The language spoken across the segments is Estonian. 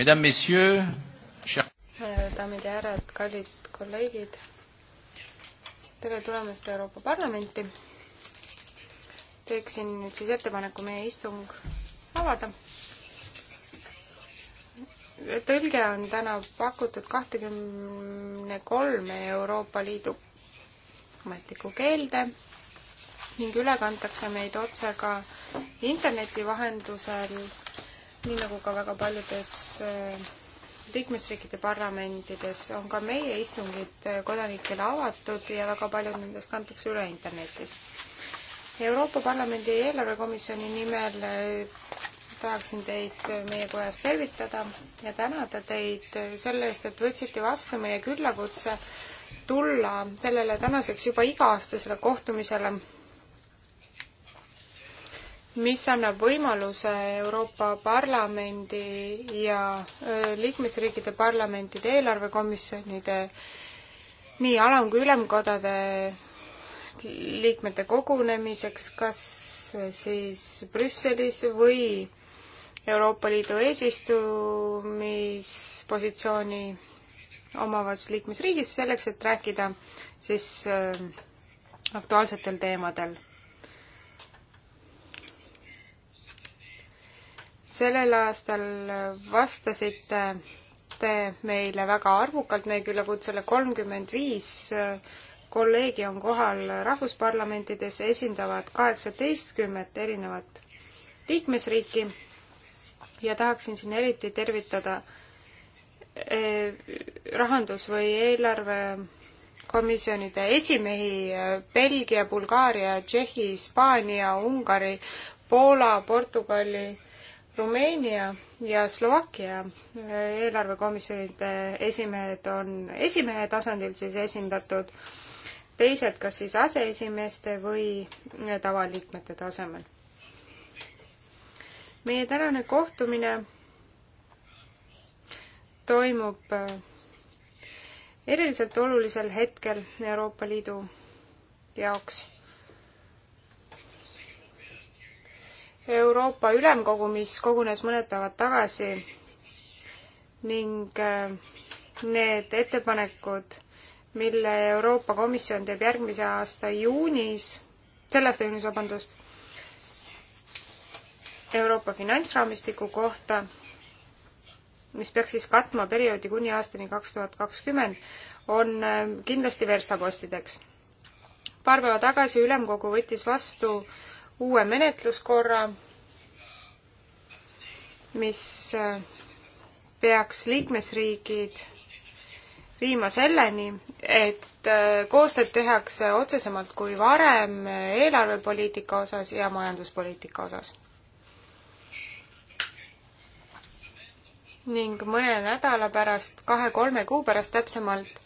Mesdames, Messieurs, chers... daamid ja härrad, kallid kolleegid, tere tulemast Euroopa Parlamenti. teeksin nüüd siis ettepaneku meie istung avada. tõlge on täna pakutud kahtekümne kolme Euroopa Liidu ametlikku keelde ning üle kantakse meid otse ka interneti vahendusel nii nagu ka väga paljudes äh, liikmesriikide parlamentides on ka meie istungid äh, kodanikele avatud ja väga paljud nendest kantakse üle internetis. Euroopa Parlamendi eelarvekomisjoni nimel äh, tahaksin teid meie kojas tervitada ja tänada teid selle eest, et võtsite vastu meie küllakutse tulla sellele tänaseks juba iga-aastasele kohtumisele mis annab võimaluse Euroopa Parlamendi ja liikmesriikide parlamentide eelarvekomisjonide nii alam- kui ülemkodade liikmete kogunemiseks kas siis Brüsselis või Euroopa Liidu eesistumispositsiooni omavas liikmesriigis selleks, et rääkida siis aktuaalsetel teemadel sellel aastal vastasite te meile väga arvukalt meie külakutsele, kolmkümmend viis äh, kolleegi on kohal rahvusparlamentides, esindavad kaheksateistkümmet erinevat liikmesriiki ja tahaksin siin eriti tervitada äh, rahandus- või eelarvekomisjonide esimehi äh, Belgia, Bulgaaria, Tšehhi, Hispaania, Ungari, Poola, Portugali Rumeenia ja Slovakkia eelarvekomisjonide esimehed on esimehe tasandil siis esindatud, teised kas siis aseesimeeste või tavaliikmete tasemel. meie tänane kohtumine toimub äh, eriliselt olulisel hetkel Euroopa Liidu jaoks Euroopa Ülemkogu, mis kogunes mõned päevad tagasi ning äh, need ettepanekud, mille Euroopa Komisjon teeb järgmise aasta juunis, selle aasta juunis, vabandust, Euroopa finantsraamistiku kohta, mis peaks siis katma perioodi kuni aastani kaks tuhat kakskümmend, on äh, kindlasti verstapostideks. paar päeva tagasi ülemkogu võttis vastu uue menetluskorra, mis äh, peaks liikmesriigid viima selleni, et äh, koostööd tehakse otsesemalt kui varem äh, eelarvepoliitika osas ja majanduspoliitika osas. ning mõne nädala pärast, kahe-kolme kuu pärast täpsemalt,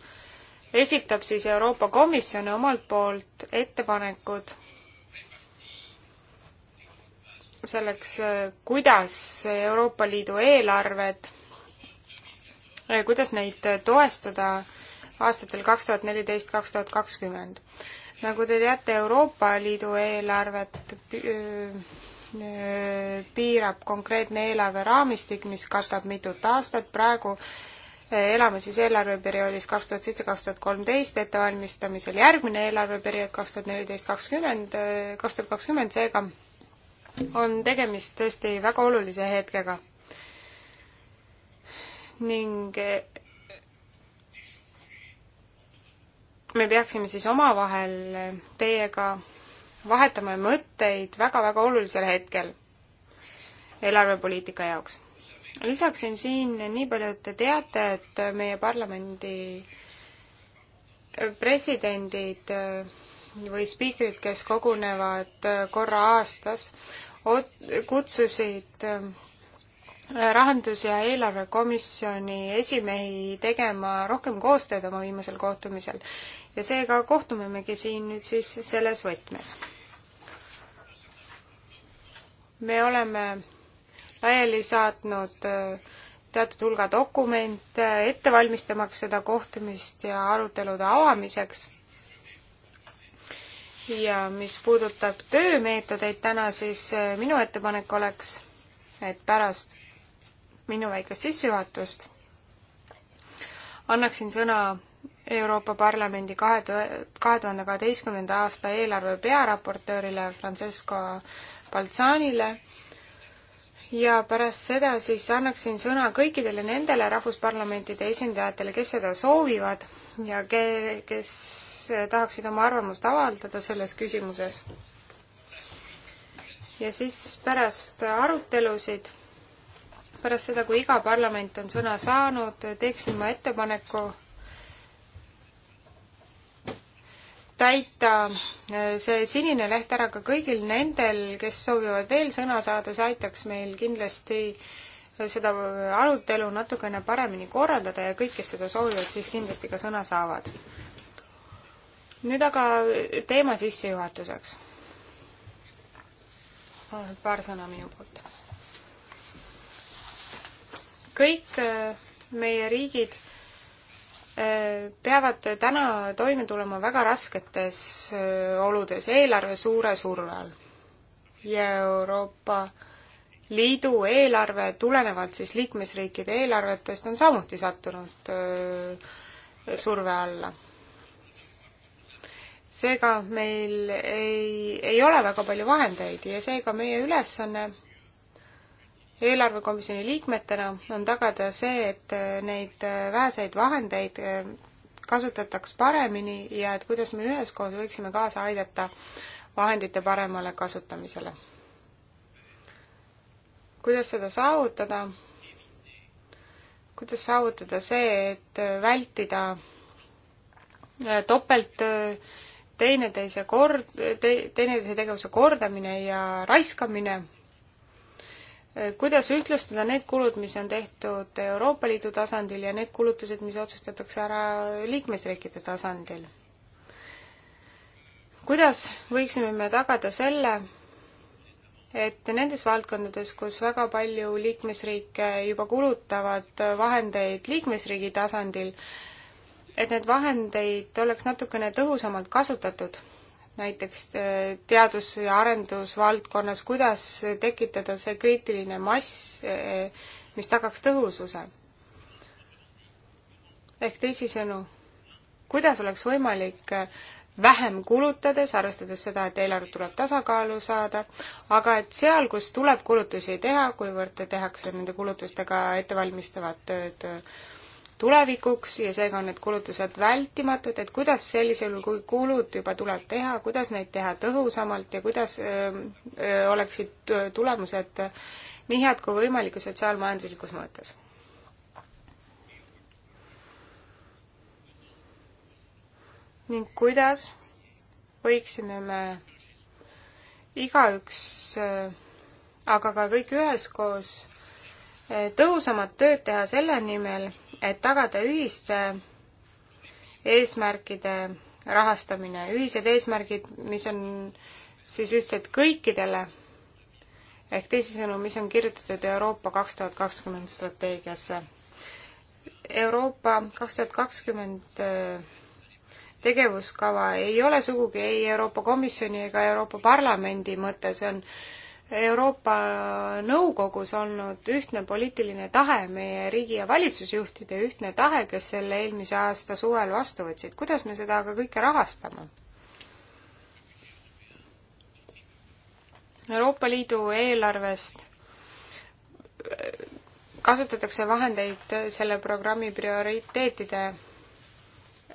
esitab siis Euroopa Komisjon omalt poolt ettepanekud selleks, kuidas Euroopa Liidu eelarved, kuidas neid toestada aastatel kaks tuhat neliteist, kaks tuhat kakskümmend. nagu te teate, Euroopi Liidu eelarvet äh, piirab konkreetne eelarveraamistik, mis katab mitut aastat, praegu äh, elame siis eelarveperioodis kaks tuhat seitse, kaks tuhat kolmteist, ettevalmistamisel järgmine eelarveperiood kaks tuhat neliteist, kakskümmend, äh, kaks tuhat kakskümmend, seega on tegemist tõesti väga olulise hetkega. ning eh, me peaksime siis omavahel eh, teiega vahetama mõtteid väga-väga olulisel hetkel eelarvepoliitika jaoks. lisaksin siin nii palju, et te teate, et meie parlamendi presidendid eh, või spiikrid, kes kogunevad äh, korra aastas, kutsusid äh, rahandus- ja eelarvekomisjoni esimehi tegema rohkem koostööd oma viimasel kohtumisel ja seega kohtumemegi siin nüüd siis selles võtmes. me oleme laiali saatnud äh, teatud hulga dokumente, ette valmistamaks seda kohtumist ja arutelude avamiseks ja mis puudutab töömeetodeid täna, siis äh, minu ettepanek oleks, et pärast minu väikest sissejuhatust annaksin sõna Euroopa Parlamendi kahe, kahe tuhande kaheteistkümnenda aasta eelarve pearaportöörile Francesco Balzanile ja pärast seda siis annaksin sõna kõikidele nendele rahvusparlamentide esindajatele, kes seda soovivad ja ke-, kes tahaksid oma arvamust avaldada selles küsimuses. ja siis pärast arutelusid, pärast seda, kui iga parlament on sõna saanud, teeksin ma ettepaneku täita eh, see sinine leht ära ka kõigil nendel, kes soovivad veel sõna saada, see aitaks meil kindlasti äh, seda arutelu natukene paremini korraldada ja kõik, kes seda soovivad, siis kindlasti ka sõna saavad. nüüd aga teema sissejuhatuseks. paar sõna minu poolt. kõik äh, meie riigid äh, peavad täna toime tulema väga rasketes äh, oludes, eelarve suure surve all. ja Euroopa Liidu eelarve tulenevalt siis liikmesriikide eelarvetest on samuti sattunud öö, surve alla. seega meil ei, ei ole väga palju vahendeid ja seega meie ülesanne eelarvekomisjoni liikmetena on tagada see, et neid väheseid vahendeid kasutataks paremini ja et kuidas me üheskoos võiksime kaasa aidata vahendite paremale kasutamisele kuidas seda saavutada? kuidas saavutada see, et vältida äh, topelttöö, äh, teineteise kord- te,, teineteise tegevuse kordamine ja raiskamine, äh, kuidas ühtlustada need kulud, mis on tehtud Euroopa Liidu tasandil ja need kulutused, mis otsustatakse ära liikmesriikide tasandil? kuidas võiksime me tagada selle, et nendes valdkondades, kus väga palju liikmesriike juba kulutavad vahendeid liikmesriigi tasandil, et need vahendeid oleks natukene tõhusamalt kasutatud, näiteks äh, teadus- ja arendusvaldkonnas, kuidas tekitada see kriitiline mass, äh, mis tagaks tõhususe? ehk teisisõnu, kuidas oleks võimalik äh, vähem kulutades, arvestades seda, et eelarve tuleb tasakaalu saada, aga et seal, kus tuleb kulutusi teha, kuivõrd tehakse nende kulutustega ettevalmistavat tööd tulevikuks ja seega on need kulutused vältimatud, et kuidas sellisel juhul, kui kulud juba tuleb teha, kuidas neid teha tõhusamalt ja kuidas öö, öö, oleksid tulemused nii head kui võimalik sotsiaalmajanduslikus mõttes ning kuidas võiksime me igaüks, äh, aga ka kõik üheskoos äh, tõhusamat tööd teha selle nimel, et tagada ühiste eesmärkide rahastamine, ühised eesmärgid, mis on siis ühtsed kõikidele, ehk teisisõnu, mis on kirjutatud Euroopa kaks tuhat kakskümmend strateegiasse. Euroopa kaks tuhat kakskümmend äh, tegevuskava ei ole sugugi ei Euroopa Komisjoni ega Euroopa Parlamendi mõte, see on Euroopa Nõukogus olnud ühtne poliitiline tahe, meie riigi- ja valitsusjuhtide ühtne tahe, kes selle eelmise aasta suvel vastu võtsid. kuidas me seda aga kõike rahastame? Euroopa Liidu eelarvest äh, kasutatakse vahendeid selle programmi prioriteetide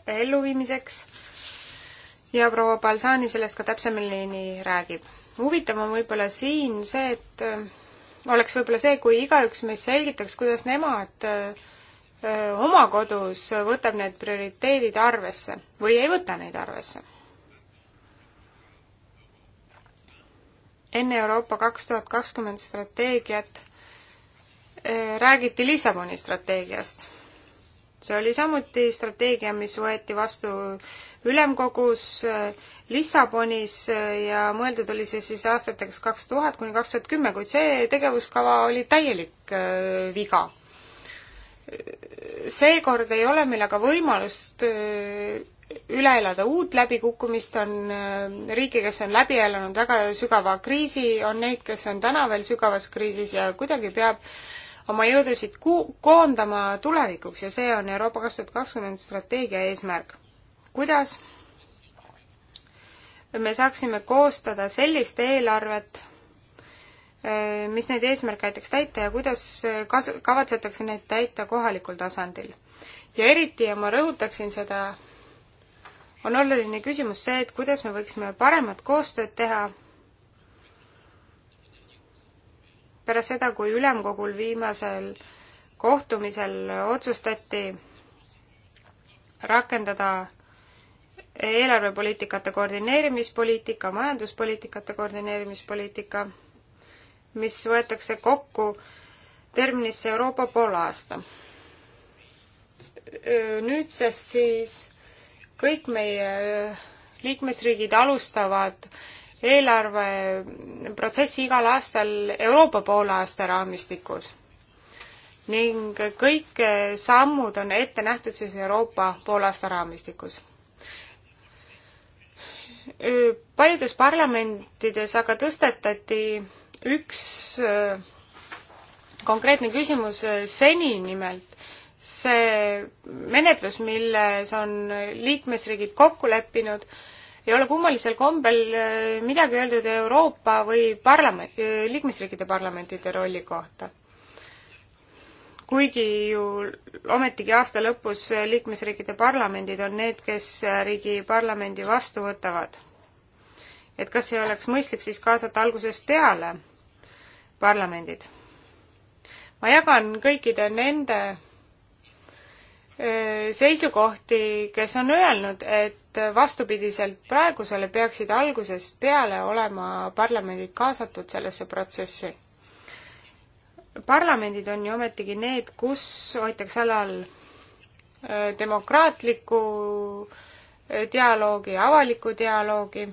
elluviimiseks ja proua Balsani sellest ka täpsemini räägib. huvitav on võib-olla siin see, et äh, oleks võib-olla see, kui igaüks meist selgitaks, kuidas nemad äh, äh, oma kodus võtab need prioriteedid arvesse või ei võta neid arvesse. enne Euroopa kaks tuhat kakskümmend strateegiat räägiti Lissaboni strateegiast see oli samuti strateegia, mis võeti vastu ülemkogus eh, Lissabonis eh, ja mõeldud oli see siis aastateks kaks tuhat kuni kaks tuhat kümme, kuid see tegevuskava oli täielik eh, viga. seekord ei ole meil aga võimalust üle elada uut läbikukkumist, on riike, kes on läbi elanud väga sügava kriisi, on neid, kes on täna veel sügavas kriisis ja kuidagi peab oma jõudusid ku-, koondama tulevikuks ja see on Euroopa kaks tuhat kakskümmend strateegia eesmärk. kuidas me saaksime koostada sellist eelarvet, eh, mis neid eesmärke aitaks täita ja kuidas eh, kas-, kavatsetakse neid täita kohalikul tasandil. ja eriti, ja ma rõhutaksin seda, on oluline küsimus see, et kuidas me võiksime paremat koostööd teha pärast seda, kui ülemkogul viimasel kohtumisel otsustati rakendada eelarvepoliitikate koordineerimispoliitika, majanduspoliitikate koordineerimispoliitika, mis võetakse kokku terminisse Euroopa poolaasta. nüüdsest siis kõik meie liikmesriigid alustavad äh, eelarveprotsessi igal aastal Euroopa poolaasta raamistikus. ning kõik sammud on ette nähtud siis Euroopa poolaasta raamistikus. paljudes parlamentides aga tõstetati üks konkreetne küsimus eh, seni nimelt, see menetlus, milles on liikmesriigid kokku leppinud, ei ole kummalisel kombel äh, midagi öeldud Euroopa või parlament, äh, liikmesriikide parlamentide rolli kohta. kuigi ju ometigi aasta lõpus äh, liikmesriikide parlamendid on need, kes riigi parlamendi vastu võtavad. et kas ei oleks mõistlik siis kaasata algusest peale parlamendid? ma jagan kõikide nende Eh, seisukohti, kes on öelnud, et vastupidiselt praegusele peaksid algusest peale olema parlamendid kaasatud sellesse protsessi. parlamendid on ju ometigi need, kus hoitakse alal eh, demokraatliku eh, dialoogi, avaliku dialoogi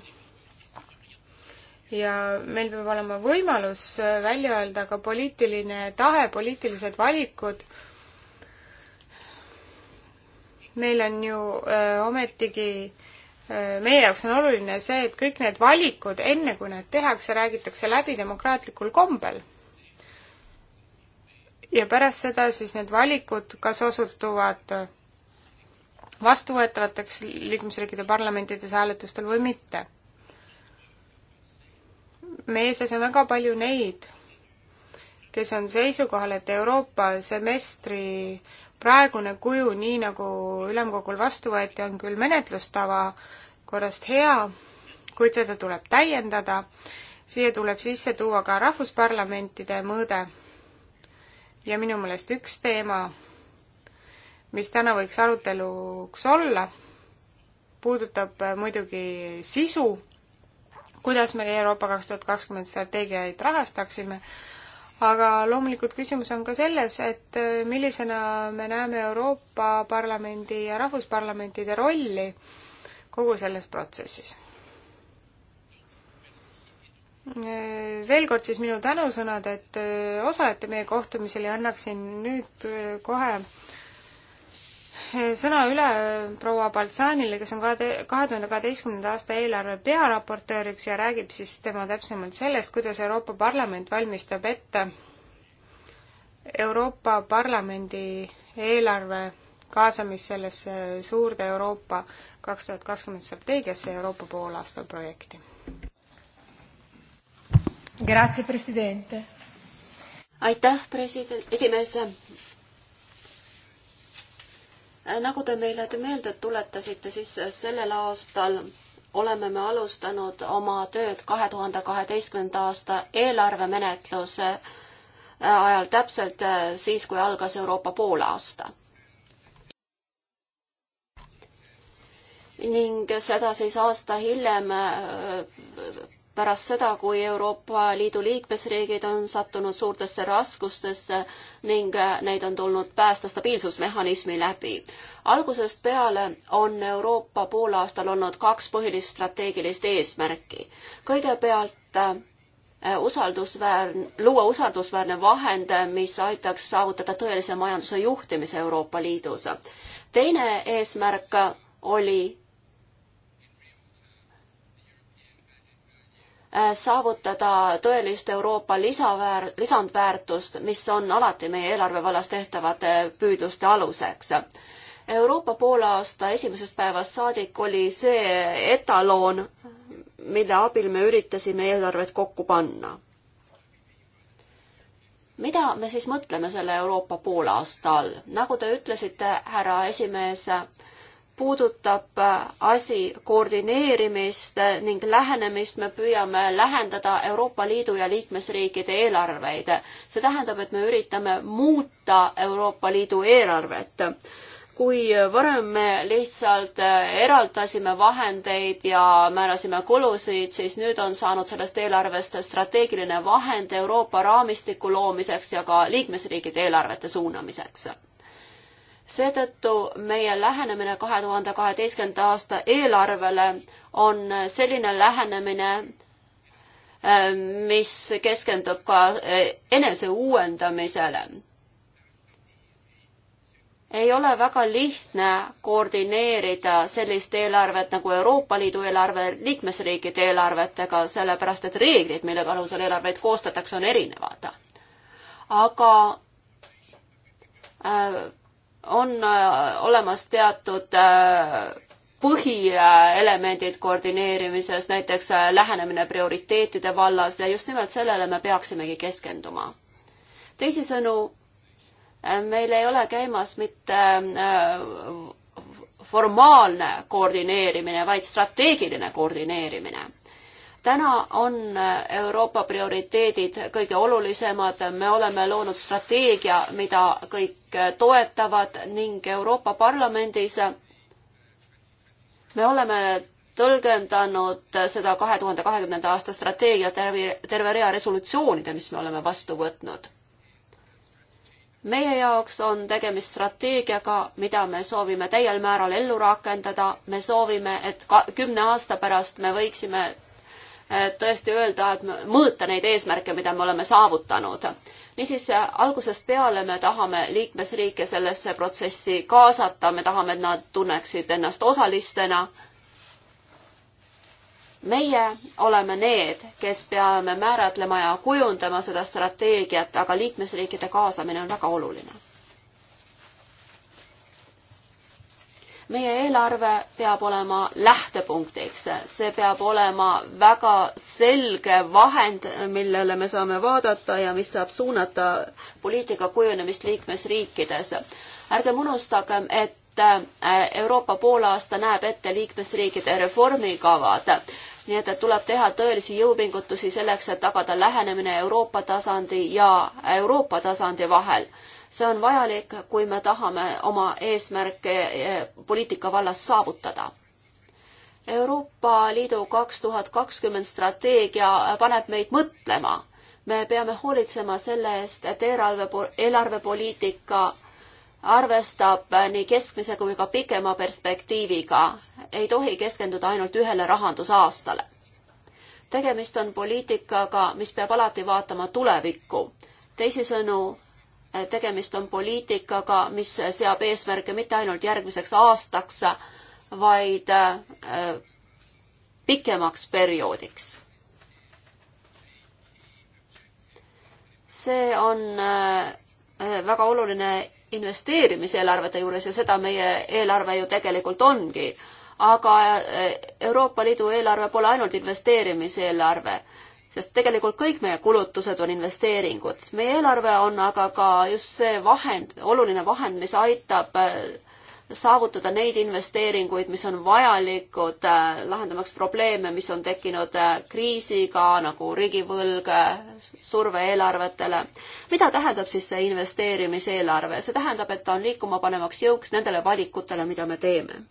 ja meil peab olema võimalus välja öelda ka poliitiline tahe, poliitilised valikud meil on ju öö, ometigi öö, meie jaoks on oluline see, et kõik need valikud, enne kui need tehakse, räägitakse läbi demokraatlikul kombel. ja pärast seda siis need valikud kas osutuvad vastuvõetavateks liikmesriikide parlamentides hääletustel või mitte. meie seas on väga palju neid, kes on seisukohal, et Euroopa semestri praegune kuju, nii nagu ülemkogul vastu võeti, on küll menetlustava korrast hea, kuid seda tuleb täiendada. siia tuleb sisse tuua ka rahvusparlamentide mõõde. ja minu meelest üks teema, mis täna võiks aruteluks olla, puudutab muidugi sisu, kuidas me Euroopa kaks tuhat kakskümmend strateegiaid rahastaksime, aga loomulikult küsimus on ka selles, et äh, millisena me näeme Euroopa Parlamendi ja rahvusparlamentide rolli kogu selles protsessis. Äh, veel kord siis minu tänusõnad, et äh, osalete meie kohtumisel ja annaksin nüüd kohe sõna üle proua Baltsaanile, kes on kahe tuhande kaheteistkümnenda aasta eelarve pearaportööriks ja räägib siis tema täpsemalt sellest, kuidas Euroopa Parlament valmistab ette Euroopa Parlamendi eelarve kaasamist sellesse suurde Euroopa kaks tuhat kakskümmend strateegiasse Euroopa poolaasta projekti. aitäh, president, esimees nagu te meile meelde tuletasite, siis sellel aastal oleme me alustanud oma tööd kahe tuhande kaheteistkümnenda aasta eelarvemenetluse ajal täpselt äh, siis, kui algas Euroopa poolaasta. ning seda siis aasta hiljem äh, pärast seda, kui Euroopa Liidu liikmesriigid on sattunud suurtesse raskustesse ning neid on tulnud päästa stabiilsusmehhanismi läbi. algusest peale on Euroopa poolaastal olnud kaks põhilist strateegilist eesmärki. kõigepealt äh, usaldusväärne, luua usaldusväärne vahend, mis aitaks saavutada tõelise majanduse juhtimise Euroopa Liidus. teine eesmärk oli Äh, saavutada tõelist Euroopa lisaväär-, lisandväärtust, mis on alati meie eelarve vallas tehtavate püüdluste aluseks. Euroopa poolaasta esimesest päevast saadik oli see etaloon, mille abil me üritasime eelarvet kokku panna. mida me siis mõtleme selle Euroopa poolaasta all? nagu te ütlesite, härra esimees, puudutab äh, asi koordineerimist äh, ning lähenemist, me püüame lähendada Euroopa Liidu ja liikmesriikide eelarveid. see tähendab, et me üritame muuta Euroopa Liidu eelarvet. kui varem me lihtsalt äh, eraldasime vahendeid ja määrasime kulusid, siis nüüd on saanud sellest eelarvest strateegiline vahend Euroopa raamistiku loomiseks ja ka liikmesriikide eelarvete suunamiseks seetõttu meie lähenemine kahe tuhande kaheteistkümnenda aasta eelarvele on selline lähenemine, ähm, mis keskendub ka äh, enese uuendamisele. ei ole väga lihtne koordineerida sellist eelarvet nagu Euroopa Liidu eelarve liikmesriikide eelarvetega, sellepärast et reeglid, mille alusel eelarveid koostatakse, on erinevad. aga äh, on äh, olemas teatud äh, põhielemendid koordineerimises, näiteks äh, lähenemine prioriteetide vallas ja just nimelt sellele me peaksimegi keskenduma. teisisõnu, meil ei ole käimas mitte formaalne koordineerimine, vaid strateegiline koordineerimine täna on Euroopa prioriteedid kõige olulisemad, me oleme loonud strateegia, mida kõik toetavad ning Euroopa Parlamendis me oleme tõlgendanud seda kahe tuhande kahekümnenda aasta strateegiat terve, terve rea resolutsioonide, mis me oleme vastu võtnud. meie jaoks on tegemist strateegiaga, mida me soovime täiel määral ellu rakendada, me soovime, et ka kümne aasta pärast me võiksime tõesti öelda, et mõõta neid eesmärke, mida me oleme saavutanud. niisiis, algusest peale me tahame liikmesriike sellesse protsessi kaasata, me tahame, et nad tunneksid ennast osalistena. meie oleme need, kes peame määratlema ja kujundama seda strateegiat, aga liikmesriikide kaasamine on väga oluline meie eelarve peab olema lähtepunktiks, see peab olema väga selge vahend, millele me saame vaadata ja mis saab suunata poliitika kujunemist liikmesriikides. ärgem unustagem, et äh, Euroopa poolaasta näeb ette liikmesriikide reformikavad, nii et, et tuleb teha tõelisi jõupingutusi selleks, et tagada lähenemine Euroopa tasandi ja Euroopa tasandi vahel see on vajalik, kui me tahame oma eesmärke eh, poliitika vallas saavutada. Euroopa Liidu kaks tuhat kakskümmend strateegia paneb meid mõtlema. me peame hoolitsema selle eest, et eelarve, eelarvepoliitika arvestab nii keskmise kui ka pikema perspektiiviga, ei tohi keskenduda ainult ühele rahandusaastale. tegemist on poliitikaga, mis peab alati vaatama tulevikku. teisisõnu, tegemist on poliitikaga, mis seab eesmärke mitte ainult järgmiseks aastaks, vaid äh, pikemaks perioodiks. see on äh, äh, väga oluline investeerimiseelarvete juures ja seda meie eelarve ju tegelikult ongi aga Euroopa Liidu eelarve pole ainult investeerimiseelarve sest tegelikult kõik meie kulutused on investeeringud. meie eelarve on aga ka just see vahend, oluline vahend, mis aitab äh, saavutada neid investeeringuid, mis on vajalikud äh, lahendamaks probleeme, mis on tekkinud äh, kriisiga, nagu riigivõlg, äh, surve eelarvetele. mida tähendab siis see investeerimiseelarve? see tähendab, et ta on liikuma panemaks jõuks nendele valikutele, mida me teeme.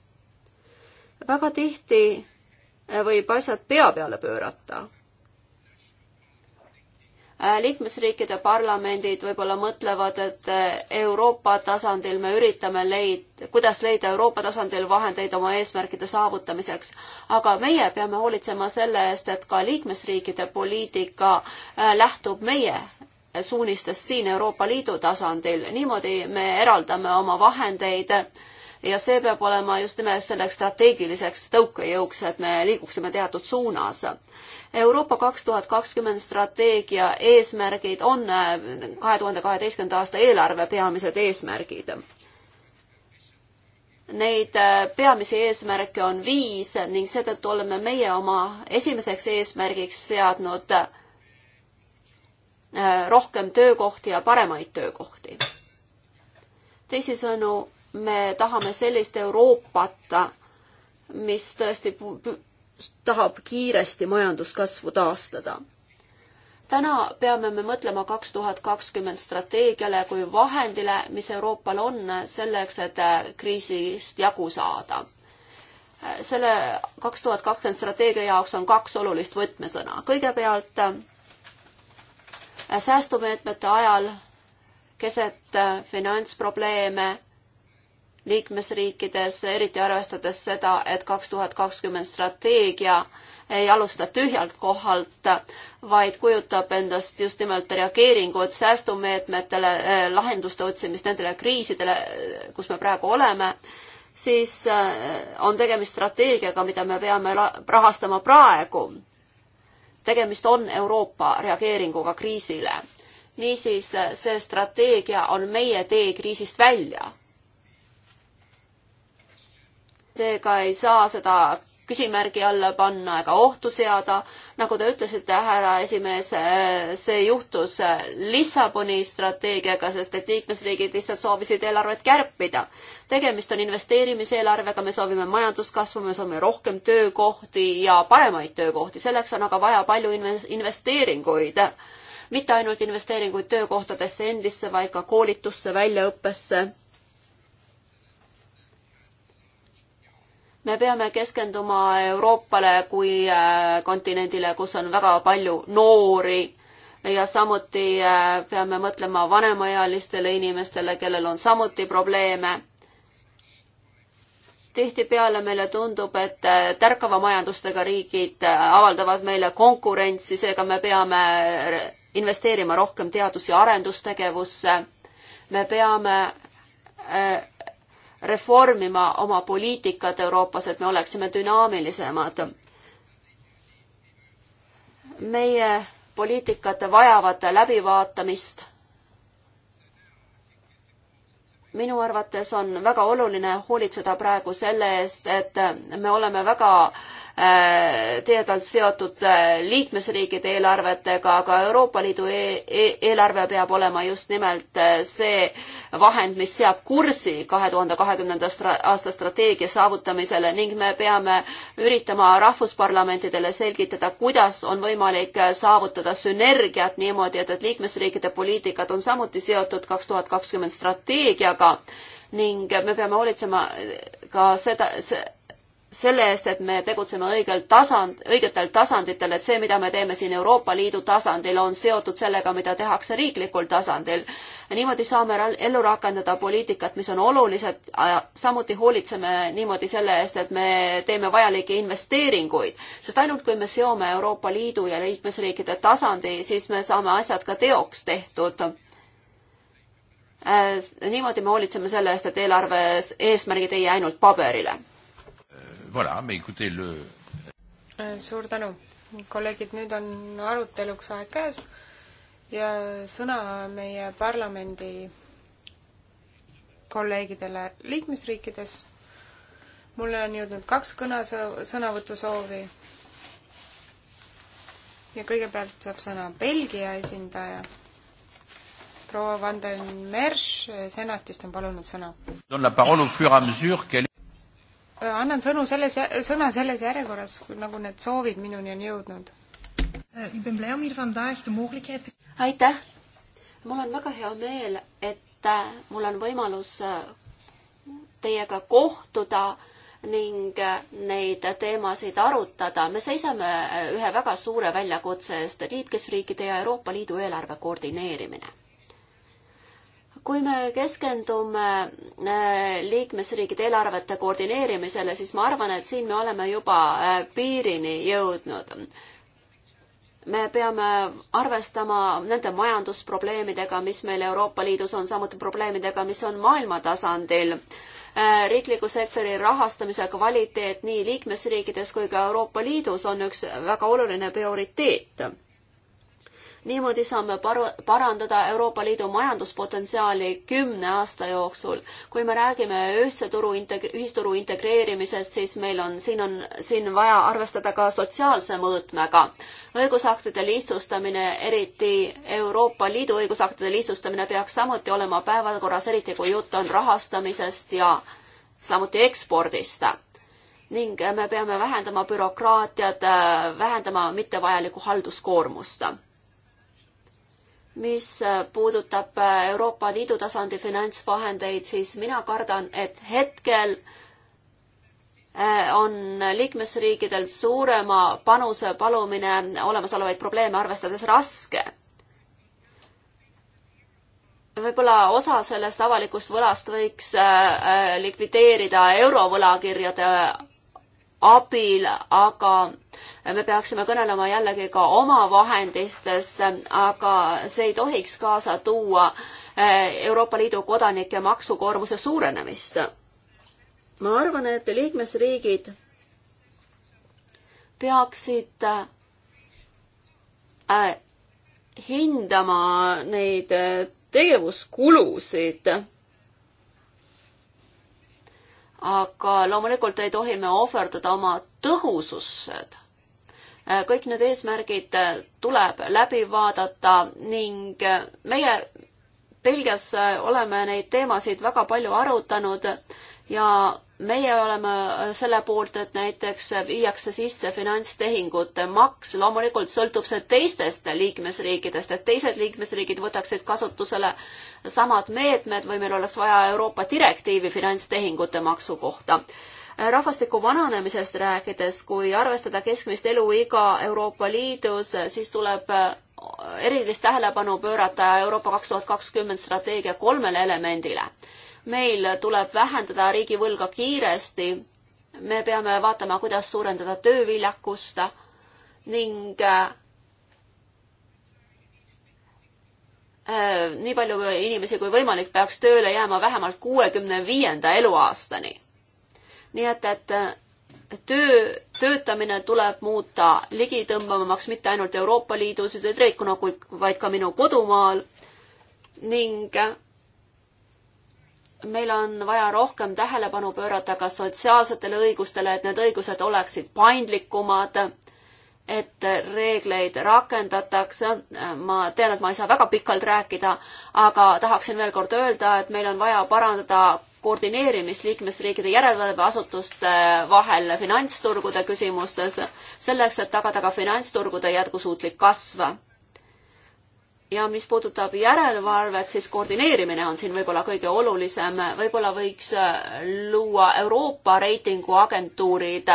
väga tihti äh, võib asjad pea peale pöörata Äh, liikmesriikide parlamendid võib-olla mõtlevad, et äh, Euroopa tasandil me üritame leid-, kuidas leida Euroopa tasandil vahendeid oma eesmärkide saavutamiseks. aga meie peame hoolitsema selle eest, et ka liikmesriikide poliitika äh, lähtub meie suunistest siin Euroopa Liidu tasandil. niimoodi me eraldame oma vahendeid ja see peab olema just nimelt selleks strateegiliseks tõukejõuks, et me liiguksime teatud suunas. Euroopa kaks tuhat kakskümmend strateegia eesmärgid on äh, kahe tuhande kaheteistkümnenda aasta eelarve peamised eesmärgid. Neid äh, peamisi eesmärke on viis ning seetõttu oleme meie oma esimeseks eesmärgiks seadnud äh, rohkem töökohti ja paremaid töökohti. teisisõnu, me tahame sellist Euroopat, mis tõesti tahab kiiresti majanduskasvu taastada. täna peame me mõtlema kaks tuhat kakskümmend strateegiale kui vahendile, mis Euroopal on selleks, et kriisist jagu saada. selle kaks tuhat kakskümmend strateegia jaoks on kaks olulist võtmesõna. kõigepealt säästumeetmete ajal keset finantsprobleeme liikmesriikides, eriti arvestades seda, et kaks tuhat kakskümmend strateegia ei alusta tühjalt kohalt, vaid kujutab endast just nimelt reageeringut säästumeetmetele, lahenduste otsimist nendele kriisidele, kus me praegu oleme, siis eh, on tegemist strateegiaga, mida me peame rahastama praegu. tegemist on Euroopa reageeringuga kriisile niisiis see strateegia on meie tee kriisist välja seega ei saa seda küsimärgi alla panna ega ohtu seada. nagu te ütlesite, härra esimees, see juhtus Lissaboni strateegiaga, sest et liikmesriigid lihtsalt soovisid eelarvet kärpida. tegemist on investeerimiseelarvega, me soovime majanduskasvu, me soovime rohkem töökohti ja paremaid töökohti, selleks on aga vaja palju investeeringuid mitte ainult investeeringuid töökohtadesse endisse, vaid ka koolitusse, väljaõppesse me peame keskenduma Euroopale kui äh, kontinendile, kus on väga palju noori ja samuti äh, peame mõtlema vanemaealistele inimestele, kellel on samuti probleeme. tihtipeale meile tundub, et äh, tärkava majandustega riigid avaldavad meile konkurentsi, seega me peame investeerima rohkem teadus- ja arendustegevusse. me peame reformima oma poliitikat Euroopas, et me oleksime dünaamilisemad. meie poliitikad vajavad läbivaatamist. minu arvates on väga oluline hoolitseda praegu selle eest, et me oleme väga äh, Äh, tihedalt seotud äh, liikmesriikide eelarvetega, aga Euroopa Liidu e e eelarve peab olema just nimelt äh, see vahend, mis seab kursi kahe tuhande kahekümnenda aasta strateegia saavutamisele ning me peame üritama rahvusparlamentidele selgitada, kuidas on võimalik saavutada sünergiat niimoodi, et, et liikmesriikide poliitikad on samuti seotud kaks tuhat kakskümmend strateegiaga ning me peame hoolitsema ka seda, selle eest, et me tegutseme õigel tasand, õigetel tasanditel, et see, mida me teeme siin Euroopa Liidu tasandil, on seotud sellega, mida tehakse riiklikul tasandil. niimoodi saame ellu rakendada poliitikat, mis on olulised, samuti hoolitseme niimoodi selle eest, et me teeme vajalikke investeeringuid, sest ainult kui me seome Euroopa Liidu ja liikmesriikide tasandi, siis me saame asjad ka teoks tehtud äh, niimoodi me hoolitseme selle eest, et eelarve eesmärgid ei jää ainult paberile voilà, mais écoutez le. Euh, suur tänu, kolleegid, nüüd on aruteluks aeg käes ja sõna meie parlamendi kolleegidele liikmesriikides. mulle on jõudnud kaks kõne sõnavõtusoovi. ja kõigepealt saab sõna Belgia esindaja proua Van den Merch senatist on palunud sõna. Äh, annan sõnu selles, sõna selles järjekorras, nagu need soovid minuni on jõudnud. Äh, aitäh! mul on väga hea meel, et äh, mul on võimalus teiega kohtuda ning neid teemasid arutada. me seisame ühe väga suure väljakutse eest, liikmesriikide ja Euroopa Liidu eelarve koordineerimine kui me keskendume äh, liikmesriikide eelarvete koordineerimisele, siis ma arvan, et siin me oleme juba äh, piirini jõudnud. me peame arvestama nende majandusprobleemidega, mis meil Euroopa Liidus on, samuti probleemidega, mis on maailma tasandil äh, riikliku sektori rahastamise kvaliteet nii liikmesriikides kui ka Euroopa Liidus on üks väga oluline prioriteet niimoodi saame paru-, parandada Euroopa Liidu majanduspotentsiaali kümne aasta jooksul. kui me räägime ühtse turu integ-, ühisturu integreerimisest, siis meil on, siin on, siin vaja arvestada ka sotsiaalse mõõtmega. õigusaktide lihtsustamine, eriti Euroopa Liidu õigusaktide lihtsustamine peaks samuti olema päevakorras, eriti kui jutt on rahastamisest ja samuti ekspordist ning me peame vähendama bürokraatiat, vähendama mittevajalikku halduskoormust mis äh, puudutab äh, Euroopa Liidu tasandi finantsvahendeid, siis mina kardan, et hetkel äh, on liikmesriikidel suurema panuse palumine olemasolevaid probleeme arvestades raske. võib-olla osa sellest avalikust võlast võiks likvideerida eurovõlakirjade abil, aga me peaksime kõnelema jällegi ka omavahendistest, aga see ei tohiks kaasa tuua eh, Euroopa Liidu kodanike maksukoormuse suurenemist. ma arvan, et liikmesriigid peaksid eh, hindama neid tegevuskulusid aga loomulikult ei tohi me ohverdada oma tõhususse. kõik need eesmärgid tuleb läbi vaadata ning meie Belgias oleme neid teemasid väga palju arutanud ja meie oleme selle poolt, et näiteks viiakse sisse finantstehingute maks, loomulikult sõltub see teistest liikmesriikidest, et teised liikmesriigid võtaksid kasutusele samad meetmed või meil oleks vaja Euroopa direktiivi finantstehingute maksu kohta. rahvastiku vananemisest rääkides, kui arvestada keskmist eluiga Euroopa Liidus, siis tuleb erilist tähelepanu pöörata Euroopa kaks tuhat kakskümmend strateegia kolmele elemendile meil tuleb vähendada riigivõlga kiiresti, me peame vaatama, kuidas suurendada tööviljakust ning äh, nii palju inimesi kui võimalik peaks tööle jääma vähemalt kuuekümne viienda eluaastani. nii et, et äh, töö, töötamine tuleb muuta ligitõmbavamaks mitte ainult Euroopa Liidus, vaid ka minu kodumaal ning äh, meil on vaja rohkem tähelepanu pöörata ka sotsiaalsetele õigustele, et need õigused oleksid paindlikumad, et reegleid rakendatakse. ma tean, et ma ei saa väga pikalt rääkida, aga tahaksin veel kord öelda, et meil on vaja parandada koordineerimist liikmesriikide järelevalveasutuste vahel finantsturgude küsimustes, selleks et tagada ka finantsturgude jätkusuutlik kasv ja mis puudutab järelevalvet, siis koordineerimine on siin võib-olla kõige olulisem, võib-olla võiks äh, luua Euroopa reitinguagentuurid,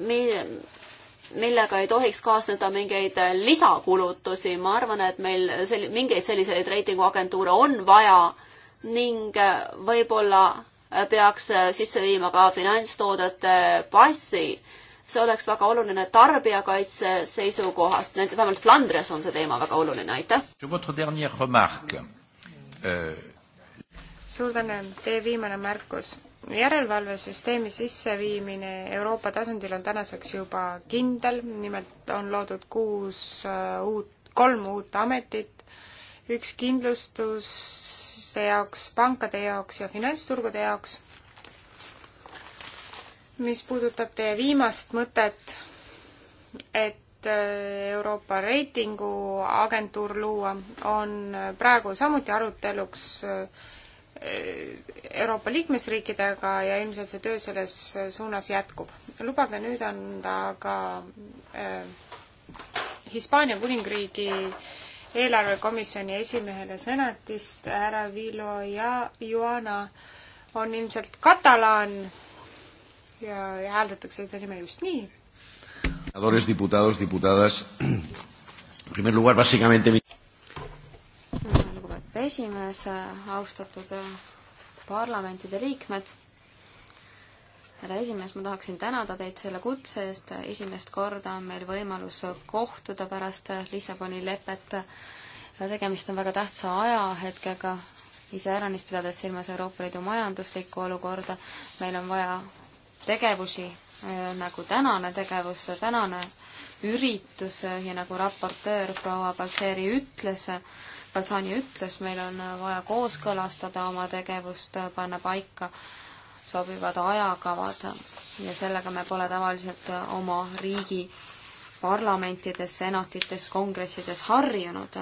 millega ei tohiks kaasneda mingeid lisakulutusi, ma arvan, et meil sel-, mingeid selliseid reitinguagentuure on vaja ning äh, võib-olla äh, peaks sisse viima ka finantstoodete passi see oleks väga oluline tarbijakaitse seisukohast, need, vähemalt Flandres on see teema väga oluline, aitäh. Euh, suur tänu, teie viimane märkus. järelevalvesüsteemi sisseviimine Euroopa tasandil on tänaseks juba kindel, nimelt on loodud kuus äh, uut, kolm uut ametit, üks kindlustuste jaoks, pankade jaoks ja finantsturgude jaoks mis puudutab teie viimast mõtet, et äh, Euroopa reitinguagentuur luua, on praegu samuti aruteluks äh, Euroopa liikmesriikidega ja ilmselt see töö selles äh, suunas jätkub. lubage nüüd anda ka äh, Hispaania kuningriigi eelarvekomisjoni esimehele senatist härra Vilo ja Joana on ilmselt katalaan ja hääldatakse seda nime just nii. Diputados, diputadas, primer lugar básicamente mi... lugupeetud esimees, austatud parlamentide liikmed, härra esimees, ma tahaksin tänada teid selle kutse eest, esimest korda on meil võimalus kohtuda pärast Lissaboni lepet tegemist on väga tähtsa ajahetkega, iseäranis pidades silmas Euroopa Liidu majanduslikku olukorda, meil on vaja tegevusi äh, nagu tänane tegevus, tänane üritus äh, ja nagu raportöör proua Balseri ütles, Balsani ütles, meil on äh, vaja kooskõlastada oma tegevust, panna paika sobivad ajakavad ja sellega me pole tavaliselt oma riigi parlamentides, senatites, kongressides harjunud.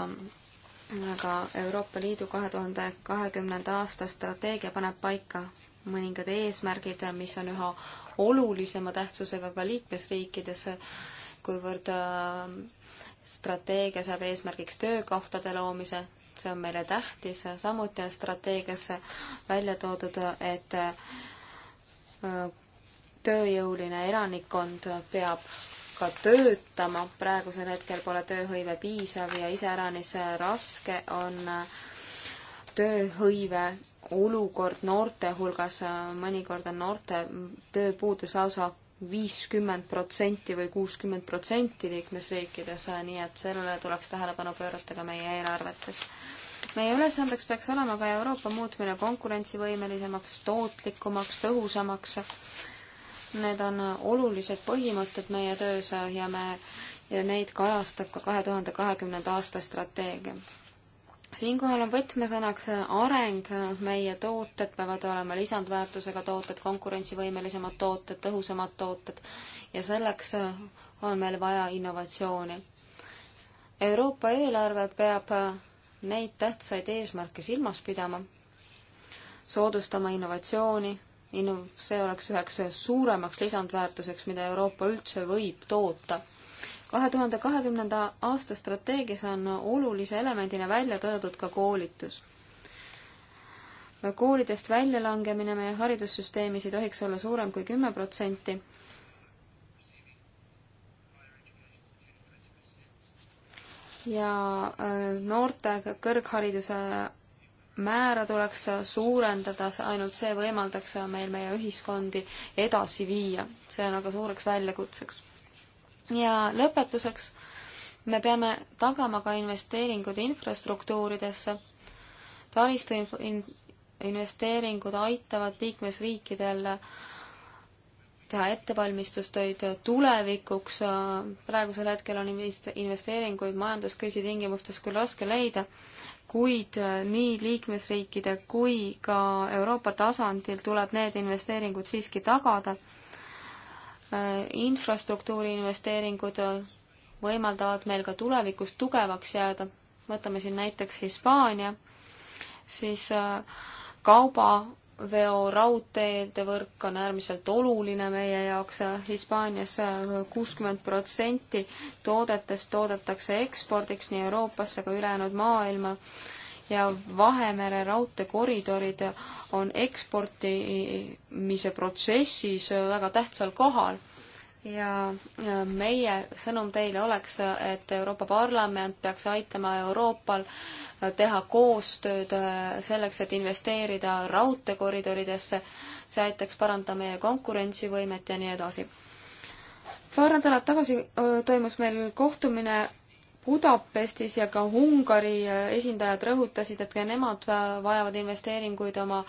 aga Euroopa Liidu kahe tuhande kahekümnenda aasta strateegia paneb paika mõningad eesmärgid, mis on üha olulisema tähtsusega ka liikmesriikides, kuivõrd äh, strateegia saab eesmärgiks töökohtade loomise, see on meile tähtis, samuti on strateegias välja toodud, et äh, tööjõuline elanikkond peab ka töötama, praegusel hetkel pole tööhõive piisav ja iseäranis raske on äh, tööhõive olukord noorte hulgas, mõnikord on noorte tööpuudus lausa viiskümmend protsenti või kuuskümmend protsenti liikmesriikides, nii et sellele tuleks tähelepanu pöörata ka meie eelarvetes. meie ülesandeks peaks olema ka Euroopa muutmine konkurentsivõimelisemaks, tootlikumaks, tõhusamaks. Need on olulised põhimõtted meie töös ja me, ja neid kajastab ka kahe tuhande kahekümnenda aasta strateegia siinkohal on võtmesõnaks äh, areng, äh, meie tooted peavad olema lisandväärtusega tooted, konkurentsivõimelisemad tooted, tõhusamad tooted ja selleks äh, on meil vaja innovatsiooni. Euroopa eelarve peab neid tähtsaid eesmärke silmas pidama, soodustama innovatsiooni, inno-, see oleks üheks suuremaks lisandväärtuseks, mida Euroopa üldse võib toota kahe tuhande kahekümnenda aasta strateegias on olulise elemendina välja toodud ka koolitus. koolidest väljalangemine meie haridussüsteemis ei tohiks olla suurem kui kümme protsenti ja äh, noorte kõrghariduse määra tuleks suurendada, ainult see võimaldaks meil meie ühiskondi edasi viia. see on aga suureks väljakutseks ja lõpetuseks me peame tagama ka investeeringud infrastruktuuridesse. taristu in investeeringud aitavad liikmesriikidel teha ettevalmistustöid tulevikuks. praegusel hetkel on investeeringuid majanduskriisi tingimustes küll raske leida, kuid nii liikmesriikide kui ka Euroopa tasandil tuleb need investeeringud siiski tagada Äh, infrastruktuuri investeeringud äh, võimaldavad meil ka tulevikus tugevaks jääda. võtame siin näiteks Hispaania, siis äh, kaubaveo raudteede võrk on äärmiselt oluline meie jaoks Hispaanias. kuuskümmend protsenti toodetest toodetakse ekspordiks nii Euroopasse kui ülejäänud maailma ja Vahemere raudteekoridorid on eksportimise protsessis väga tähtsal kohal. ja meie sõnum teile oleks, et Euroopa Parlament peaks aitama Euroopal teha koostööd selleks, et investeerida raudteekoridoridesse, see aitaks parandada meie konkurentsivõimet ja nii edasi paar nädalat tagasi toimus meil kohtumine Budapestis ja ka Ungari esindajad rõhutasid, et ka nemad vajavad investeeringuid oma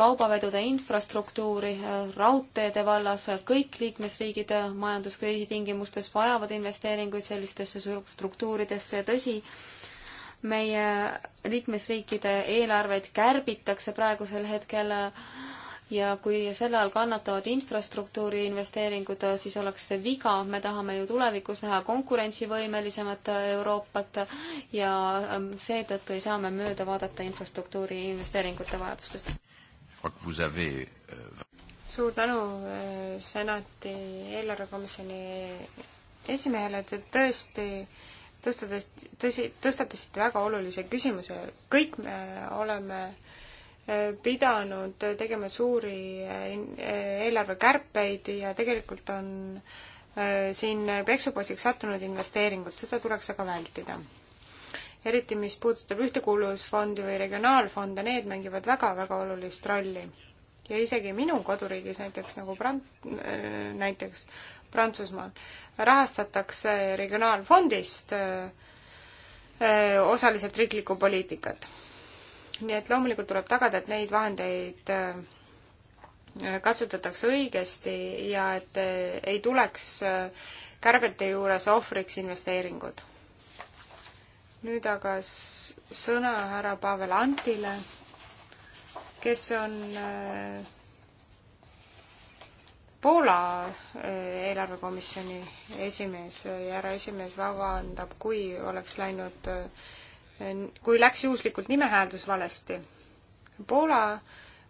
kaubavedude infrastruktuuri, raudteede vallas, kõik liikmesriigid majanduskriisi tingimustes vajavad investeeringuid sellistesse struktuuridesse ja tõsi, meie liikmesriikide eelarveid kärbitakse praegusel hetkel äh, ja kui sel ajal kannatavad infrastruktuuri investeeringud, siis oleks see viga, me tahame ju tulevikus näha konkurentsivõimelisemat Euroopat ja ähm, seetõttu ei saa me mööda vaadata infrastruktuuri investeeringute vajadustest. Euh, suur tänu äh, senati eelarvekomisjoni esimehele, te tõesti tõstatas, tõsi, tõstatasite väga olulise küsimuse, kõik me oleme äh, pidanud tegema suuri eh, eh, eelarvekärpeid ja tegelikult on eh, siin peksupoisiks sattunud investeeringud, seda tuleks aga vältida. eriti, mis puudutab ühtekuuluvusfondi või regionaalfonde, need mängivad väga-väga olulist rolli. ja isegi minu koduriigis näiteks nagu Prant-, näiteks Prantsusmaal rahastatakse regionaalfondist osaliselt riiklikku poliitikat nii et loomulikult tuleb tagada, et neid vahendeid äh, kasutatakse õigesti ja et äh, ei tuleks äh, kärbete juures ohvriks investeeringud. nüüd aga sõna härra Pavel Antile, kes on Poola eelarvekomisjoni esimees ja härra esimees vabandab, kui oleks läinud äh, kui läks juhuslikult nimehääldus valesti. Poola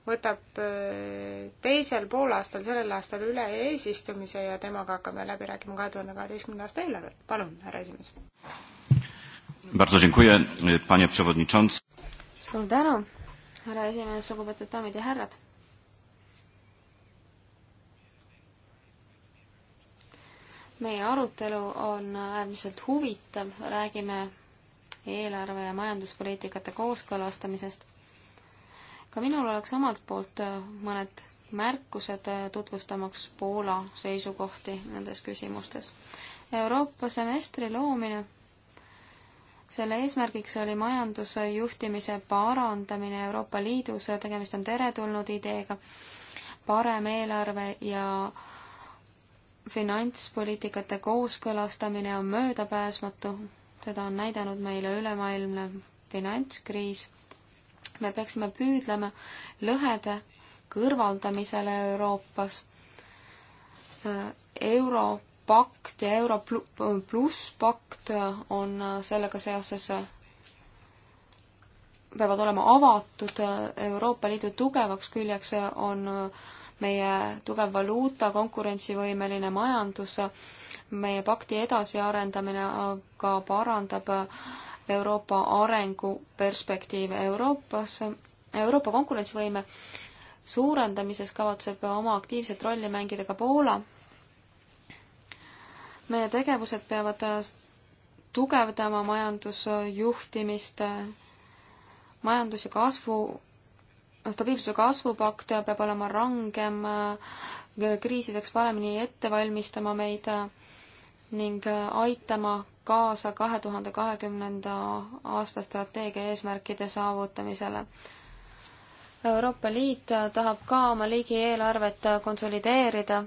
võtab äh, teisel poolaastal, sellel aastal üle eesistumise ja temaga hakkame läbi rääkima kahe tuhande kaheteistkümnenda aasta eelarvet. palun, härra esimees. suur tänu, härra esimees, lugupeetud daamid ja härrad. meie arutelu on äärmiselt huvitav, räägime eelarve ja majanduspoliitikate kooskõlastamisest. ka minul oleks omalt poolt äh, mõned märkused äh, tutvustamaks Poola seisukohti nendes küsimustes. Euroopa semestri loomine, selle eesmärgiks oli majanduse juhtimise parandamine Euroopa Liidus, tegemist on teretulnud ideega, parem eelarve ja finantspoliitikate kooskõlastamine on möödapääsmatu seda on näidanud meile ülemaailmne finantskriis. me peaksime püüdlema lõhede kõrvaldamisele Euroopas. Europakt ja Euro pluss pakt on sellega seoses, peavad olema avatud, Euroopa Liidu tugevaks küljeks on meie tugev valuuta, konkurentsivõimeline majandus meie pakti edasiarendamine ka parandab Euroopa arenguperspektiive Euroopas. Euroopa konkurentsivõime suurendamises kavatseb oma aktiivset rolli mängida ka Poola. meie tegevused peavad tugevdama majandusjuhtimist, majandus- ja kasvu, stabiilsuse kasvupakt peab olema rangem, kriisideks paremini ette valmistama meid ning äh, aitama kaasa kahe tuhande kahekümnenda aasta strateegia eesmärkide saavutamisele. Euroopa Liit äh, tahab ka oma riigieelarvet äh, konsolideerida,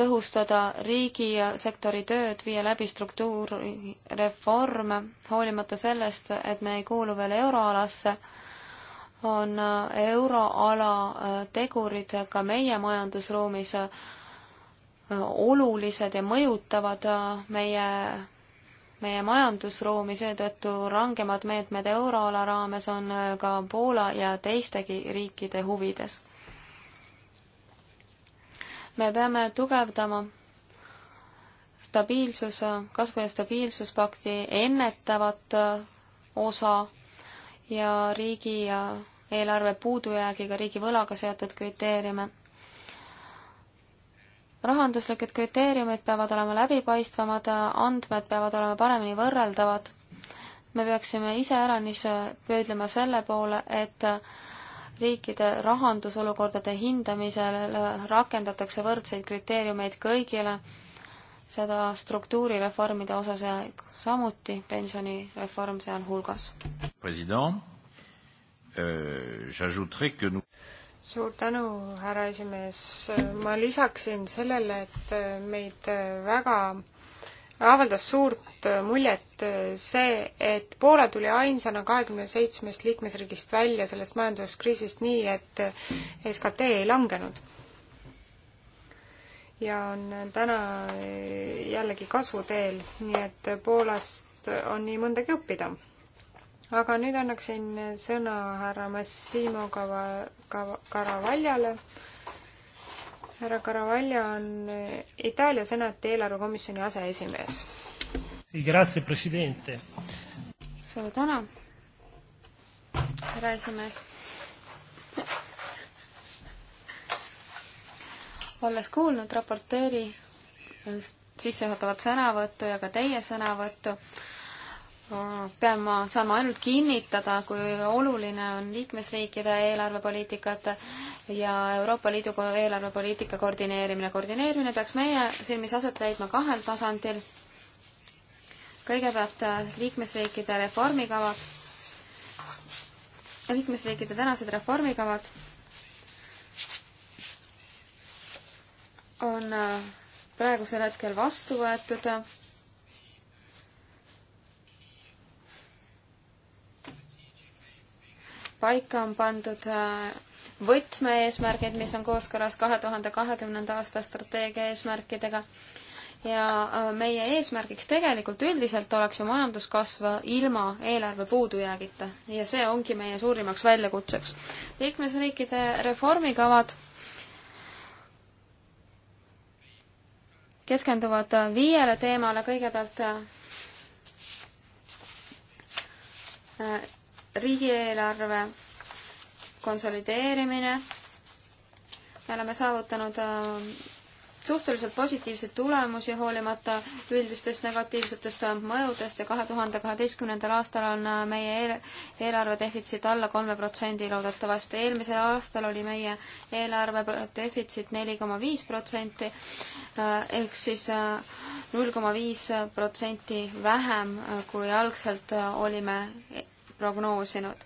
tõhustada riigisektori tööd, viia läbi struktuurireforme, hoolimata sellest, et me ei kuulu veel euroalasse, on euroala tegurid ka meie majandusruumis olulised ja mõjutavad äh, meie, meie majandusruumi, seetõttu rangemad meetmed euroala raames on äh, ka Poola ja teistegi riikide huvides. me peame tugevdama stabiilsus, kasvu- ja stabiilsuspakti ennetavat äh, osa ja riigi ja eelarve puudujäägiga riigi võlaga seotud kriteeriume rahanduslikud kriteeriumid peavad olema läbipaistvamad, andmed peavad olema paremini võrreldavad. me peaksime iseäranis püüdlema selle poole, et riikide rahandusolukordade hindamisel rakendatakse võrdseid kriteeriumeid kõigile, seda struktuurireformide osas ja samuti pensionireform sealhulgas. president euh,, j'ajouterai que nous suur tänu, härra esimees. ma lisaksin sellele, et meid väga avaldas suurt muljet see, et Poola tuli ainsana kahekümne seitsmest liikmesriigist välja sellest majanduskriisist nii, et SKT ei langenud. ja on täna jällegi kasvuteel, nii et Poolast on nii mõndagi õppida. aga nüüd annaksin sõna härra Massimo Kava-, Caravagliale. härra Caravaglia on Itaalia senati eelarvekomisjoni aseesimees. suur tänu, härra esimees olles kuulnud raportööri sissejuhatavat sõnavõttu ja ka teie sõnavõttu, pean ma saama ainult kinnitada, kui oluline on liikmesriikide eelarvepoliitikat ja Euroopa Liidu eelarvepoliitika koordineerimine. koordineerimine peaks meie silmis aset leidma kahel tasandil. kõigepealt liikmesriikide reformikavad, liikmesriikide tänased reformikavad on äh, praegusel hetkel vastu võetud paika on pandud äh, võtme-eesmärgid, mis on kooskõlas kahe tuhande kahekümnenda aasta strateegia eesmärkidega. ja äh, meie eesmärgiks tegelikult üldiselt oleks ju majanduskasv ilma eelarve puudujäägita ja see ongi meie suurimaks väljakutseks. liikmesriikide reformikavad keskenduvad äh, viiele teemale, kõigepealt riigieelarve konsolideerimine. me oleme saavutanud äh, suhteliselt positiivseid tulemusi, hoolimata üldistest negatiivsetest mõjudest ja kahe tuhande kaheteistkümnendal aastal on äh, meie eelarve defitsiit alla kolme protsendi loodetavasti. eelmisel aastal oli meie eelarve defitsiit neli koma viis protsenti äh, ehk siis null koma viis protsenti vähem, kui algselt olime prognoosinud.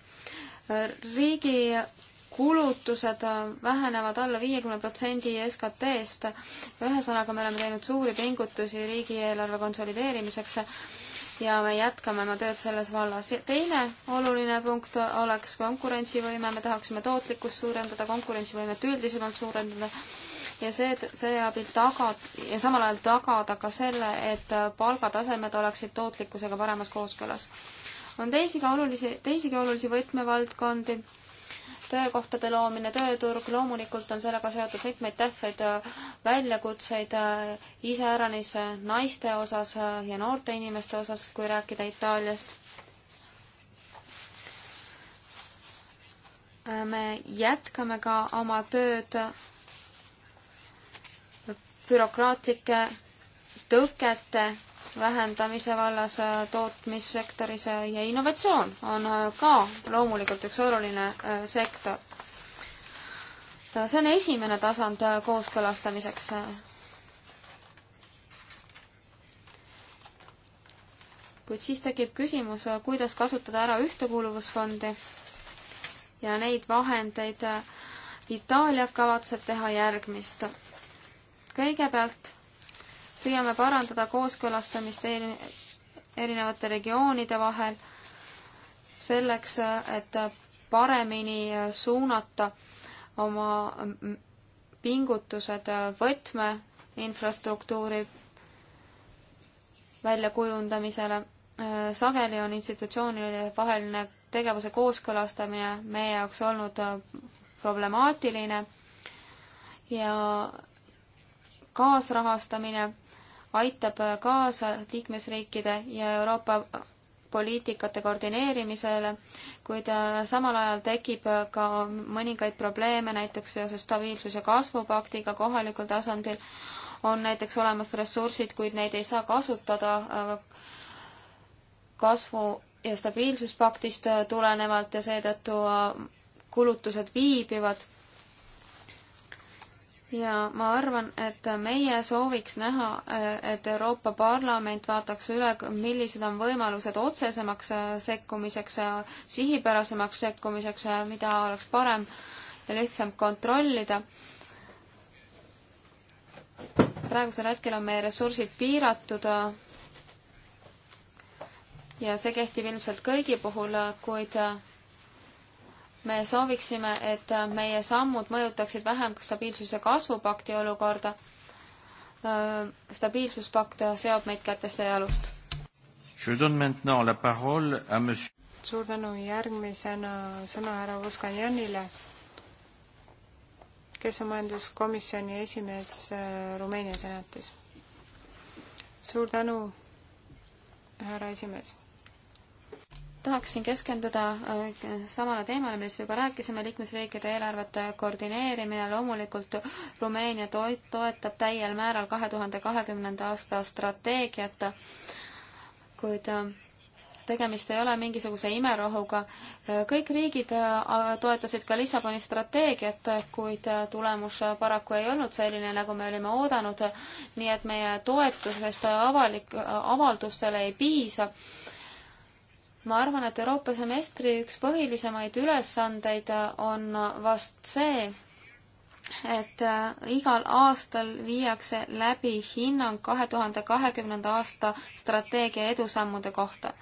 riigi kulutused vähenevad alla viiekümne protsendi SKT-st, ühesõnaga me oleme teinud suuri pingutusi riigieelarve konsolideerimiseks ja me jätkame oma tööd selles vallas. teine oluline punkt oleks konkurentsivõime, me tahaksime tootlikkust suurendada, konkurentsivõimet üldisemalt suurendada ja see, see abil tagad- ja samal ajal tagada ka selle, et palgatasemed oleksid tootlikkusega paremas kooskõlas on teisigi olulisi, teisigi olulisi võtmevaldkondi, töökohtade loomine, tööturg, loomulikult on sellega seotud mitmeid tähtsaid äh, väljakutseid äh, iseäranis äh, naiste osas ja noorte inimeste osas, kui rääkida Itaaliast. me jätkame ka oma tööd bürokraatlike tõkete vähendamise vallas, äh, tootmissektoris äh, ja innovatsioon on äh, ka loomulikult üks oluline sektor. see on esimene tasand kooskõlastamiseks. kuid siis tekib küsimus, kuidas kasutada ära ühtekuuluvusfondi ja neid vahendeid Itaalia kavatseb teha järgmist. kõigepealt püüame parandada kooskõlastamist erinevate regioonide vahel selleks, et paremini suunata oma pingutused võtme infrastruktuuri väljakujundamisele. sageli on institutsioonide vaheline tegevuse kooskõlastamine meie jaoks olnud problemaatiline ja kaasrahastamine aitab kaasa liikmesriikide ja Euroopa poliitikate koordineerimisele, kuid äh, samal ajal tekib äh, ka mõningaid probleeme, näiteks seoses stabiilsus- ja kasvupaktiga kohalikul tasandil on näiteks olemas ressursid, kuid neid ei saa kasutada äh, kasvu- ja stabiilsuspaktist tulenevalt ja seetõttu kulutused viibivad ja ma arvan, et meie sooviks näha, et Euroopa Parlament vaataks üle, millised on võimalused otsesemaks äh, sekkumiseks, sihipärasemaks sekkumiseks, äh, mida oleks parem ja lihtsam kontrollida. praegusel hetkel on meie ressursid piiratud äh, ja see kehtib ilmselt kõigi puhul, kuid me sooviksime, et meie sammud mõjutaksid vähem ka stabiilsuse kasvupakti olukorda. Äh, stabiilsuspakt seob meid käteste jalust. suur tänu, järgmisena sõna härra Voskanjanile, kes on majanduskomisjoni esimees äh, Rumeenia senatis. suur tänu, härra esimees tahaksin keskenduda äh, samale teemale, millest juba rääkisime, liikmesriikide eelarvete koordineerimine, loomulikult Rumeenia toit-, toetab täiel määral kahe tuhande kahekümnenda aasta strateegiat, kuid äh, tegemist ei ole mingisuguse imerohuga. Äh, kõik riigid toetasid ka Lissaboni strateegiat, kuid tulemus paraku ei olnud selline, nagu me olime oodanud, nii et meie toetusest avalik, avaldustele ei piisa ma arvan, et Euroopa semestri üks põhilisemaid ülesandeid on vast see, et äh, igal aastal viiakse läbi hinnang kahe tuhande kahekümnenda aasta strateegia edusammude kohta.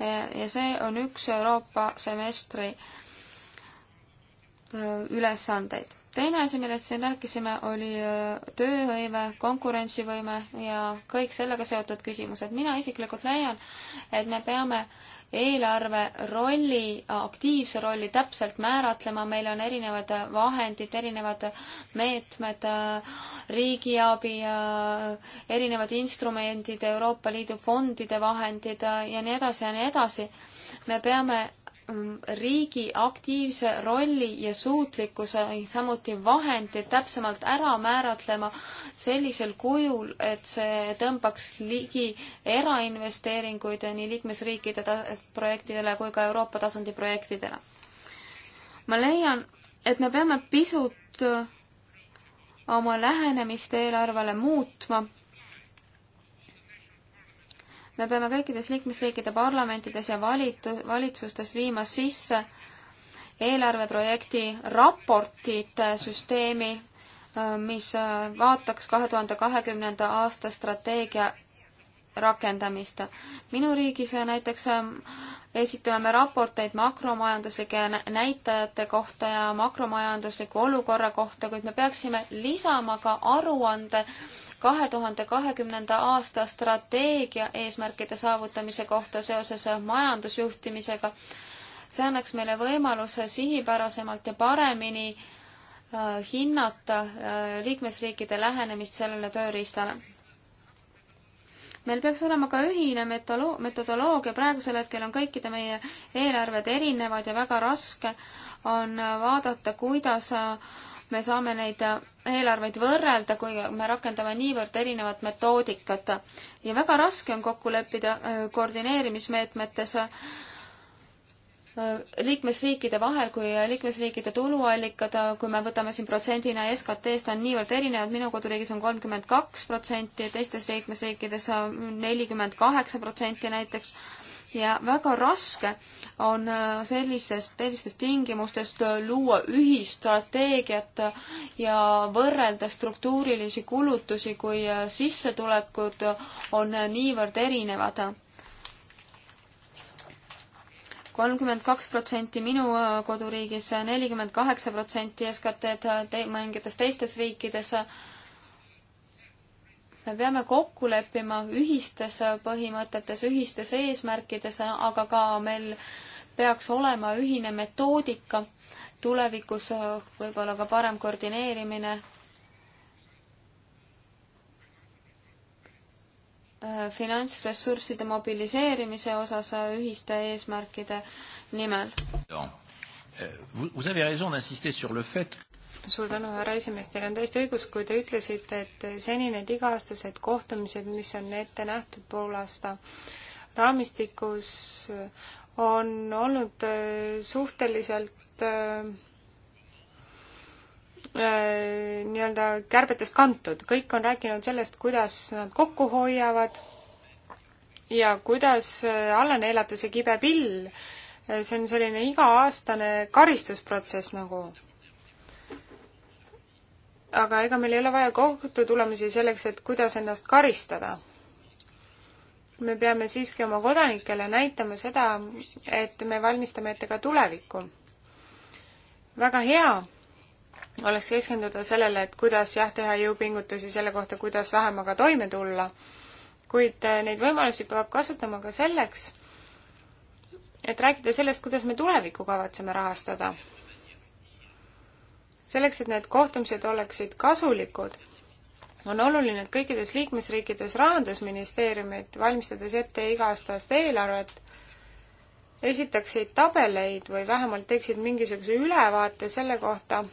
ja see on üks Euroopa semestri äh, ülesandeid. teine asi, millest siin rääkisime, oli äh, tööhõive, konkurentsivõime ja kõik sellega seotud küsimused. mina isiklikult leian, et me peame äh, eelarve rolli, aktiivse rolli täpselt määratlema, meil on erinevad vahendid, erinevad meetmed, riigiabi, erinevad instrumendid, Euroopa Liidu fondide vahendid ja nii edasi ja nii edasi. me peame Mm, riigi aktiivse rolli ja suutlikkuse, samuti vahendid täpsemalt ära määratlema sellisel kujul, et see tõmbaks ligi erainvesteeringuid nii liikmesriikide projektidele kui ka Euroopa tasandi projektidele. ma leian, et me peame pisut oma lähenemist eelarvele muutma me peame kõikides liikmesriikide parlamentides ja valitu-, valitsustes viima sisse eelarveprojekti raportite süsteemi, mis äh, vaataks kahe tuhande kahekümnenda aasta strateegia rakendamist. minu riigis näiteks ähm, esitame me raporteid makromajanduslike näitajate kohta ja makromajandusliku olukorra kohta, kuid me peaksime lisama ka aruande kahe tuhande kahekümnenda aasta strateegia eesmärkide saavutamise kohta seoses majandusjuhtimisega. see annaks meile võimaluse sihipärasemalt ja paremini äh, hinnata äh, liikmesriikide lähenemist sellele tööriistale meil peaks olema ka ühine metolo-, metodoloogia, praegusel hetkel on kõikide meie eelarved erinevad ja väga raske on vaadata, kuidas me saame neid eelarveid võrrelda, kui me rakendame niivõrd erinevat metoodikat. ja väga raske on kokku leppida äh, koordineerimismeetmetes Äh, liikmesriikide vahel, kui liikmesriikide tuluallikad, äh, kui me võtame siin protsendina SKT-st, on niivõrd erinevad, minu koduriigis on kolmkümmend kaks protsenti, teistes liikmesriikides äh, nelikümmend kaheksa protsenti näiteks, ja väga raske on sellisest, sellistest tingimustest luua ühistrateegiat ja võrrelda struktuurilisi kulutusi, kui sissetulekud on niivõrd erinevad kolmkümmend kaks protsenti minu äh, koduriigis, nelikümmend kaheksa protsenti SKT-d äh, te mõningates teistes riikides. me peame kokku leppima ühistes äh, põhimõtetes, ühistes eesmärkides, aga ka meil peaks olema ühine metoodika tulevikus võib-olla ka parem koordineerimine Äh, finantsressursside mobiliseerimise osas äh, ühiste eesmärkide nimel. Äh, suur tänu, härra esimees, teil on täiesti õigus, kui te ütlesite, et seni need iga-aastased kohtumised, mis on ette nähtud poolaasta raamistikus, on olnud suhteliselt Äh, nii-öelda kärbetest kantud, kõik on rääkinud sellest, kuidas nad kokku hoiavad ja kuidas äh, alla neelata see kibe pill. Äh, see on selline iga-aastane karistusprotsess nagu. aga ega meil ei ole vaja kohtu tulemusi selleks, et kuidas ennast karistada. me peame siiski oma kodanikele näitama seda, et me valmistame ette ka tulevikku. väga hea oleks keskenduda sellele, et kuidas jah, teha jõupingutusi selle kohta, kuidas vähemaga toime tulla, kuid äh, neid võimalusi peab kasutama ka selleks, et rääkida sellest, kuidas me tulevikku kavatseme rahastada. selleks, et need kohtumised oleksid kasulikud, on oluline, et kõikides liikmesriikides rahandusministeeriumid, valmistades ette iga-aastast eelarvet, esitaksid tabeleid või vähemalt teeksid mingisuguse ülevaate selle kohta,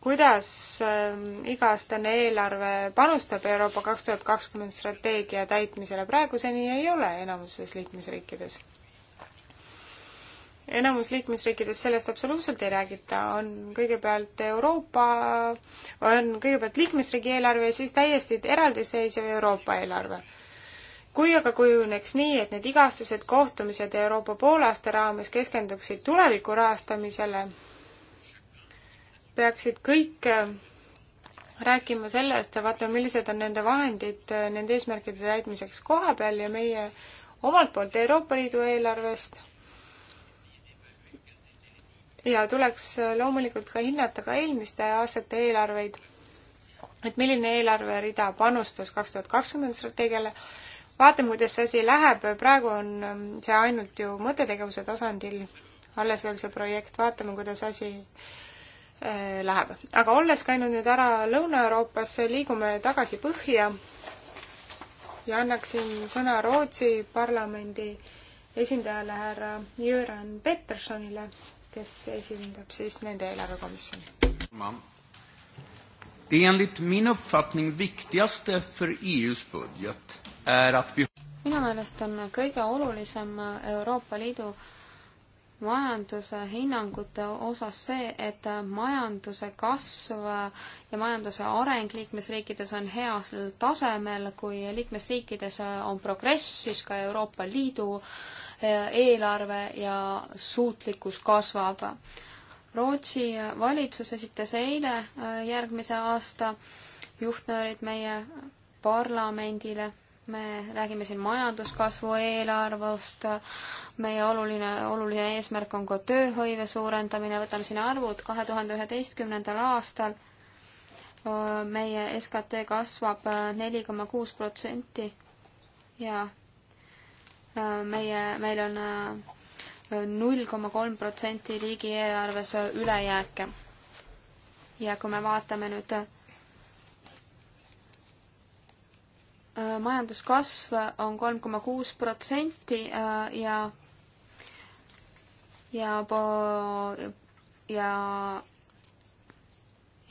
kuidas ähm, iga-aastane eelarve panustab Euroopa kaks tuhat kakskümmend strateegia täitmisele, praeguseni ei ole enamuses liikmesriikides. enamus liikmesriikides sellest absoluutselt ei räägita, on kõigepealt Euroopa, on kõigepealt liikmesriigi eelarve ja siis täiesti eraldiseisev Euroopa eelarve kui aga kujuneks nii, et need iga-aastased kohtumised Euroopa poolaasta raames keskenduksid tuleviku rahastamisele peaksid kõik äh, rääkima sellest ja vaatama, millised on nende vahendid äh, nende eesmärkide täitmiseks koha peal ja meie omalt poolt Euroopa Liidu eelarvest. ja tuleks äh, loomulikult ka hinnata ka eelmiste aastate eelarveid, et milline eelarverida panustas kaks tuhat kakskümmend strateegiale. vaatame, kuidas see asi läheb, praegu on ähm, see ainult ju mõttetegevuse tasandil alles veel see projekt, vaatame, kuidas asi Äh, läheb. aga olles käinud nüüd ära Lõuna-Euroopas, liigume tagasi põhja ja annaksin sõna Rootsi parlamendi esindajale härra Jüran Petersonile, kes esindab siis nende eelarvekomisjoni. Det enligt min uppfattning viktigaste för EUs budget är att vi minu meelest on kõige olulisem Euroopa Liidu äh, majanduse hinnangute osas see, et majanduse kasv ja majanduse areng liikmesriikides on heal tasemel, kui liikmesriikides on progress, siis ka Euroopa Liidu eh, eelarve ja suutlikkus kasvab. Rootsi valitsus esitas eile eh, järgmise aasta juhtnöörid meie parlamendile me räägime siin majanduskasvu eelarvust, meie oluline, oluline eesmärk on ka tööhõive suurendamine, võtame siin arvud, kahe tuhande üheteistkümnendal aastal meie SKT kasvab neli koma kuus protsenti ja meie, meil on null koma kolm protsenti riigieelarves ülejääke. ja kui me vaatame nüüd Äh, majanduskasv on kolm koma kuus protsenti äh, ja ja po-, ja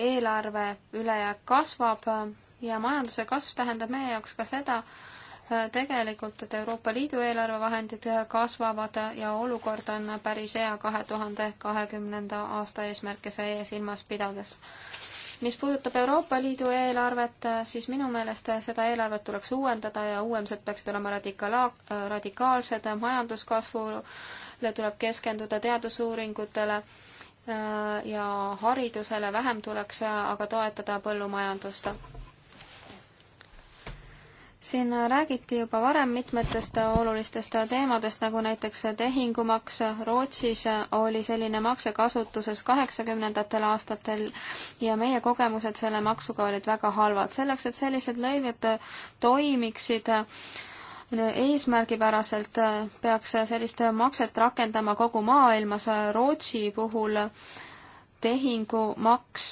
eelarve ülejääk kasvab äh, ja majanduse kasv tähendab meie jaoks ka seda, tegelikult, et Euroopa Liidu eelarvevahendid kasvavad ja olukord on päris hea kahe tuhande kahekümnenda aasta eesmärke see silmas pidades mis puudutab Euroopa Liidu eelarvet, siis minu meelest seda eelarvet tuleks uuendada ja uuendused peaksid olema radikala-, radikaalsed, majanduskasvule tuleb keskenduda, teadusuuringutele äh, ja haridusele vähem tuleks aga toetada põllumajandust siin räägiti juba varem mitmetest olulistest teemadest, nagu näiteks tehingumaks. Rootsis oli selline makse kasutuses kaheksakümnendatel aastatel ja meie kogemused selle maksuga olid väga halvad. selleks, et sellised lõived toimiksid eesmärgipäraselt, peaks sellist makset rakendama kogu maailmas. Rootsi puhul tehingumaks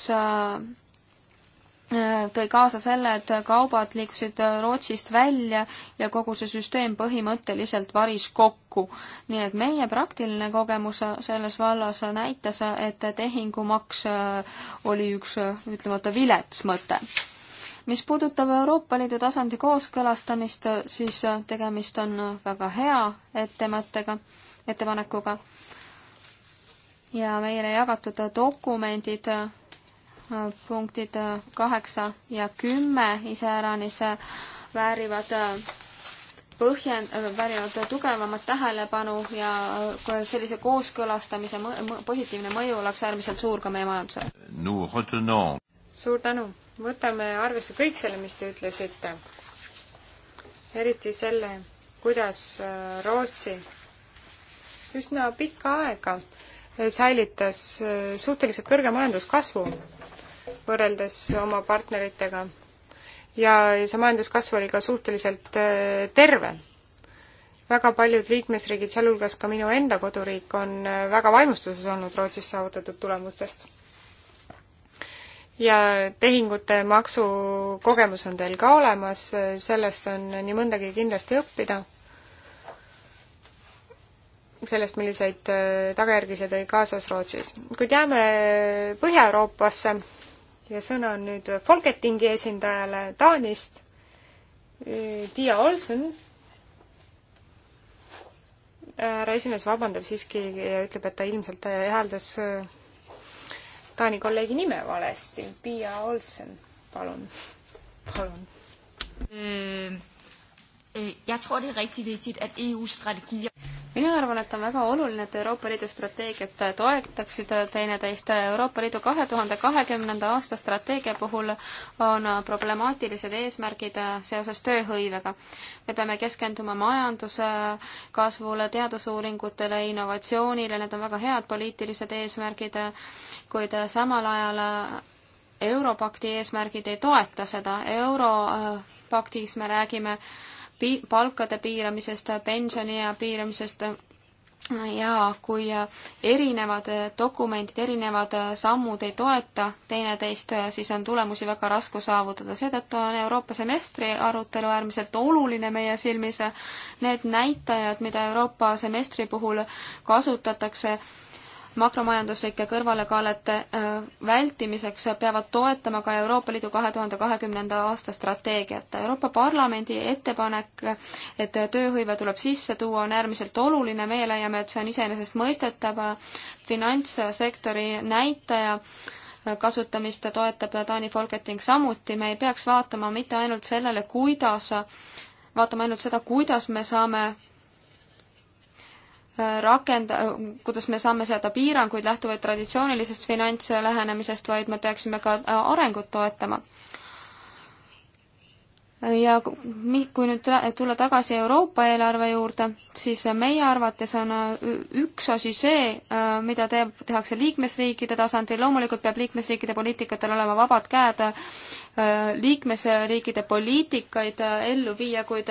Äh, tõi kaasa selle, et kaubad liikusid Rootsist välja ja kogu see süsteem põhimõtteliselt varis kokku. nii et meie praktiline kogemus selles vallas näitas, et tehingumaks äh, oli üks äh, ütlemata vilets mõte. mis puudutab Euroopa Liidu tasandi kooskõlastamist, siis tegemist on väga hea ettemõttega, ettepanekuga ja meile jagatud dokumendid punktid kaheksa ja kümme iseäranis väärivad äh, põhjend-, äh, väärivad tugevamat tähelepanu ja äh, sellise kooskõlastamise mõ-, positiivne mõju oleks äärmiselt suur ka meie majandusele. suur tänu! võtame arvesse kõik selle, mis te ütlesite. eriti selle, kuidas Rootsi üsna pikka aega säilitas suhteliselt kõrge majanduskasvu võrreldes oma partneritega. ja see majanduskasv oli ka suhteliselt äh, terve. väga paljud liikmesriigid, sealhulgas ka minu enda koduriik, on äh, väga vaimustuses olnud Rootsis saavutatud tulemustest. ja tehingute maksukogemus on teil ka olemas, äh, sellest on nii mõndagi kindlasti õppida sellest, milliseid tagajärgi see tõi kaasas Rootsis. kuid jääme Põhja-Euroopasse ja sõna on nüüd Folketingi esindajale Taanist, Tiia Olsen. härra esimees vabandab siiski ja ütleb, et ta ilmselt hääldas äh, Taani kolleegi nime valesti. Piia Olsen, palun, palun mm Øh, jeg tror, det er rigtig vigtigt, at EU-strategier... Mina arvan, et on väga oluline, et Euroopa Liidu strateegiat toetaksid teineteist. Euroopa Liidu 2020. aasta strateegia puhul on problemaatilised eesmärgid seoses tööhõivega. Me peame keskenduma majanduse kasvule, teadusuuringutele, innovatsioonile. Need on väga head poliitilised eesmärgid, kuid samal ajal Europakti eesmärgid ei toeta seda. Europaktis me räägime äh, pi-, palkade piiramisest, pensioniea piiramisest ja kui erinevad dokumendid, erinevad sammud ei toeta teineteist, siis on tulemusi väga raske saavutada. seetõttu on Euroopa semestri arutelu äärmiselt oluline meie silmis. Need näitajad, mida Euroopa semestri puhul kasutatakse, makromajanduslike kõrvalekallete äh, vältimiseks peavad toetama ka Euroopa Liidu kahe tuhande kahekümnenda aasta strateegiat. Euroopa Parlamendi ettepanek, et tööhõive tuleb sisse tuua, on äärmiselt oluline, meie leiame, et see on iseenesestmõistetav finantssektori näitaja äh, kasutamist toetab Taani Folketing samuti, me ei peaks vaatama mitte ainult sellele, kuidas, vaatama ainult seda, kuidas me saame rakenda-, kuidas me saame seada piiranguid lähtuvaid traditsioonilisest finantslähenemisest, vaid me peaksime ka arengut toetama ja kui nüüd tulla tagasi Euroopa eelarve juurde, siis meie arvates on äh, üks asi see, äh, mida teeb, tehakse liikmesriikide tasandil, loomulikult peab liikmesriikide poliitikatel olema vabad käed äh, liikmesriikide poliitikaid ellu viia, kuid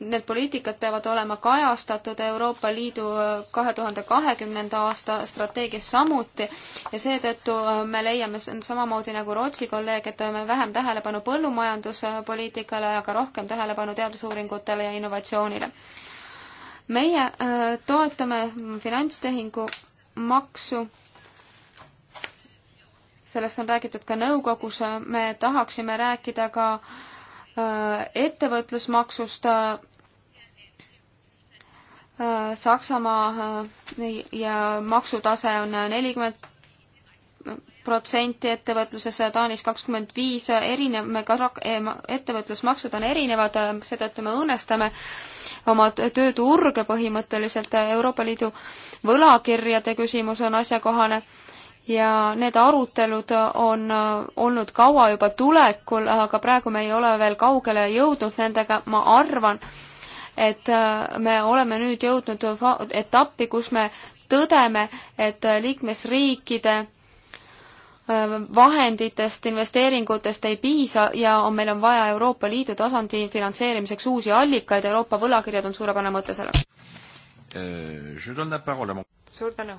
need poliitikad peavad olema kajastatud Euroopa Liidu kahe tuhande kahekümnenda aasta strateegias samuti ja seetõttu me leiame samamoodi nagu Rootsi kolleeg, et me vähem tähelepanu põllumajanduspoliitikale samal ajal ka rohkem tähelepanu teadusuuringutele ja innovatsioonile. meie äh, toetame finantstehingu maksu sellest on räägitud ka nõukogus, me tahaksime rääkida ka äh, ettevõtlusmaksust äh, Saksamaa ja maksutase on nelikümmend protsenti ettevõtluses, Taanis kakskümmend viis, erineme ka eh, ettevõtlusmaksud on erinevad, seetõttu me õõnestame oma tööturge põhimõtteliselt, Euroopa Liidu võlakirjade küsimus on asjakohane ja need arutelud on olnud kaua juba tulekul, aga praegu me ei ole veel kaugele jõudnud nendega, ma arvan, et me oleme nüüd jõudnud etappi, kus me tõdeme, et liikmesriikide vahenditest, investeeringutest ei piisa ja on, meil on vaja Euroopa Liidu tasandi finantseerimiseks uusi allikaid, Euroopa võlakirjad on suurepärane mõte selleks euh,. suur tänu.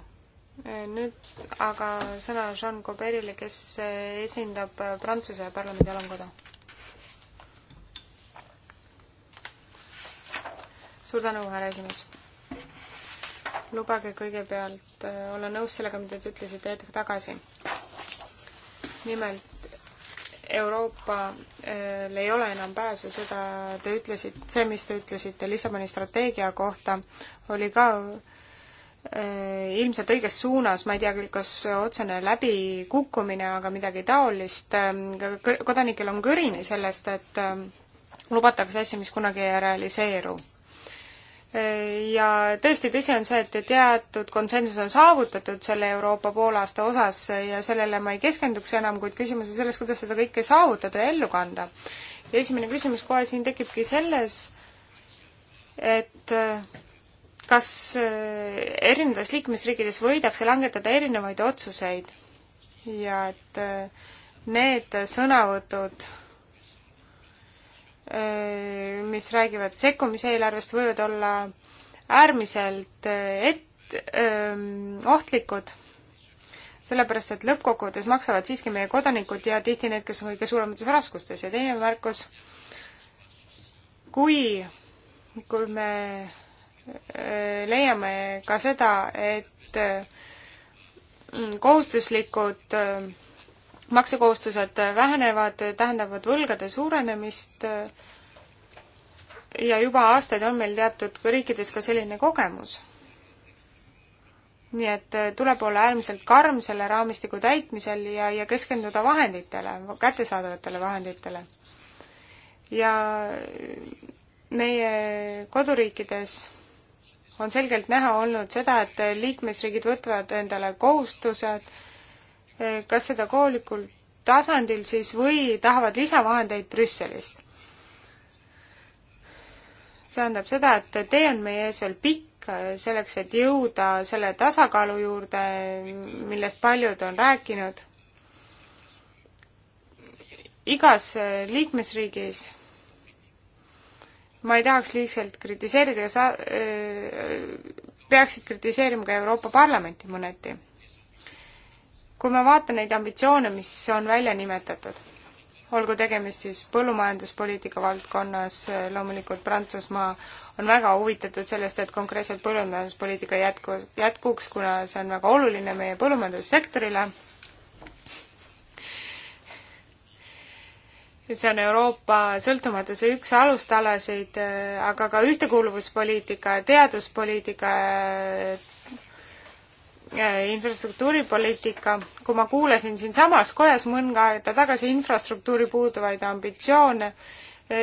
Eh, nüüd aga sõna Jean Cauberile, kes eh, esindab eh, Prantsuse parlamendi alamkoda. suur tänu, härra esimees lubage kõigepealt, olen nõus sellega, mida te ütlesite hetk tagasi nimelt Euroopal ei ole enam pääsu, seda te ütlesite, see, mis te ütlesite Lissaboni strateegia kohta, oli ka eh, ilmselt õiges suunas, ma ei tea küll, kas otsene läbikukkumine, aga midagi taolist. Eh, kodanikel on kõrini sellest, et eh, lubatakse asju, mis kunagi ei realiseeru ja tõesti, tõsi on see, et teatud konsensus on saavutatud selle Euroopa poolaasta osas ja sellele ma ei keskenduks enam, kuid küsimus on selles, kuidas seda kõike saavutada ja ellu kanda. ja esimene küsimus kohe siin tekibki selles, et äh, kas äh, erinevates liikmesriikides võidakse langetada erinevaid otsuseid ja et äh, need sõnavõtud mis räägivad sekkumiseelarvest, võivad olla äärmiselt eh, et-, ehm, ohtlikud, sellepärast et lõppkokkuvõttes maksavad siiski meie kodanikud ja tihti need, kes on kõige suuremates raskustes ja teine märkus, kui, kui me eh, leiame ka seda, et eh, kohustuslikud öö, maksukohustused vähenevad, tähendavad võlgade suurenemist ja juba aastaid on meil teatud riikides ka selline kogemus. nii et äh, tuleb olla äärmiselt karm selle raamistiku täitmisel ja, ja keskenduda vahenditele, kättesaadavatele vahenditele. ja äh, meie koduriikides on selgelt näha olnud seda, et liikmesriigid võtavad endale kohustused, kas seda koolikul tasandil siis või tahavad lisavahendeid Brüsselist. see tähendab seda, et tee on meie ees veel pikk, selleks et jõuda selle tasakaalu juurde, millest paljud on rääkinud. igas liikmesriigis ma ei tahaks liigselt kritiseerida, sa äh, peaksid kritiseerima ka Euroopa Parlamenti mõneti kui ma vaatan neid ambitsioone, mis on välja nimetatud, olgu tegemist siis põllumajanduspoliitika valdkonnas, loomulikult Prantsusmaa on väga huvitatud sellest, et konkreetselt põllumajanduspoliitika jätku, jätkuks, kuna see on väga oluline meie põllumajandussektorile. see on Euroopa sõltumatuse üks alustalasid, aga ka ühtekuuluvuspoliitika, teaduspoliitika, Äh, infrastruktuuripoliitika, kui ma kuulasin siinsamas kojas mõnda aega tagasi infrastruktuuri puuduvaid ambitsioone, äh,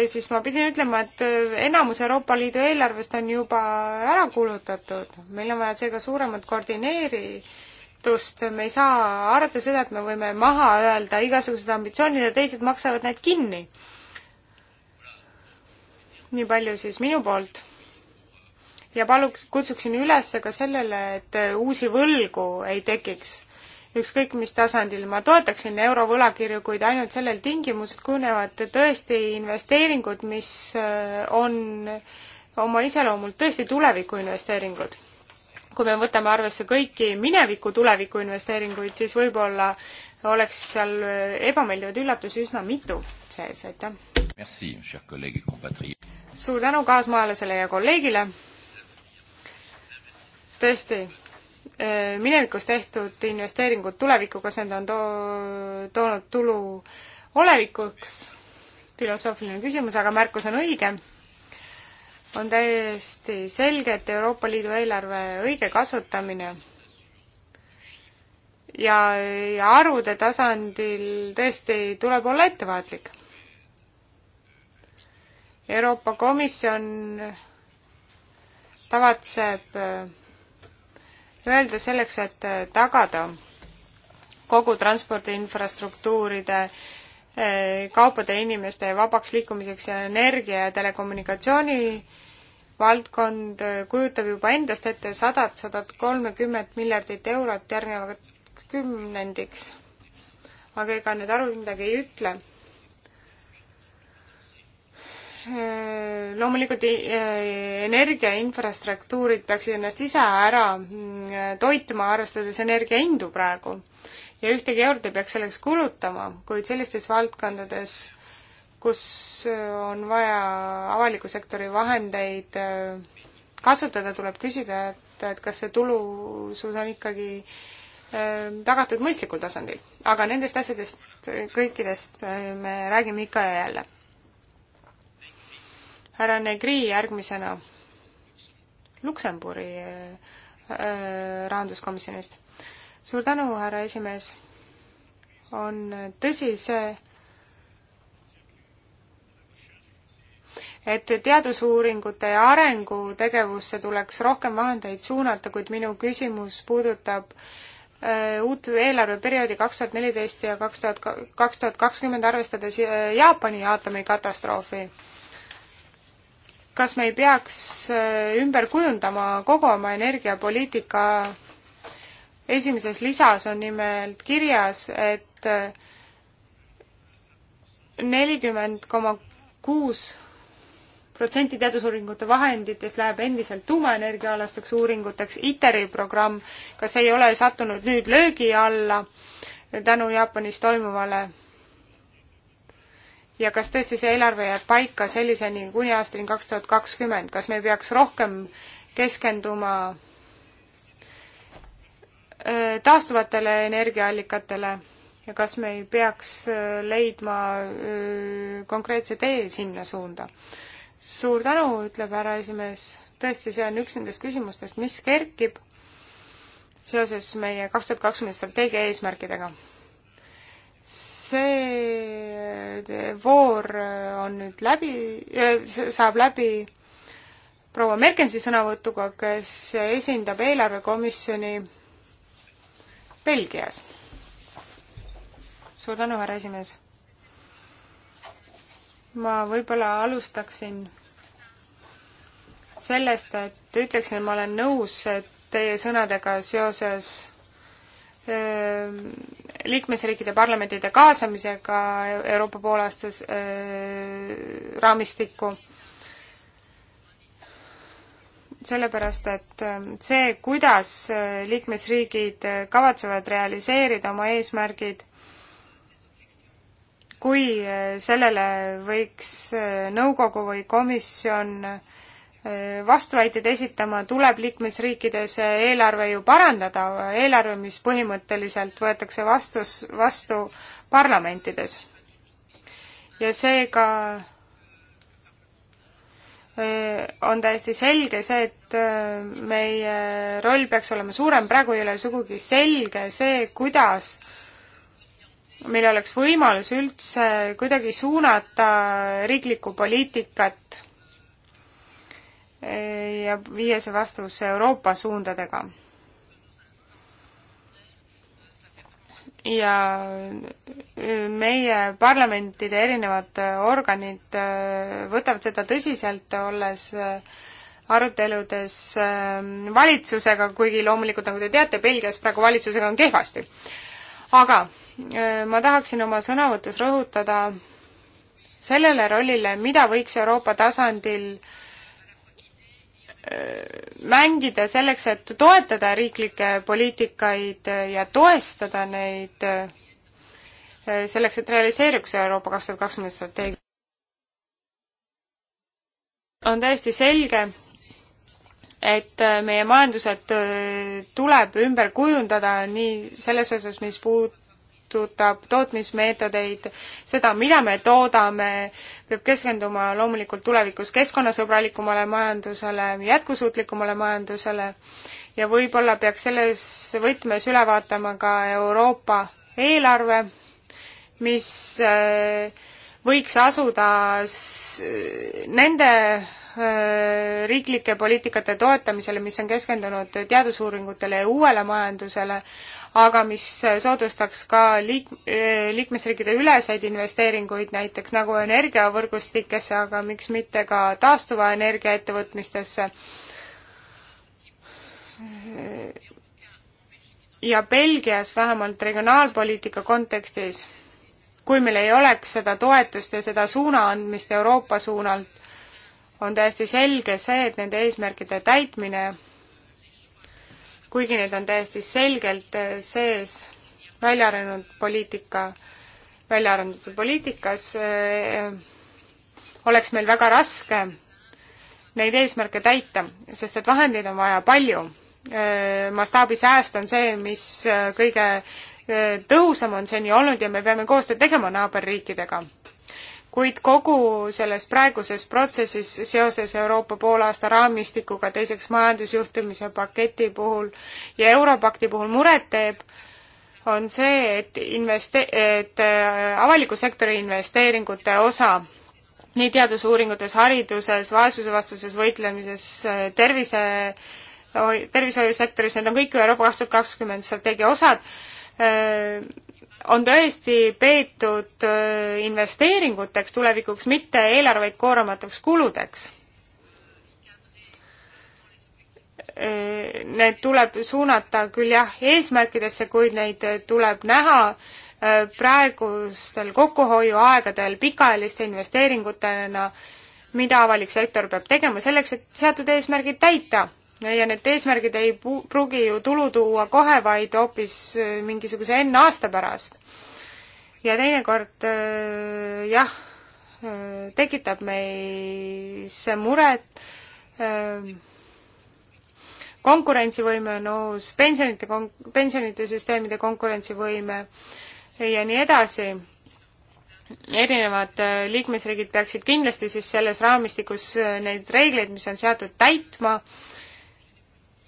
siis ma pidin ütlema, et äh, enamus Euroopa Liidu eelarvest on juba ära kulutatud. meil on vaja seega suuremat koordineeritust, me ei saa arvata seda, et me võime maha öelda igasugused ambitsioonid ja teised maksavad need kinni. nii palju siis minu poolt ja paluks, kutsuksin üles ka sellele, et uusi võlgu ei tekiks ükskõik mis tasandil. ma toetaksin eurovõlakirju, kuid ainult sellel tingimusel kujunevad tõesti investeeringud, mis äh, on oma iseloomult tõesti tulevikuinvesteeringud. kui me võtame arvesse kõiki mineviku tulevikuinvesteeringuid, siis võib-olla oleks seal ebameeldivaid üllatusi üsna mitu sees, aitäh! suur tänu kaasmaalasele ja kolleegile! tõesti, eh, minevikus tehtud investeeringud tulevikuga, see on too-, toonud tulu olevikuks, filosoofiline küsimus, aga märkus on õige. on täiesti selge, et Euroopa Liidu eelarve õige kasutamine ja, ja arvude tasandil tõesti tuleb olla ettevaatlik. Euroopa Komisjon tavatseb eh, öelda selleks, et äh, tagada kogu transpordi infrastruktuuride äh, kaupade, inimeste vabaks liikumiseks ja energia ja telekommunikatsiooni valdkond äh, kujutab juba endast ette sadat, sadat kolmekümmet miljardit eurot järgnevat kümnendiks. aga ega need arvud midagi ei ütle Äh, loomulikult äh, energia infrastruktuurid peaksid ennast ise ära mm, äh, toitma, arvestades energia hindu praegu. ja ühtegi eurot ei peaks selleks kulutama, kuid sellistes valdkondades, kus on vaja avaliku sektori vahendeid kasutada, tuleb küsida, et, et kas see tulusus on ikkagi tagatud mõistlikul tasandil. aga nendest asjadest kõikidest me räägime ikka ja jälle härra Negri järgmisena Luksemburi äh, äh, rahanduskomisjonist. suur tänu, härra esimees. on tõsi see, et teadusuuringute ja arengutegevusse tuleks rohkem vahendeid suunata, kuid minu küsimus puudutab äh, uut eelarveperioodi kaks tuhat neliteist ja kaks tuhat, kaks tuhat kakskümmend, arvestades Jaapani aatomikatastroofi kas me ei peaks äh, ümber kujundama kogu oma energiapoliitika esimeses lisas on nimelt kirjas, et äh, nelikümmend koma kuus protsenti teadusuuringute vahenditest läheb endiselt tuumaenergiaalasteks uuringuteks, ITER-i programm, kas ei ole sattunud nüüd löögi alla tänu Jaapanis toimuvale ja kas tõesti see eelarve jääb paika selliseni kuni aastani kaks tuhat kakskümmend, kas me peaks rohkem keskenduma äh, taastuvatele energiaallikatele ja kas me ei peaks äh, leidma äh, konkreetse tee sinna suunda? suur tänu, ütleb härra esimees, tõesti, see on üks nendest küsimustest, mis kerkib seoses meie kaks tuhat kakskümmend strateegia eesmärkidega see voor on nüüd läbi, saab läbi proua Merkensi sõnavõtuga, kes esindab eelarvekomisjoni Belgias. suur tänu, härra esimees. ma võib-olla alustaksin sellest, et ütleksin, et ma olen nõus teie sõnadega seoses öö, ehm, liikmesriikide parlamentide kaasamisega Euroopa poolaastas äh, raamistikku. sellepärast, et see, kuidas liikmesriigid kavatsevad realiseerida oma eesmärgid, kui sellele võiks nõukogu või komisjon äh, vastuväiteid esitama, tuleb liikmesriikides eelarve ju parandada, eelarve, mis põhimõtteliselt võetakse vastus, vastu parlamentides. ja seega äh, on täiesti selge see, et äh, meie roll peaks olema suurem, praegu ei ole sugugi selge see, kuidas meil oleks võimalus üldse kuidagi suunata riiklikku poliitikat ja viia see vastavusse Euroopa suundadega. ja meie parlamentide erinevad organid äh, võtavad seda tõsiselt, olles äh, aruteludes äh, valitsusega, kuigi loomulikult, nagu te teate, Belgias praegu valitsusega on kehvasti. aga ma tahaksin oma sõnavõtus rõhutada sellele rollile, mida võiks Euroopa tasandil äh, mängida selleks, et toetada riiklikke poliitikaid ja toestada neid eh, selleks, et realiseeruks Euroopa kaks tuhat kakskümmend strateegia. on täiesti selge, et eh, meie majandused eh, tuleb ümber kujundada nii selles osas, mis puud-, puudutab tootmismeetodeid, seda, mida me toodame, peab keskenduma loomulikult tulevikus keskkonnasõbralikumale majandusele, jätkusuutlikumale majandusele ja võib-olla peaks selles võtmes üle vaatama ka Euroopa eelarve, mis äh, võiks asuda nende Äh, riiklike poliitikate toetamisele, mis on keskendunud teadusuuringutele ja uuele majandusele, aga mis soodustaks ka liik-, äh, liikmesriikide üleseid investeeringuid, näiteks nagu energiavõrgustikesse, aga miks mitte ka taastuva energia ettevõtmistesse. ja Belgias vähemalt regionaalpoliitika kontekstis, kui meil ei oleks seda toetust ja seda suuna andmist Euroopa suunalt, on täiesti selge see, et nende eesmärkide täitmine, kuigi need on täiesti selgelt eh, sees välja arenenud poliitika, välja arendatud poliitikas, eh, oleks meil väga raske neid eesmärke täita, sest et vahendeid on vaja palju. Eh, mastaabisääst on see, mis kõige tõhusam on seni olnud ja me peame koostööd tegema naaberriikidega kuid kogu selles praeguses protsessis seoses Euroopa poolaasta raamistikuga, teiseks majandusjuhtimise paketi puhul ja Europakti puhul muret teeb, on see, et investe-, et äh, avaliku sektori investeeringute osa nii teadusuuringutes, hariduses, vaesusevastases võitlemises, äh, tervise, tervishoiusektoris, need on kõik ÜRO kaks tuhat kakskümmend strateegia osad, äh, on tõesti peetud äh, investeeringuteks tulevikuks, mitte eelarveid kooramataks kuludeks. Äh, need tuleb suunata küll jah, eesmärkidesse, kuid neid tuleb näha äh, praegustel kokkuhoiuaegadel pikaajaliste investeeringutena, mida avalik sektor peab tegema selleks, et seatud eesmärgid täita ja need eesmärgid ei pruugi ju tulu tuua kohe, vaid hoopis äh, mingisuguse N aasta pärast. ja teinekord äh, jah, äh, tekitab meis muret, konkurentsivõime on uus, pensionite kon-, pensionite süsteemide konkurentsivõime ja nii edasi erinevad liikmesriigid peaksid kindlasti siis selles raamistikus neid reegleid, mis on seatud, täitma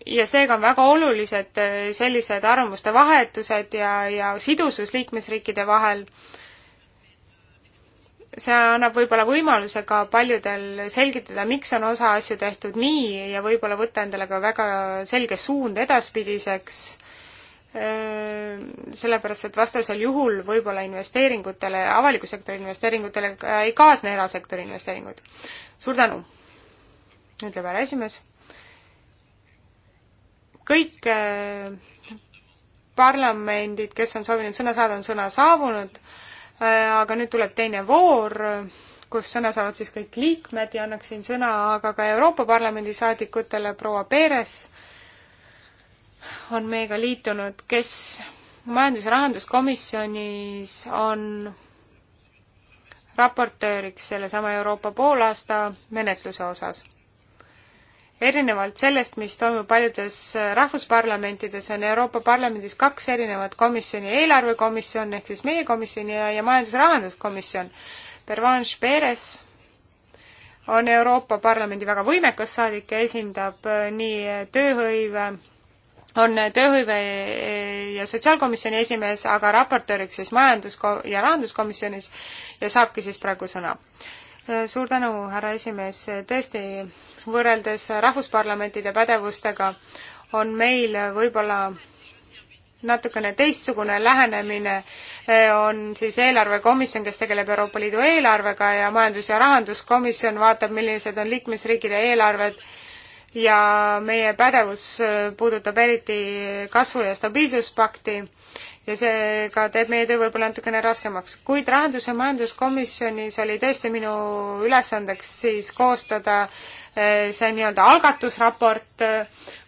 ja seega on väga olulised äh, sellised arvamuste vahetused ja, ja sidusus liikmesriikide vahel. see annab võib-olla võimaluse ka paljudel selgitada, miks on osa asju tehtud nii ja võib-olla võtta endale ka väga selge suund edaspidiseks, äh, sellepärast et vastasel juhul võib-olla investeeringutele, avaliku sektori investeeringutele ei kaasne erasektori investeeringud. suur tänu, ütleb härra esimees kõik äh, parlamendid, kes on soovinud sõna saada, on sõna saabunud, äh, aga nüüd tuleb teine voor, kus sõna saavad siis kõik liikmed ja annaksin sõna aga ka Euroopa Parlamendi saadikutele, proua Peeres on meiega liitunud, kes majandus- ja rahanduskomisjonis on raportööriks sellesama Euroopa poolaasta menetluse osas erinevalt sellest, mis toimub paljudes äh, rahvusparlamentides, on Euroopa Parlamendis kaks erinevat komisjoni, eelarvekomisjon ehk siis meie komisjon ja, ja majandus-rahanduskomisjon. Pervanche Perez on Euroopa Parlamendi väga võimekas saadik ja esindab äh, nii äh, tööhõive, on tööhõive ja sotsiaalkomisjoni esimees, aga raportööriks siis majandus- ja rahanduskomisjonis ja saabki siis praegu sõna suur tänu, härra esimees, tõesti, võrreldes rahvusparlamentide pädevustega on meil võib-olla natukene teistsugune lähenemine, on siis eelarvekomisjon, kes tegeleb Euroopa Liidu eelarvega ja Majandus- ja Rahanduskomisjon vaatab, millised on liikmesriikide eelarved ja meie pädevus puudutab eriti kasvu- ja stabiilsuspakti ja seega teeb meie töö võib-olla natukene raskemaks. kuid Rahandus- ja Majanduskomisjonis oli tõesti minu ülesandeks siis koostada eh, see nii-öelda algatusraport, eh,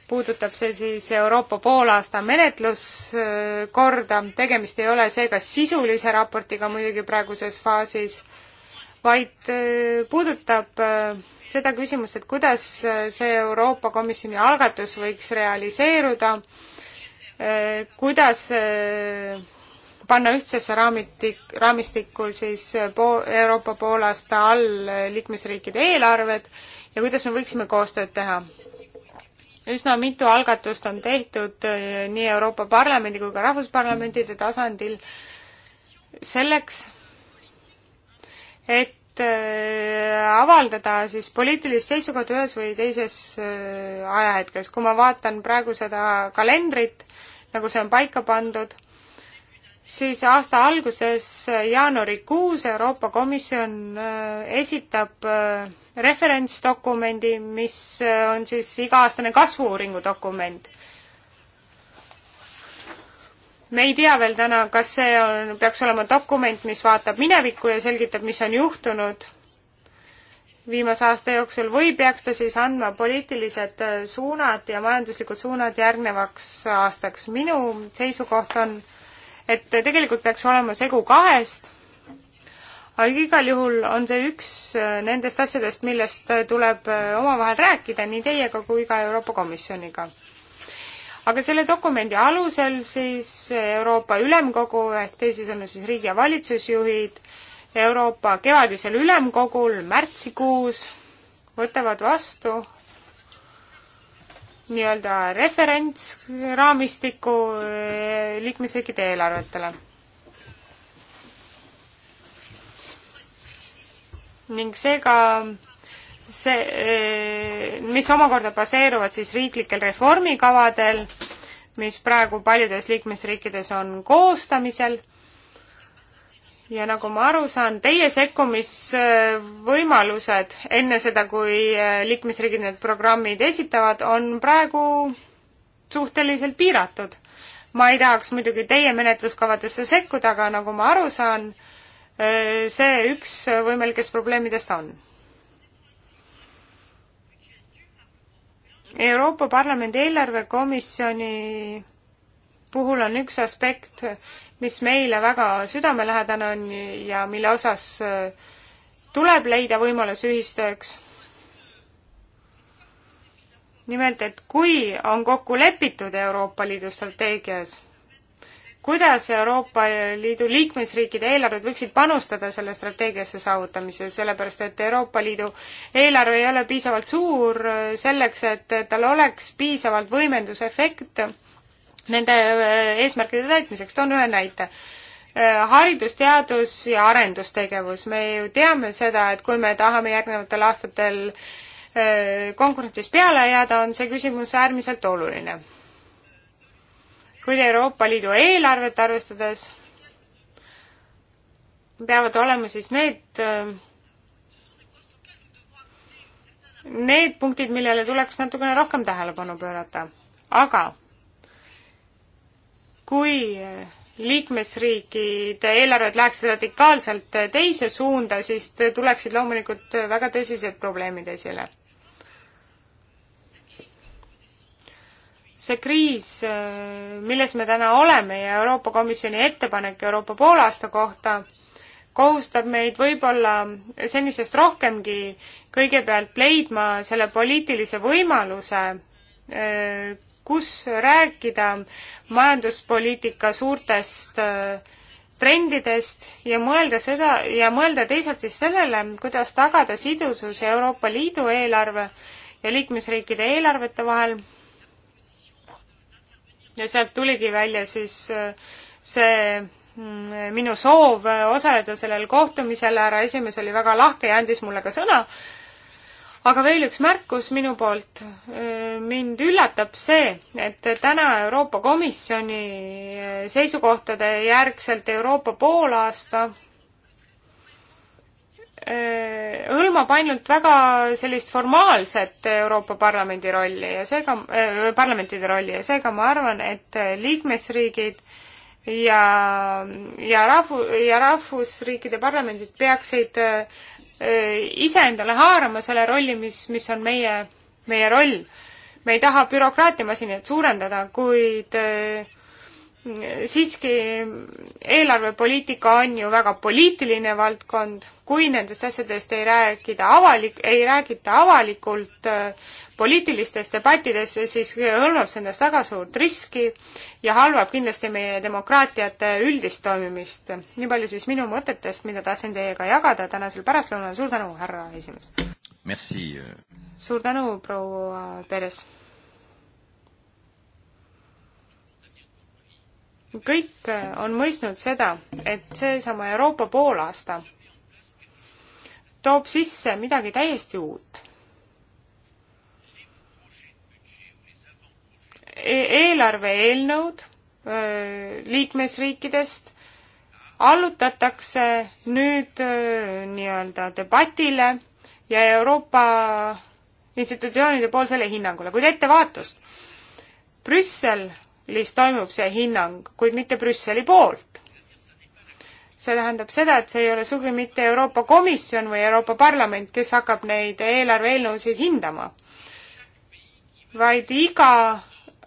puudutab see siis Euroopa poolaasta menetluskorda, tegemist ei ole seega sisulise raportiga muidugi praeguses faasis, vaid eh, puudutab seda küsimust, et kuidas see Euroopa Komisjoni algatus võiks realiseeruda Eh, kuidas eh, panna ühtsesse raamitik, raamistikku siis eh, po-, Euroopa poolaasta all liikmesriikide eelarved ja kuidas me võiksime koostööd teha. üsna mitu algatust on tehtud nii Euroopa Parlamendi kui ka rahvusparlamentide tasandil selleks, et avaldada siis poliitilist seisukohta ühes või teises ajahetkes. kui ma vaatan praegu seda kalendrit, nagu see on paika pandud, siis aasta alguses, jaanuarikuus, Euroopa Komisjon äh, esitab äh, referentsdokumendi, mis äh, on siis iga-aastane kasvu-uuringu dokument. me ei tea veel täna, kas see on, peaks olema dokument, mis vaatab minevikku ja selgitab, mis on juhtunud viimase aasta jooksul või peaks ta siis andma poliitilised äh, suunad ja majanduslikud suunad järgnevaks aastaks? minu seisukoht on, et tegelikult peaks olema segu kahest, aga igal juhul on see üks äh, nendest asjadest, millest äh, tuleb omavahel rääkida nii teiega kui ka Euroopa Komisjoniga. aga selle dokumendi alusel siis Euroopa Ülemkogu ehk teisisõnu siis riigi- ja valitsusjuhid Euroopa kevadisel ülemkogul märtsikuus võtavad vastu nii-öelda referentsraamistiku eh, liikmesriikide eelarvetele. ning seega see, eh, mis omakorda baseeruvad siis riiklikel reformikavadel, mis praegu paljudes liikmesriikides on koostamisel ja nagu ma aru saan, teie sekkumisvõimalused enne seda, kui äh, liikmesriigid need programmid esitavad, on praegu suhteliselt piiratud. ma ei tahaks muidugi teie menetluskavadesse sekkuda, aga nagu ma aru saan, äh, see üks võimalikest probleemidest on. Euroopa Parlamendi eelarvekomisjoni puhul on üks aspekt, mis meile väga südamelähedane on ja mille osas äh, tuleb leida võimalus ühistööks. nimelt, et kui on kokku lepitud Euroopa Liidu strateegias, kuidas Euroopa Liidu liikmesriikide eelarved võiksid panustada selle strateegiasse saavutamisse, sellepärast et Euroopa Liidu eelarve ei ole piisavalt suur äh, selleks, et tal oleks piisavalt võimendusefekt nende äh, eesmärkide täitmiseks. toon ühe näite. Äh, haridus, teadus ja arendustegevus. me ju teame seda, et kui me tahame järgnevatel aastatel äh, konkurentsis peale jääda, on see küsimus äärmiselt oluline. kuid Euroopa Liidu eelarvet arvestades peavad olema siis need need punktid, millele tuleks natukene rohkem tähelepanu pöörata. aga kui liikmesriikide eelarved läheksid radikaalselt teise suunda, siis tuleksid loomulikult väga tõsised probleemid esile. see kriis, milles me täna oleme ja Euroopa Komisjoni ettepanek Euroopa poolaasta kohta, kohustab meid võib-olla senisest rohkemgi kõigepealt leidma selle poliitilise võimaluse kus rääkida majanduspoliitika suurtest äh, trendidest ja mõelda seda ja mõelda teisalt siis sellele, kuidas tagada sidusus Euroopa Liidu eelarve ja liikmesriikide eelarvete vahel. ja sealt tuligi välja siis äh, see mm, minu soov osaleda sellel kohtumisel, härra esimees oli väga lahke ja andis mulle ka sõna aga veel üks märkus minu poolt. Äh, mind üllatab see, et täna Euroopa Komisjoni äh, seisukohtade järgselt Euroopa poolaasta äh, hõlmab ainult väga sellist formaalset Euroopa Parlamendi rolli ja seega äh,, parlamentide rolli ja seega ma arvan, et liikmesriigid ja, ja rahvu-, ja rahvusriikide parlamendid peaksid äh, Äh, ise endale haarama selle rolli, mis, mis on meie, meie roll. me ei taha bürokraatiamasinat suurendada, kuid äh, siiski eelarvepoliitika on ju väga poliitiline valdkond, kui nendest asjadest ei rääkida avalik, ei räägita avalikult, äh, poliitilistes debattides, siis hõlmab see endast väga suurt riski ja halvab kindlasti meie demokraatiate üldist toimimist. nii palju siis minu mõtetest, mida tahtsin teiega jagada tänasel pärastlõunal, suur tänu, härra esimees! Äh. suur tänu, proua Peres! kõik on mõistnud seda, et seesama Euroopa poolaasta toob sisse midagi täiesti uut E-, eelarve eelnõud liikmesriikidest allutatakse nüüd nii-öelda debatile ja Euroopa institutsioonide poolsele hinnangule, kuid ettevaatust. Brüsselis toimub see hinnang, kuid mitte Brüsseli poolt. see tähendab seda, et see ei ole sugugi mitte Euroopa Komisjon või Euroopa Parlament, kes hakkab neid eelarve eelnõusid hindama, vaid iga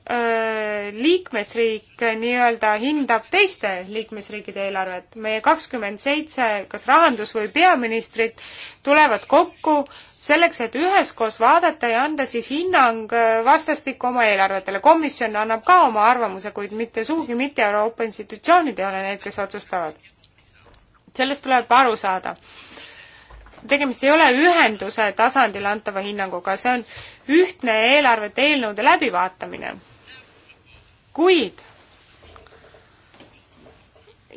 Äh, liikmesriik nii-öelda hindab teiste liikmesriikide eelarvet. meie kakskümmend seitse, kas rahandus- või peaministrid, tulevad kokku selleks, et üheskoos vaadata ja anda siis hinnang äh, vastastikku oma eelarvetele. komisjon annab ka oma arvamuse, kuid mitte sugugi mitte Euroopa institutsioonid ei ole need, kes otsustavad. sellest tuleb aru saada tegemist ei ole ühenduse tasandil antava hinnanguga, see on ühtne eelarvete eelnõude läbivaatamine kuid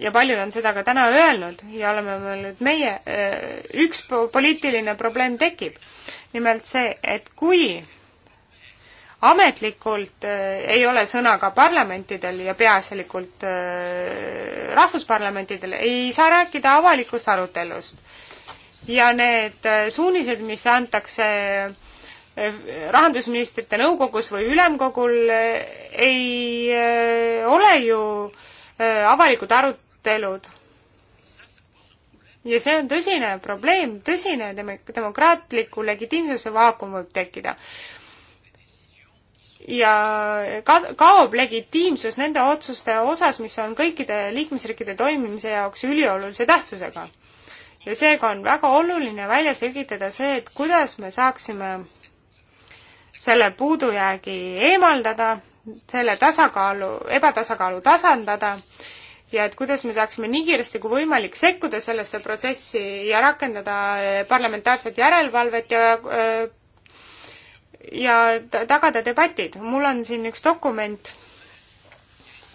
ja paljud on seda ka täna öelnud ja oleme mõelnud meie, äh, üks poliitiline probleem tekib. nimelt see, et kui ametlikult äh, ei ole sõna ka parlamentidel ja peaasjalikult äh, rahvusparlamentidel, ei saa rääkida avalikust arutelust. ja need suunised, mis antakse rahandusministrite nõukogus või ülemkogul eh, ei eh, ole ju eh, avalikud arutelud. ja see on tõsine probleem, tõsine demokraatliku legitiimsuse vaakum võib tekkida. ja ka-, kaob legitiimsus nende otsuste osas, mis on kõikide liikmesriikide toimimise jaoks üliolulise tähtsusega ja seega on väga oluline välja selgitada see, et kuidas me saaksime selle puudujäägi eemaldada, selle tasakaalu, ebatasakaalu tasandada ja et kuidas me saaksime nii kiiresti kui võimalik sekkuda sellesse protsessi ja rakendada eh, parlamentaarset järelevalvet ja eh, ja tagada debatid. mul on siin üks dokument,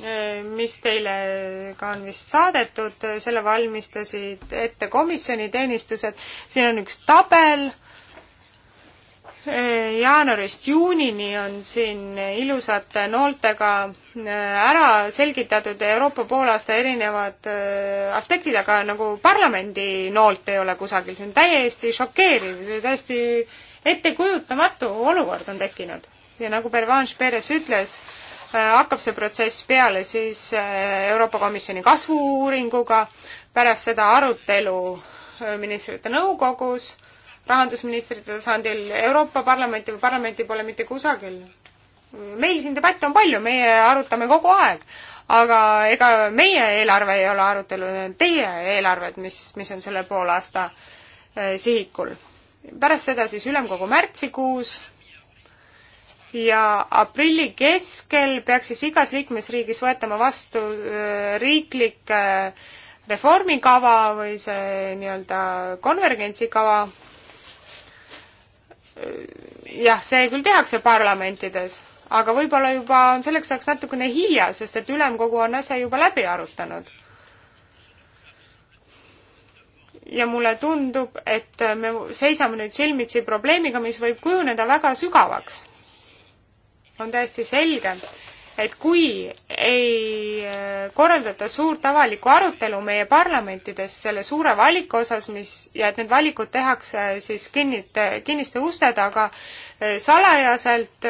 eh, mis teile ka on vist saadetud, selle valmistasid ette komisjoni teenistused. siin on üks tabel äh, jaanuarist juunini on siin ilusate nooltega äh, ära selgitatud Euroopa poolaasta erinevad äh, aspektid, aga nagu parlamendi noolt ei ole kusagil, see on täiesti šokeeriv, see täiesti ettekujutamatu olukord on tekkinud. ja nagu Pervanche Perez ütles, äh, hakkab see protsess peale siis Euroopa Komisjoni kasvu-uuringuga, pärast seda arutelu ministrite nõukogus rahandusministrite tasandil, Euroopa Parlamenti või parlamenti pole mitte kusagil. meil siin debatte on palju, meie arutame kogu aeg, aga ega meie eelarve ei ole arutelu, need on teie eelarved, mis, mis on selle poolaasta eh, sihikul. pärast seda siis ülemkogu märtsikuus ja aprilli keskel peaks siis igas liikmesriigis võetama vastu eh, riiklik reformikava või see nii-öelda konvergentsikava jah, see küll tehakse parlamentides, aga võib-olla juba on selleks ajaks natukene hilja, sest et ülemkogu on asja juba läbi arutanud. ja mulle tundub, et me seisame nüüd silmitsi probleemiga, mis võib kujuneda väga sügavaks. on täiesti selge, et kui ei äh, korraldata suurt avalikku arutelu meie parlamentides selle suure valiku osas, mis, ja et need valikud tehakse äh, siis kinnite, kinniste uste taga äh, salajaselt,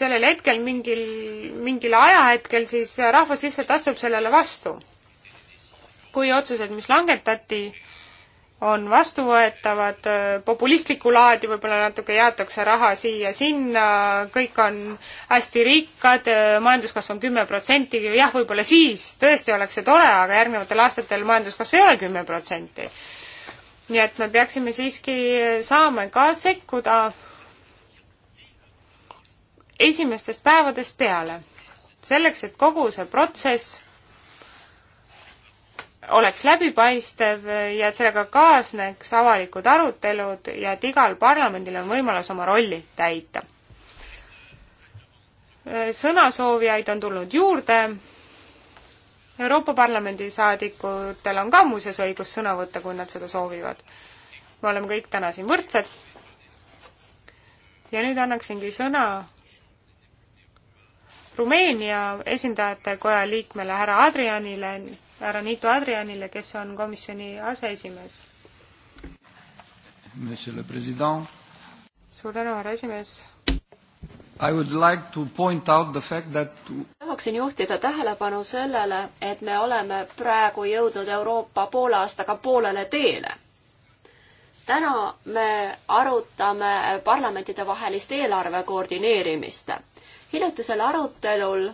sellel hetkel mingil, mingil ajahetkel siis rahvas lihtsalt astub sellele vastu. kui otsused, mis langetati, on vastuvõetavad, populistlikku laadi võib-olla natuke jaotakse raha siia-sinna, kõik on hästi rikkad, majanduskasv on kümme protsenti, jah, võib-olla siis tõesti oleks see tore, aga järgnevatel aastatel majanduskasv ei ole kümme protsenti. nii et me peaksime siiski saama ka sekkuda esimestest päevadest peale, selleks et kogu see protsess oleks läbipaistev ja et sellega kaasneks avalikud arutelud ja et igal parlamendil on võimalus oma rolli täita. sõnasoovijaid on tulnud juurde. Euroopa Parlamendi saadikutel on ka muuseas õigus sõna võtta, kui nad seda soovivad. me oleme kõik täna siin võrdsed. ja nüüd annaksingi sõna Rumeenia esindajatekoja liikmele härra Adrianile härra Nito Adrianile, kes on komisjoni aseesimees. suur tänu, härra esimees. I would like to point out the fact that tahaksin juhtida tähelepanu sellele, et me oleme praegu jõudnud Euroopa poole aastaga poolele teele. täna me arutame parlamentide vahelist eelarve koordineerimist. hiljutisel arutelul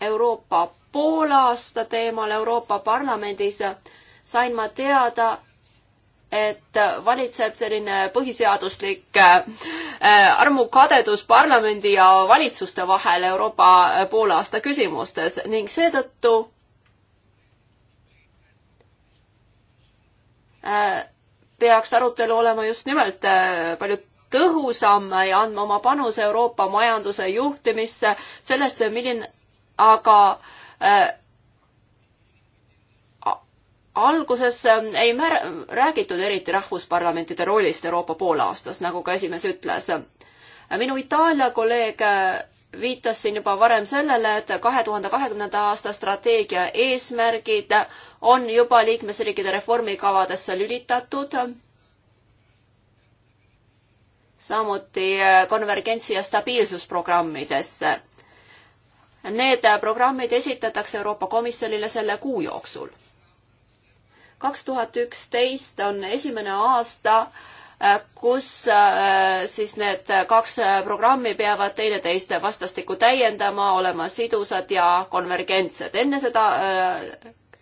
Euroopa poolaasta teemal Euroopa Parlamendis sain ma teada, et valitseb selline põhiseaduslik äh, armukadedus parlamendi ja valitsuste vahel Euroopa poolaasta küsimustes ning seetõttu äh, peaks arutelu olema just nimelt äh, palju tõhusam ja andma oma panuse Euroopa majanduse juhtimisse, sellesse, milline aga äh, alguses äh, ei mär-, räägitud eriti rahvusparlamentide rollist Euroopa poolaastas, nagu ka esimees ütles. minu Itaalia kolleeg äh, viitasin juba varem sellele, et kahe tuhande kahekümnenda aasta strateegia eesmärgid on juba liikmesriikide reformikavadesse lülitatud. samuti äh, konvergentsi ja stabiilsusprogrammidesse Need äh, programmid esitatakse Euroopa Komisjonile selle kuu jooksul. kaks tuhat üksteist on esimene aasta, äh, kus äh, siis need kaks programmi peavad teineteist vastastikku täiendama, olema sidusad ja konvergentsed. enne seda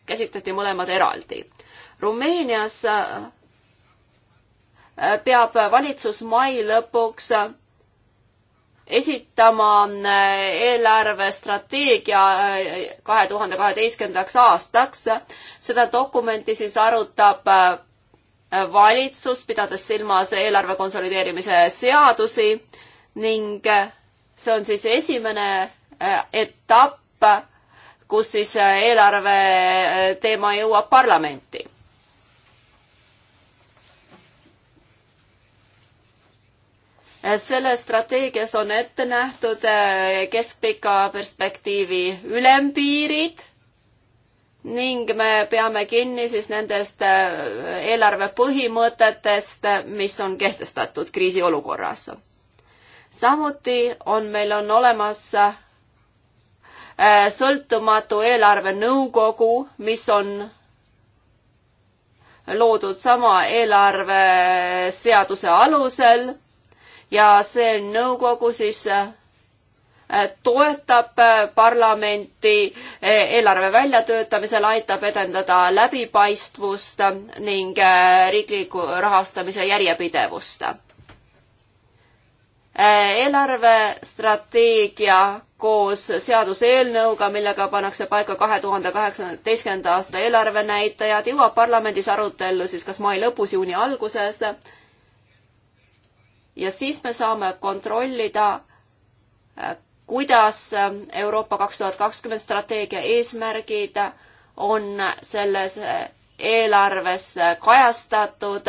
käsitleti mõlemad eraldi. Rumeenias peab valitsus mai lõpuks esitama eelarvestrateegia äh, kahe tuhande kaheteistkümnendaks aastaks. seda dokumenti siis arutab äh, valitsus, pidades silmas eelarve konsolideerimise seadusi ning äh, see on siis esimene etapp, kus siis eelarve teema jõuab parlamenti selles strateegias on ette nähtud eh, keskpika perspektiivi ülempiirid ning me peame kinni siis nendest eh, eelarve põhimõtetest, mis on kehtestatud kriisiolukorras. samuti on meil on olemas eh, sõltumatu eelarvenõukogu, mis on loodud sama eelarveseaduse alusel ja see nõukogu siis äh, toetab äh, parlamenti äh, eelarve väljatöötamisel, aitab edendada läbipaistvust ning riikliku rahastamise järjepidevust. eelarvestrateegia koos seaduseelnõuga, millega pannakse paika kahe tuhande kaheksateistkümnenda aasta eelarvenäitajad, jõuab parlamendis arutellu siis kas mai lõpus, juuni alguses ja siis me saame kontrollida, äh, kuidas äh, Euroopa kaks tuhat kakskümmend strateegia eesmärgid on selles äh, eelarves kajastatud.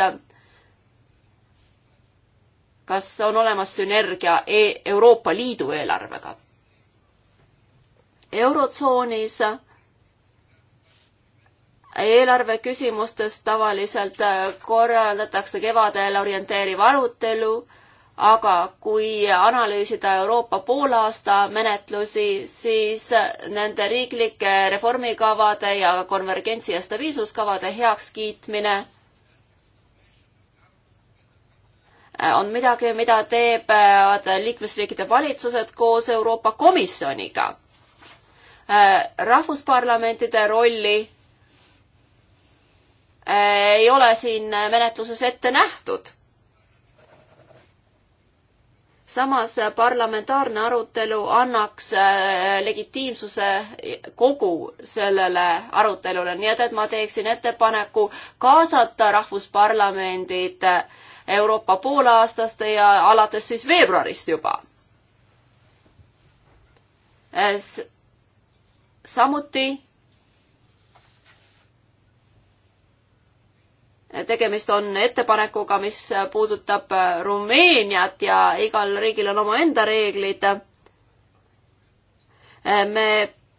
kas on olemas sünergia e Euroopa Liidu eelarvega? eurotsoonis eelarve küsimustes tavaliselt äh, korraldatakse kevadel orienteeriv arutelu, aga kui analüüsida Euroopa poolaasta menetlusi, siis nende riiklike reformikavade ja konvergentsi ja stabiilsuskavade heakskiitmine äh, on midagi, mida teevad liikmesriikide valitsused koos Euroopa Komisjoniga. Äh, rahvusparlamentide rolli Äh, ei ole siin menetluses ette nähtud. samas parlamentaarne arutelu annaks äh, legitiimsuse kogu sellele arutelule, nii et, et ma teeksin ettepaneku kaasata rahvusparlamendid äh, Euroopa poolaastaste ja alates siis veebruarist juba samuti tegemist on ettepanekuga, mis puudutab äh, Rumeeniat ja igal riigil on omaenda reeglid. Äh, me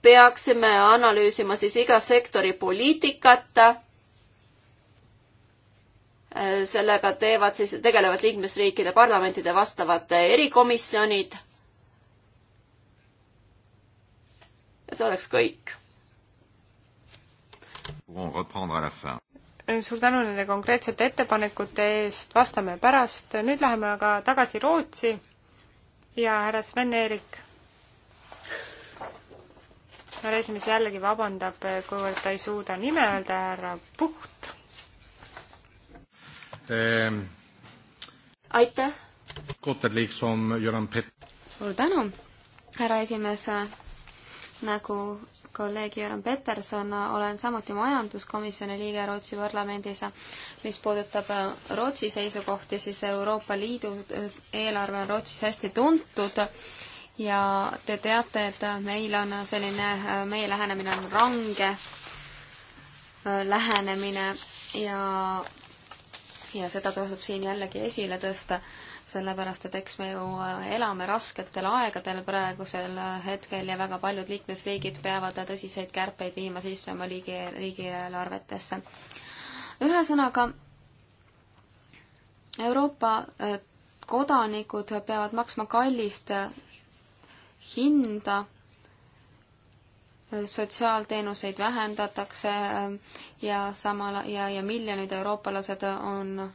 peaksime analüüsima siis iga sektori poliitikat. Äh, sellega teevad siis, tegelevad liikmesriikide parlamentide vastavad erikomisjonid. ja see oleks kõik. on reprendre à la fin suur tänu nende konkreetsete ettepanekute eest, vastame pärast, nüüd läheme aga tagasi Rootsi ja härra Sven-Erik. härra esimees jällegi vabandab, kuivõrd ta ei suuda nime öelda, härra Puht ehm.. aitäh. suur tänu, härra esimees. nagu kolleeg Jüran Peterson, olen samuti majanduskomisjoni liige Rootsi parlamendis. mis puudutab äh, Rootsi seisukohti, siis Euroopa Liidu äh, eelarve on Rootsis hästi tuntud ja te teate, et meil on selline, äh, meie lähenemine on range lähenemine ja, ja seda tasub siin jällegi esile tõsta sellepärast et eks me ju äh, elame rasketel aegadel praegusel äh, hetkel ja väga paljud liikmesriigid peavad äh, tõsiseid kärpeid viima sisse oma riigi, riigieelarvetesse. ühesõnaga, Euroopa kodanikud peavad maksma kallist hinda sotsiaalteenuseid vähendatakse ja samal ja, ja miljonid eurooplased on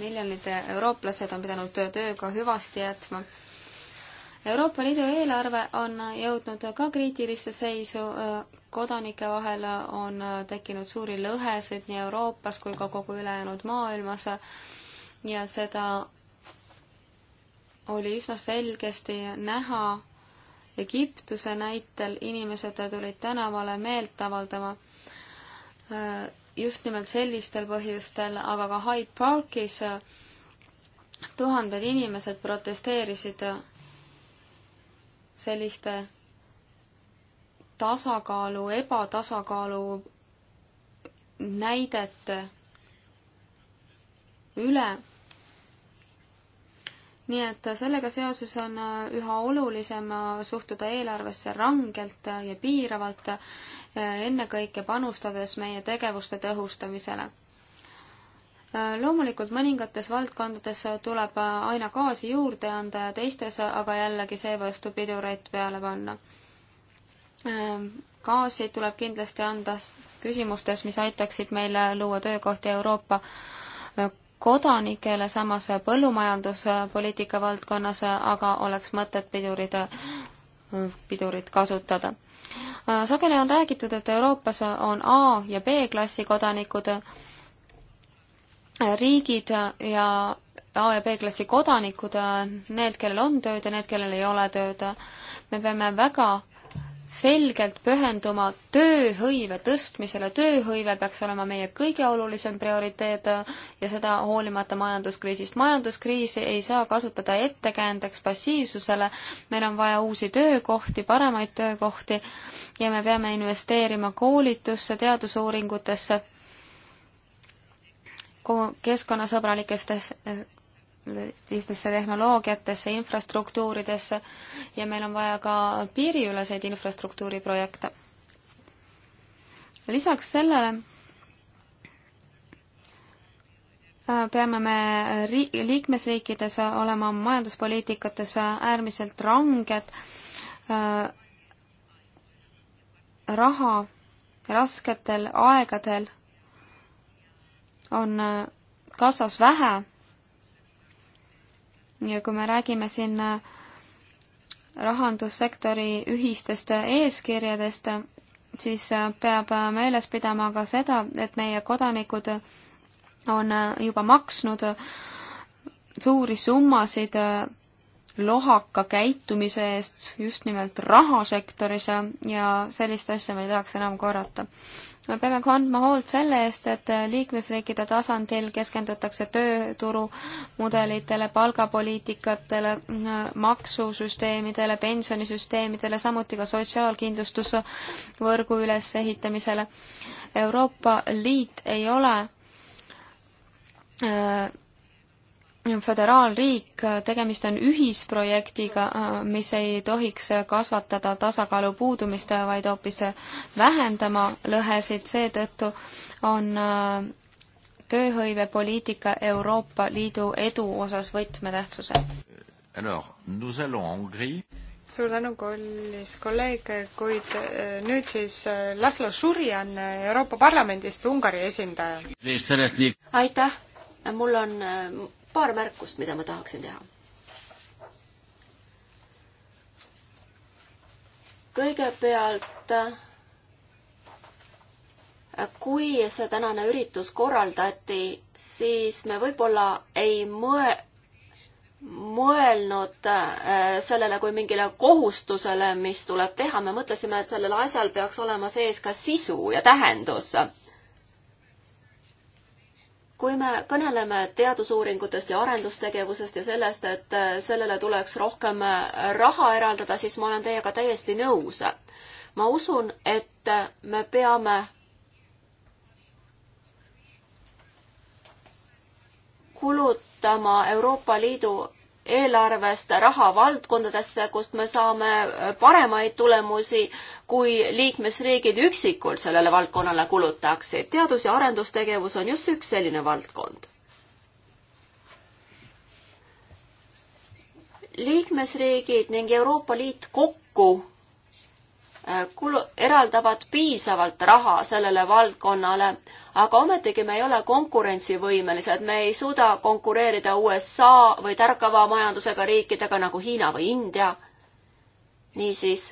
miljonid eurooplased on pidanud tööga hüvasti jätma. Euroopa Liidu eelarve on jõudnud ka kriitilisse seisu, kodanike vahel on tekkinud suuri lõhesid nii Euroopas kui ka kogu ülejäänud maailmas ja seda oli üsna selgesti näha Egiptuse näitel inimesed tulid tänavale meelt avaldama just nimelt sellistel põhjustel, aga ka Hyde Parkis äh, tuhanded inimesed protesteerisid äh, selliste tasakaalu, ebatasakaalu näidete üle. nii et sellega seoses on äh, üha olulisem suhtuda eelarvesse rangelt ja piiravalt Äh, ennekõike panustades meie tegevuste tõhustamisele. Äh, loomulikult mõningates valdkondades tuleb aina gaasi juurde anda ja teistes aga jällegi seevastu pidureid peale panna. Äh, gaasi tuleb kindlasti anda küsimustes, mis aitaksid meil luua töökohti Euroopa kodanikele, samas põllumajanduspoliitika valdkonnas aga oleks mõtet pidurid, pidurit kasutada. Äh, sageli on räägitud, et Euroopas on A- ja B-klassi kodanikud, äh, riigid ja A- ja B-klassi kodanikud, äh, need, kellel on tööd ja need, kellel ei ole tööd. me peame väga selgelt pühenduma tööhõive tõstmisele, tööhõive peaks olema meie kõige olulisem prioriteet ja seda hoolimata majanduskriisist. majanduskriisi ei saa kasutada ettekäändeks passiivsusele, meil on vaja uusi töökohti, paremaid töökohti ja me peame investeerima koolitusse, teadusuuringutesse, keskkonnasõbralikesse teistesse tehnoloogiatesse, infrastruktuuridesse ja meil on vaja ka piiriüleseid infrastruktuuriprojekte. lisaks sellele äh, peame me ri-, liikmesriikides olema majanduspoliitikates äärmiselt ranged, äh, raha rasketel aegadel on äh, kassas vähe ja kui me räägime siin äh, rahandussektori ühistest äh, eeskirjadest, siis äh, peab meeles pidama ka seda, et meie kodanikud on juba maksnud suuri summasid lohaka käitumise eest just nimelt rahasektoris ja sellist asja me ei tahaks enam korrata. me peame kandma hoolt selle eest, et liikmesriikide tasandil keskendutakse tööturu mudelitele, palgapoliitikatele, maksusüsteemidele, pensionisüsteemidele, samuti ka sotsiaalkindlustusvõrgu ülesehitamisele. Euroopa Liit ei ole öö, äh, föderaalriik, tegemist on ühisprojektiga, mis ei tohiks kasvatada tasakaalu puudumist, vaid hoopis vähendama lõhesid, seetõttu on äh, tööhõivepoliitika Euroopa Liidu edu osas võtmetähtsuse. suur tänu, kallis kolleeg, kuid äh, nüüd siis äh, Laslo Šurjan Euroopa Parlamendist, Ungari esindaja. aitäh, mul on paar märkust, mida ma tahaksin teha. kõigepealt, kui see tänane üritus korraldati, siis me võib-olla ei mõe-, mõelnud äh, sellele kui mingile kohustusele, mis tuleb teha, me mõtlesime, et sellel asjal peaks olema sees ka sisu ja tähendus kui me kõneleme teadusuuringutest ja arendustegevusest ja sellest, et äh, sellele tuleks rohkem äh, raha eraldada, siis ma olen teiega täiesti nõus. ma usun, et äh, me peame kulutama Euroopa Liidu eelarvest raha valdkondadesse, kust me saame paremaid tulemusi, kui liikmesriigid üksikult sellele valdkonnale kulutaksid. teadus- ja arendustegevus on just üks selline valdkond. liikmesriigid ning Euroopa Liit kokku Äh, kulu, eraldavad piisavalt raha sellele valdkonnale, aga ometigi me ei ole konkurentsivõimelised, me ei suuda konkureerida USA või tärkava majandusega riikidega nagu Hiina või India. niisiis,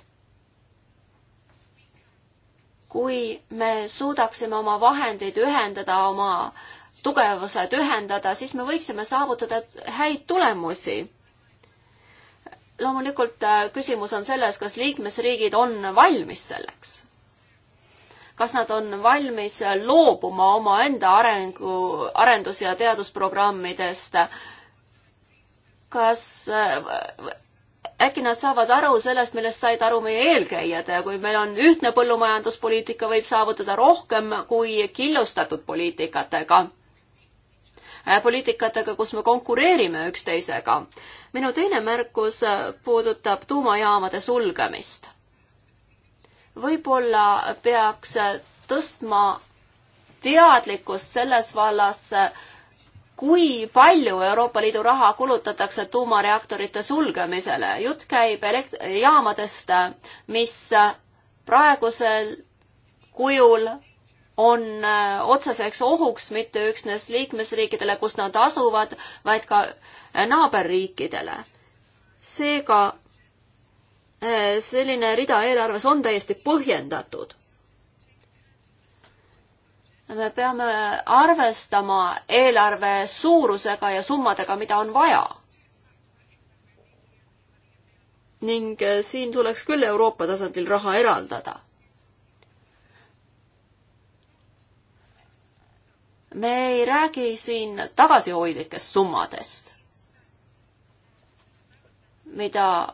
kui me suudaksime oma vahendeid ühendada, oma tugevused ühendada, siis me võiksime saavutada häid tulemusi loomulikult äh, küsimus on selles, kas liikmesriigid on valmis selleks. kas nad on valmis loobuma omaenda arengu, arendus- ja teadusprogrammidest, kas äh, äkki nad saavad aru sellest, millest said aru meie eelkäijad ja kui meil on ühtne põllumajanduspoliitika, võib saavutada rohkem kui killustatud poliitikatega. Äh, poliitikatega, kus me konkureerime üksteisega. minu teine märkus äh, puudutab tuumajaamade sulgemist. võib-olla peaks äh, tõstma teadlikkust selles vallas, kui palju Euroopa Liidu raha kulutatakse tuumareaktorite sulgemisele. jutt käib elekt-, jaamadest, mis praegusel kujul on äh, otseseks ohuks mitte üksnes liikmesriikidele, kus nad asuvad, vaid ka äh, naaberriikidele. seega äh, selline rida eelarves on täiesti põhjendatud. me peame arvestama eelarve suurusega ja summadega, mida on vaja ning siin tuleks küll Euroopa tasandil raha eraldada. me ei räägi siin tagasihoidlikest summadest, mida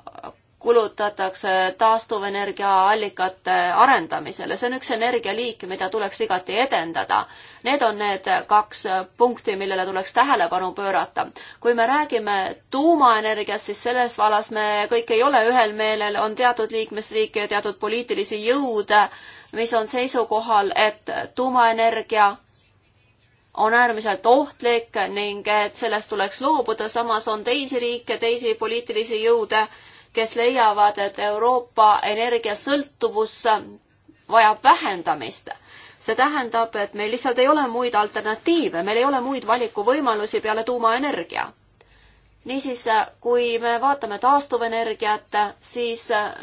kulutatakse taastuvenergiaallikate arendamisele, see on üks energialiik, mida tuleks igati edendada. Need on need kaks punkti, millele tuleks tähelepanu pöörata. kui me räägime tuumaenergiast, siis selles vallas me kõik ei ole ühel meelel, on teatud liikmesriike ja teatud poliitilisi jõude, mis on seisukohal, et tuumaenergia on äärmiselt ohtlik ning et sellest tuleks loobuda, samas on teisi riike, teisi poliitilisi jõude, kes leiavad, et Euroopa energiasõltuvus vajab vähendamist. see tähendab, et meil lihtsalt ei ole muid alternatiive, meil ei ole muid valikuvõimalusi peale tuumaenergia niisiis, kui me vaatame taastuvenergiat, siis äh,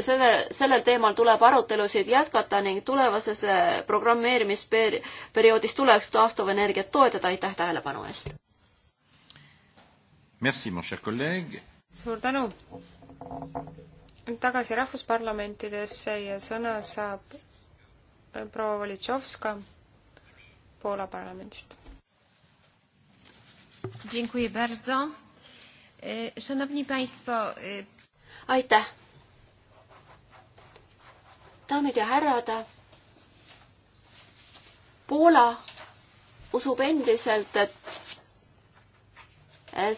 selle, sellel teemal tuleb arutelusid jätkata ning tulevases äh, programmeerimisperioodis tuleks taastuvenergiat toetada. aitäh tähelepanu eest! suur tänu! tagasi rahvusparlamentidesse ja sõna saab äh, proua Volitšovska Poola parlamendist Dziękuję bardzo. E, szanowni Państwo. E, Aitäh. Daamid ja härrad. Poola usub endiselt, et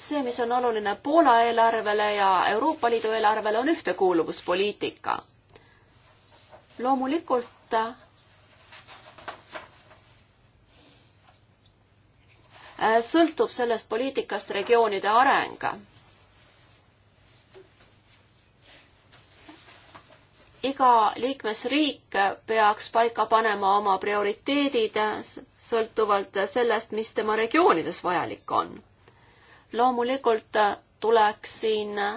see, mis on oluline Poola eelarvele ja Euroopa Liidu eelarvele, on ühtekuuluvuspoliitika. loomulikult Äh, sõltub sellest poliitikast regioonide areng. iga liikmesriik peaks paika panema oma prioriteedid sõltuvalt sellest, mis tema regioonides vajalik on. loomulikult tuleks siin äh,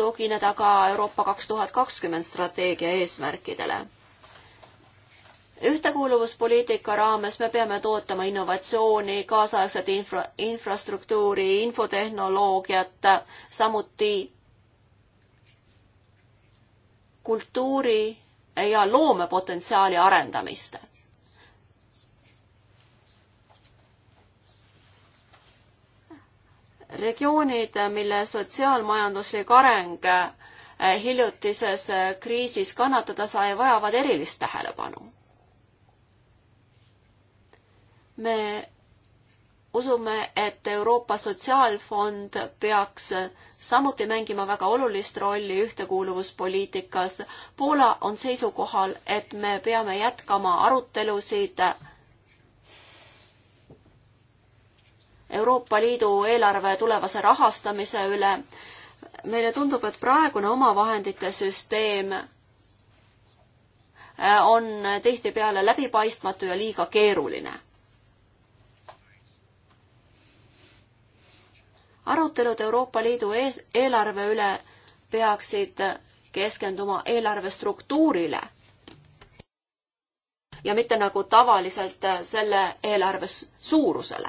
tugineda ka Euroopa kaks tuhat kakskümmend strateegia eesmärkidele ühtekuuluvuspoliitika raames me peame tootma innovatsiooni, kaasaegset infra, infrastruktuuri, infotehnoloogiat, samuti kultuuri ja loomepotentsiaali arendamist regioonid, mille sotsiaalmajanduslik areng eh, hiljutises eh, kriisis kannatada sai, vajavad erilist tähelepanu me usume, et Euroopa Sotsiaalfond peaks samuti mängima väga olulist rolli ühtekuuluvuspoliitikas. Poola on seisukohal, et me peame jätkama arutelusid Euroopa Liidu eelarve tulevase rahastamise üle. meile tundub, et praegune omavahendite süsteem äh, on tihtipeale läbipaistmatu ja liiga keeruline arutelud Euroopa Liidu ees, eelarve üle peaksid keskenduma eelarve struktuurile. ja mitte nagu tavaliselt selle eelarve suurusele.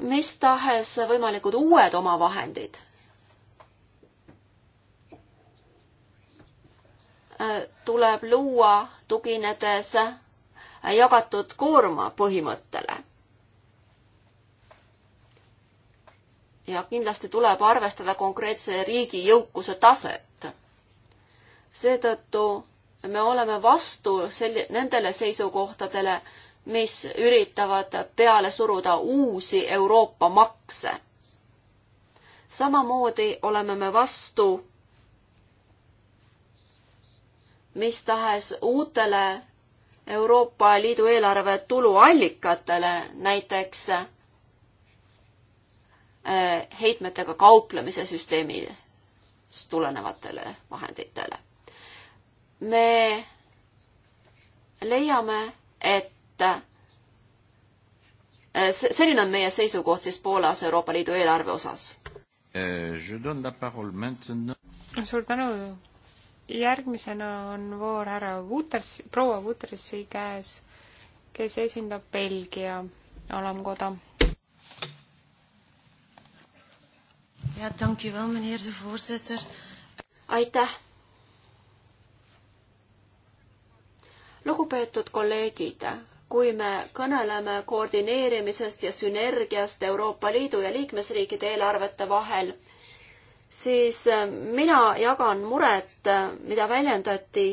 mis tahes võimalikud uued omavahendid äh, tuleb luua tuginedes jagatud koorma põhimõttele ja kindlasti tuleb arvestada konkreetse riigi jõukuse taset. seetõttu me oleme vastu sel-, nendele seisukohtadele, mis üritavad peale suruda uusi Euroopa makse. samamoodi oleme me vastu mis tahes uutele Euroopa Liidu eelarve tuluallikatele, näiteks Äh, heitmetega kauplemise süsteemist tulenevatele vahenditele. me leiame, et äh, selline on meie seisukoht siis Poolas Euroopa Liidu eelarve osas. Äh, suur tänu. järgmisena on voor härra Wouters, proua Woutersi käes, kes esindab Belgia alamkoda ja, dank u wel, meneer de voorzitter. aitäh. lugupeetud kolleegid, kui me kõneleme koordineerimisest ja sünergiast Euroopa Liidu ja liikmesriikide eelarvete vahel, siis äh, mina jagan muret, äh, mida väljendati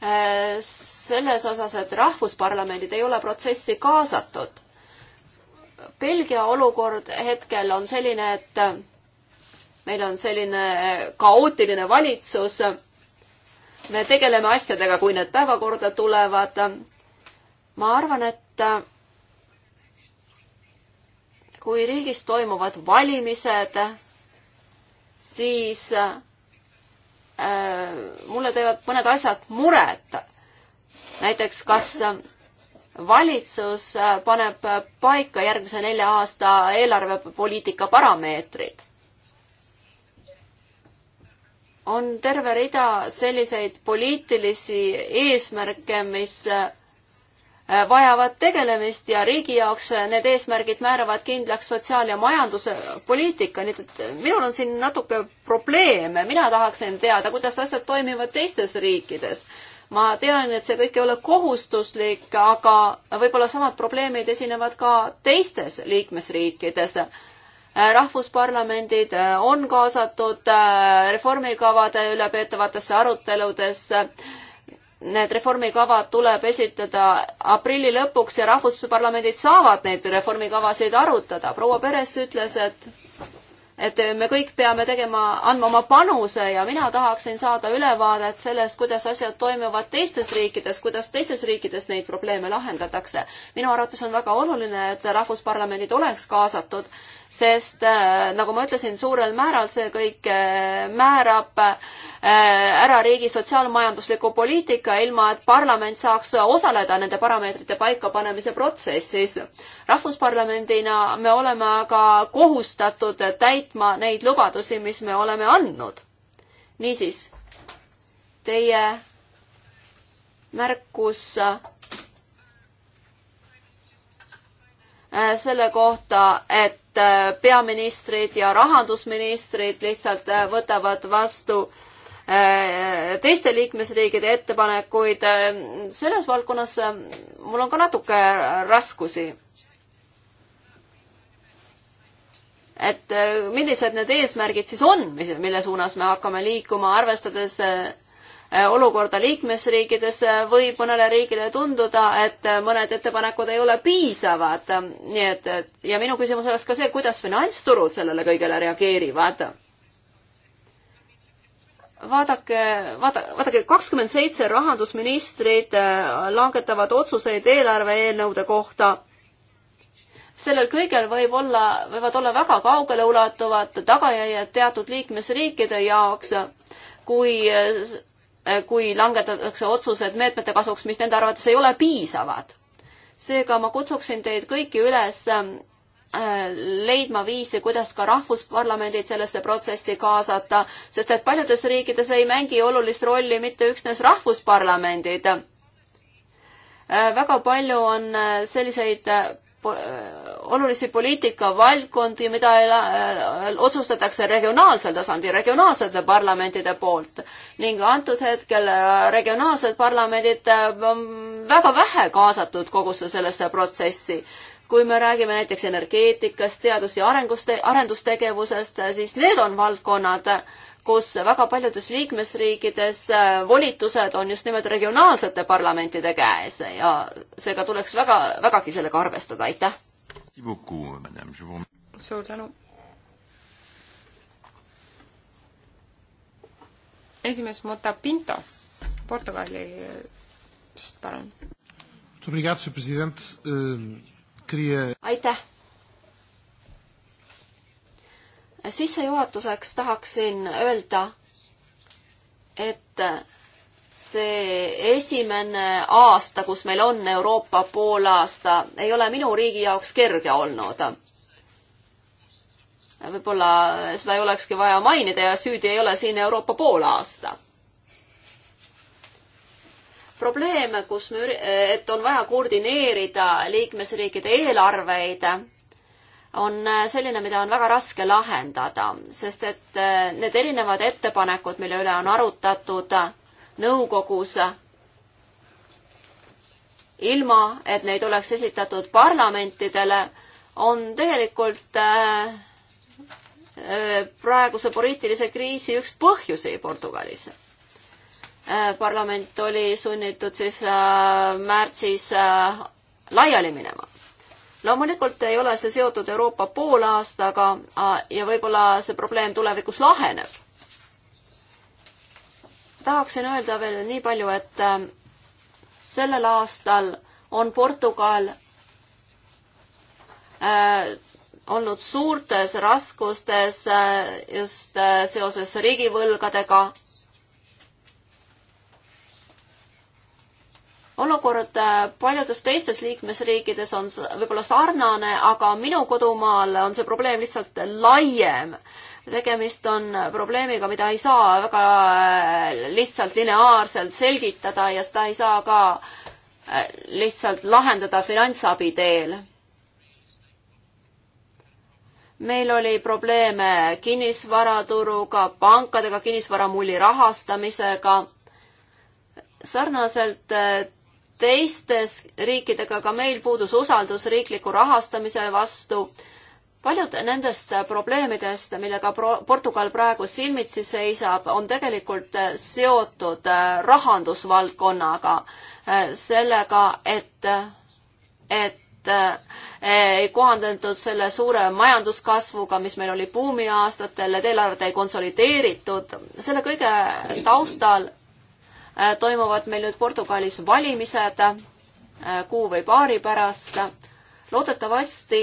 äh, selles osas, et rahvusparlamendid ei ole protsessi kaasatud Belgia olukord hetkel on selline, et meil on selline kaootiline valitsus. me tegeleme asjadega, kui need päevakorda tulevad. ma arvan, et kui riigis toimuvad valimised, siis äh, mulle teevad mõned asjad muret. näiteks kas valitsus äh, paneb paika järgmise nelja aasta eelarvepoliitika parameetrid. on terve rida selliseid poliitilisi eesmärke, mis äh, vajavad tegelemist ja riigi jaoks äh, need eesmärgid määravad kindlaks sotsiaal- ja majanduspoliitika, nii et minul on siin natuke probleeme, mina tahaksin teada, kuidas asjad toimivad teistes riikides ma tean, et see kõik ei ole kohustuslik, aga võib-olla samad probleemid esinevad ka teistes liikmesriikides. Äh, rahvusparlamendid äh, on kaasatud äh, reformikavade üle peetavatesse aruteludesse need reformikavad tuleb esitada aprilli lõpuks ja rahvusparlamendid saavad neid reformikavasid arutada. proua Peres ütles, et et me kõik peame tegema, andma oma panuse ja mina tahaksin saada ülevaadet sellest, kuidas asjad toimuvad teistes riikides, kuidas teistes riikides neid probleeme lahendatakse. minu arvates on väga oluline, et rahvusparlamendid oleks kaasatud sest äh, nagu ma ütlesin, suurel määral see kõik äh, määrab äh, ära riigi sotsiaalmajandusliku poliitika, ilma et parlament saaks osaleda nende parameetrite paikapanemise protsessis. rahvusparlamendina me oleme aga kohustatud täitma neid lubadusi, mis me oleme andnud. niisiis, teie märkus selle kohta, et et äh, peaministrid ja rahandusministrid lihtsalt äh, võtavad vastu äh, teiste liikmesriikide ettepanekuid. selles valdkonnas mul on ka natuke raskusi. et millised need eesmärgid siis on, mille suunas me hakkame liikuma, arvestades Äh, olukorda liikmesriikides, äh, võib mõnele riigile tunduda, et äh, mõned ettepanekud ei ole piisavad, nii et, et ja minu küsimus oleks ka see, kuidas finantsturud sellele kõigele reageerivad? vaadake, vaada, vaadake, kakskümmend seitse rahandusministrit langetavad otsuseid eelarve-eelnõude kohta sellel kõigel võib olla, võivad olla väga kaugeleulatuvad tagajärjed teatud liikmesriikide jaoks, kui Äh, kui langetatakse otsused meetmete kasuks, mis nende arvates ei ole piisavad. seega ma kutsuksin teid kõiki üles ähm, äh, leidma viisi, kuidas ka rahvusparlamendid sellesse protsessi kaasata, sest et paljudes riikides ei mängi olulist rolli mitte üksnes rahvusparlamendid. Äh, väga palju on selliseid olulisi poliitikavaldkondi, mida otsustatakse regionaalsel tasandil, regionaalsete parlamentide poolt. ning antud hetkel äh, regionaalsed parlamendid äh, on väga vähe kaasatud kogu sellesse protsessi. kui me räägime näiteks energeetikast, teadus- ja arengust, arendustegevusest, äh, siis need on valdkonnad, kus väga paljudes liikmesriikides äh, volitused on just nimelt regionaalsete parlamentide käes ja seega tuleks väga, vägagi sellega arvestada, aitäh! suur tänu! esimees Mota Pinto, Portugalist, palun! Eh, aitäh! sissejuhatuseks tahaksin öelda, et see esimene aasta, kus meil on Euroopa poolaasta, ei ole minu riigi jaoks kerge olnud. võib-olla seda ei olekski vaja mainida ja süüdi ei ole siin Euroopa poolaasta. probleem, kus me, et on vaja koordineerida liikmesriikide eelarveid on äh, selline, mida on väga raske lahendada, sest et äh, need erinevad ettepanekud, mille üle on arutatud äh, nõukogus, ilma et neid oleks esitatud parlamentidele, on tegelikult praeguse poliitilise kriisi üks põhjusi Portugalis. parlament oli sunnitud siis märtsis laiali minema loomulikult ei ole see seotud Euroopa poolaastaga ja võib-olla see probleem tulevikus laheneb. tahaksin öelda veel nii palju, et ähm, sellel aastal on Portugal äh, olnud suurtes raskustes äh, just äh, seoses riigivõlgadega olukord äh, paljudes teistes liikmesriikides on võib-olla sarnane, aga minu kodumaal on see probleem lihtsalt laiem. tegemist on probleemiga, mida ei saa väga äh, lihtsalt lineaarselt selgitada ja seda ei saa ka äh, lihtsalt lahendada finantsabi teel meil oli probleeme kinnisvaraturuga, pankadega, kinnisvaramulli rahastamisega. sarnaselt teistes riikidega, ka meil puudus usaldus riikliku rahastamise vastu. paljud nendest probleemidest, millega pro-, Portugal praegu silmitsi seisab, on tegelikult äh, seotud äh, rahandusvaldkonnaga, äh, sellega, et, et ei kohandatud selle suure majanduskasvuga, mis meil oli buumiaastatel, et eelarvet ei konsolideeritud. selle kõige taustal Äh, toimuvad meil nüüd Portugalis valimised äh, kuu või paari pärast. loodetavasti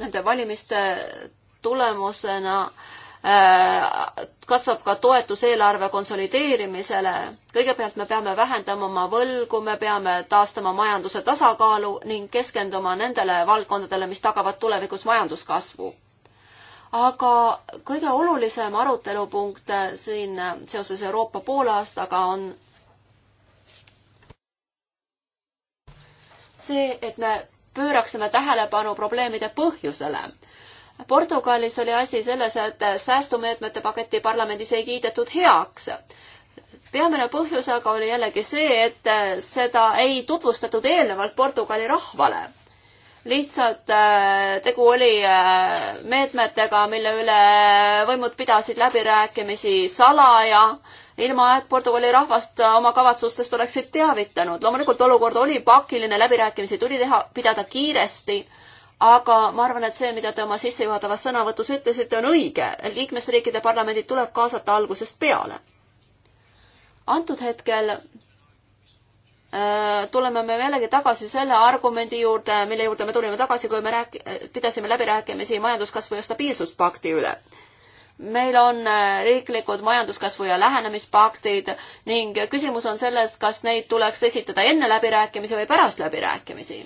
nende valimiste tulemusena äh, kasvab ka toetus eelarve konsolideerimisele. kõigepealt me peame vähendama oma võlgu, me peame taastama majanduse tasakaalu ning keskenduma nendele valdkondadele, mis tagavad tulevikus majanduskasvu aga kõige olulisem arutelupunkt äh, siin äh, seoses Euroopa poolaastaga on see, et me pööraksime tähelepanu probleemide põhjusele Portugalis oli asi selles, et äh, säästumeetmete paketti parlamendis ei kiidetud heaks. peamine põhjus aga oli jällegi see, et seda ei tutvustatud eelnevalt Portugali rahvale lihtsalt äh, tegu oli äh, meetmetega, mille üle võimud pidasid läbirääkimisi salaja, ilma et Portugali rahvast äh, oma kavatsustest oleksid teavitanud. loomulikult olukord oli pakiline, läbirääkimisi tuli teha, pidada kiiresti, aga ma arvan, et see, mida te oma sissejuhatavas sõnavõtus ütlesite, on õige. liikmesriikide parlamendid tuleb kaasata algusest peale. antud hetkel Äh, tuleme me jällegi tagasi selle argumendi juurde, mille juurde me tulime tagasi, kui me rääk-, pidasime läbirääkimisi majanduskasvu ja stabiilsuspakti üle. meil on äh, riiklikud majanduskasvu ja lähenemispaktid ning küsimus on selles, kas neid tuleks esitada enne läbirääkimisi või pärast läbirääkimisi.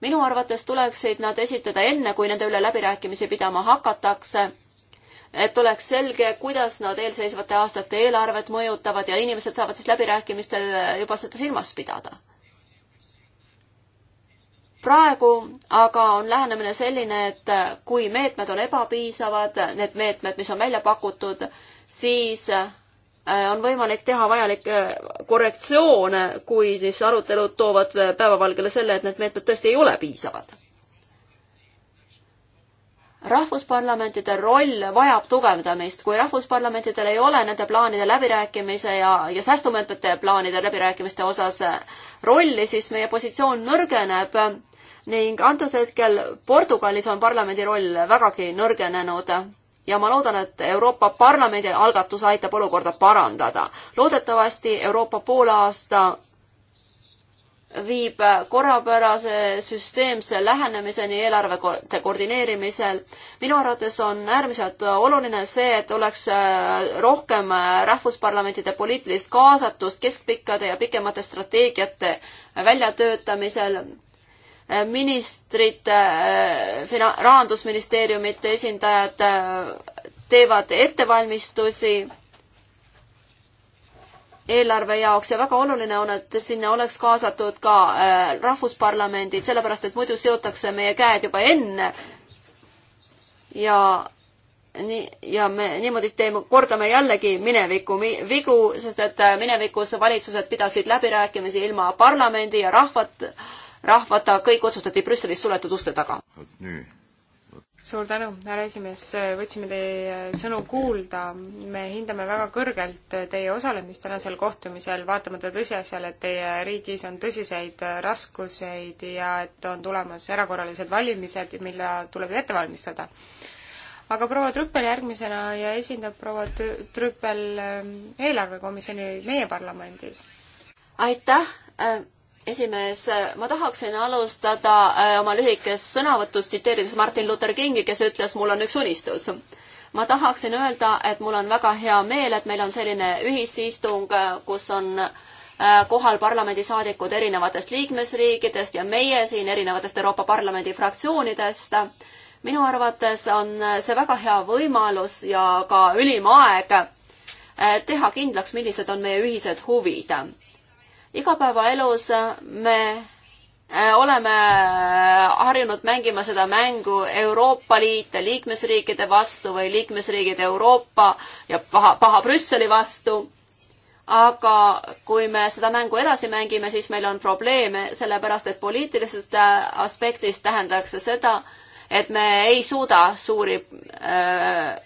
minu arvates tuleksid nad esitada enne, kui nende üle läbirääkimisi pidama hakatakse et oleks selge, kuidas nad eelseisvate aastate eelarvet mõjutavad ja inimesed saavad siis läbirääkimistel juba seda silmas pidada. praegu aga on lähenemine selline, et kui meetmed on ebapiisavad, need meetmed, mis on välja pakutud, siis äh, on võimalik teha vajalikke äh, korrektsioone, kui siis arutelud toovad päevavalgele selle, et need meetmed tõesti ei ole piisavad rahvusparlamentide roll vajab tugevdamist, kui rahvusparlamentidel ei ole nende plaanide läbirääkimise ja, ja säästumeetmete plaanide läbirääkimiste osas äh, rolli, siis meie positsioon nõrgeneb ning antud hetkel Portugalis on parlamendi roll vägagi nõrgenenud ja ma loodan, et Euroopa Parlamendi algatus aitab olukorda parandada. loodetavasti Euroopa poolaasta viib korrapärase süsteemse lähenemiseni eelarvete koordineerimisel. minu arvates on äärmiselt oluline see, et oleks äh, rohkem rahvusparlamentide poliitilist kaasatust keskpikkade ja pikemate strateegiate väljatöötamisel ministrid, äh, rahandusministeeriumite esindajad äh, teevad ettevalmistusi eelarve jaoks ja väga oluline on, et sinna oleks kaasatud ka äh, rahvusparlamendid, sellepärast et muidu seotakse meie käed juba enne. ja nii, ja me niimoodi teeme, kordame jällegi mineviku vigu, sest et äh, minevikus valitsused pidasid läbirääkimisi ilma parlamendi ja rahvat, rahvata, kõik otsustati Brüsselis suletud uste taga. nüüd suur tänu, härra esimees, võtsime teie sõnu kuulda. me hindame väga kõrgelt teie osalemist tänasel kohtumisel, vaatamata tõsiasjale, et teie riigis on tõsiseid raskuseid ja et on tulemas erakorralised valimised, mille tuleb ju ette valmistada aga proua Trüppel järgmisena ja esindab proua Trüppel ähm, eelarvekomisjoni meie parlamendis. aitäh, äh, esimees, ma tahaksin alustada äh, oma lühikest sõnavõtust tsiteerides Martin Luther Kingi, kes ütles, mul on üks unistus. ma tahaksin öelda, et mul on väga hea meel, et meil on selline ühisistung, kus on äh, kohal parlamendisaadikud erinevatest liikmesriikidest ja meie siin erinevatest Euroopa Parlamendi fraktsioonidest. minu arvates on äh, see väga hea võimalus ja ka ülim aeg teha kindlaks, millised on meie ühised huvid igapäevaelus äh, me äh, oleme äh, harjunud mängima seda mängu Euroopa Liit liikmesriikide vastu või liikmesriigid Euroopa ja paha, paha Brüsseli vastu. aga kui me seda mängu edasi mängime, siis meil on probleeme, sellepärast et poliitilisest aspektist tähendaks see seda, et me ei suuda suuri äh,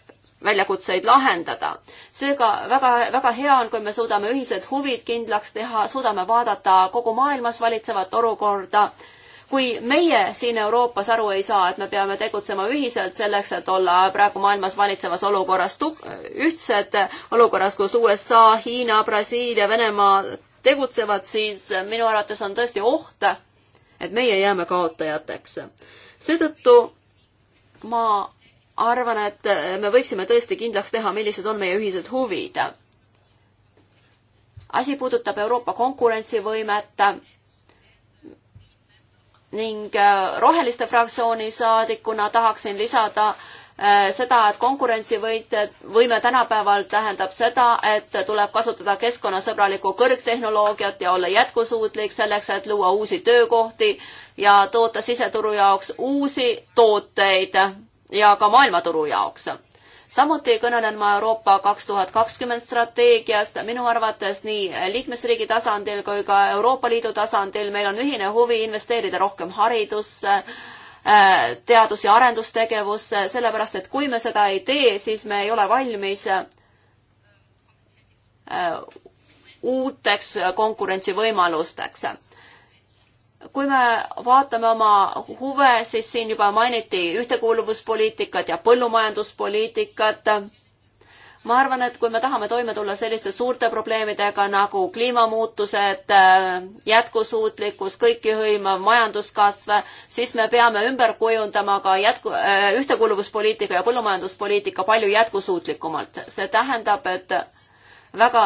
väljakutseid lahendada. seega väga, väga hea on, kui me suudame ühised huvid kindlaks teha, suudame vaadata kogu maailmas valitsevat olukorda. kui meie siin Euroopas aru ei saa, et me peame tegutsema ühiselt selleks, et olla praegu maailmas valitsevas olukorras ühtsed, olukorras, kus USA, Hiina, Brasiilia, Venemaa tegutsevad, siis minu arvates on tõesti oht, et meie jääme kaotajateks. seetõttu ma arvan, et me võiksime tõesti kindlaks teha, millised on meie ühised huvid. asi puudutab Euroopa konkurentsivõimet ning äh, Roheliste fraktsiooni saadikuna tahaksin lisada äh, seda, et konkurentsivõite, võime tänapäeval tähendab seda, et tuleb kasutada keskkonnasõbralikku kõrgtehnoloogiat ja olla jätkusuutlik selleks, et luua uusi töökohti ja toota siseturu jaoks uusi tooteid ja ka maailmaturu jaoks. samuti kõnelen ma Euroopa kaks tuhat kakskümmend strateegiast, minu arvates nii liikmesriigi tasandil kui ka Euroopa Liidu tasandil meil on ühine huvi investeerida rohkem haridusse, teadus- ja arendustegevusse, sellepärast et kui me seda ei tee, siis me ei ole valmis äh, uuteks konkurentsivõimalusteks kui me vaatame oma huve, siis siin juba mainiti ühtekuuluvuspoliitikat ja põllumajanduspoliitikat. ma arvan, et kui me tahame toime tulla selliste suurte probleemidega nagu kliimamuutused, jätkusuutlikkus, kõikihõimav majanduskasv, siis me peame ümber kujundama ka jätku, ühtekuuluvuspoliitika ja põllumajanduspoliitika palju jätkusuutlikumalt. see tähendab, et väga,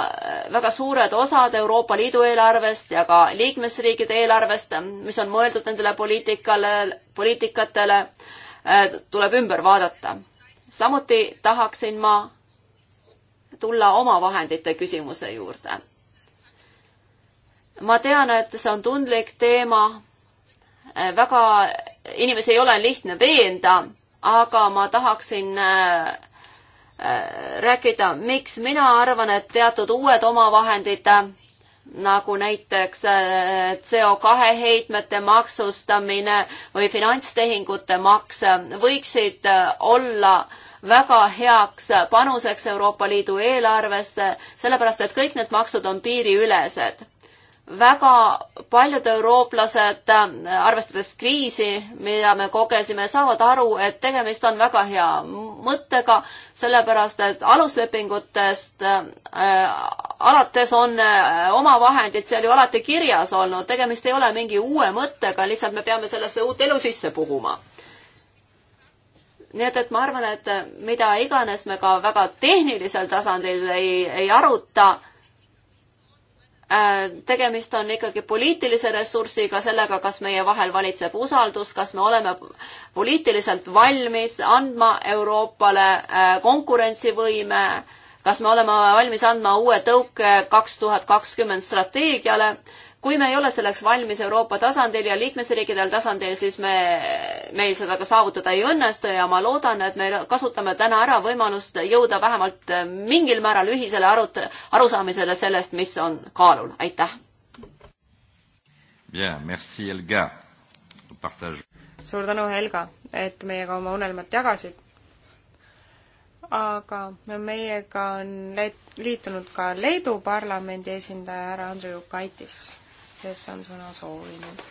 väga suured osad Euroopa Liidu eelarvest ja ka liikmesriikide eelarvest, mis on mõeldud nendele poliitikale, poliitikatele, äh, tuleb ümber vaadata. samuti tahaksin ma tulla omavahendite küsimuse juurde. ma tean, et see on tundlik teema, äh, väga, inimesi ei ole lihtne veenda, aga ma tahaksin äh, rääkida, miks mina arvan, et teatud uued omavahendid nagu näiteks äh, CO2 heitmete maksustamine või finantstehingute maks võiksid äh, olla väga heaks panuseks Euroopa Liidu eelarvesse, sellepärast et kõik need maksud on piiriülesed väga paljud eurooplased, arvestades kriisi, mida me kogesime, saavad aru, et tegemist on väga hea mõttega, sellepärast et aluslepingutest äh, alates on äh, omavahendid seal ju alati kirjas olnud, tegemist ei ole mingi uue mõttega, lihtsalt me peame sellesse uut elu sisse puhuma nii et, et ma arvan, et mida iganes me ka väga tehnilisel tasandil ei, ei aruta äh,, Äh, tegemist on ikkagi poliitilise ressursiga, sellega, kas meie vahel valitseb usaldus, kas me oleme poliitiliselt valmis andma Euroopale äh, konkurentsivõime, kas me oleme valmis andma uue tõuke kaks tuhat kakskümmend strateegiale kui me ei ole selleks valmis Euroopa tasandil ja liikmesriikidel tasandil, siis me, meil seda ka saavutada ei õnnestu ja ma loodan, et me kasutame täna ära võimalust jõuda vähemalt mingil määral ühisele arut-, arusaamisele sellest, mis on kaalul, aitäh. suur tänu, Helga, et meiega oma unelmat jagasid. aga meiega on liitunud ka Leedu parlamendi esindaja härra Andrei Ukaitis kes on sõna soovinud.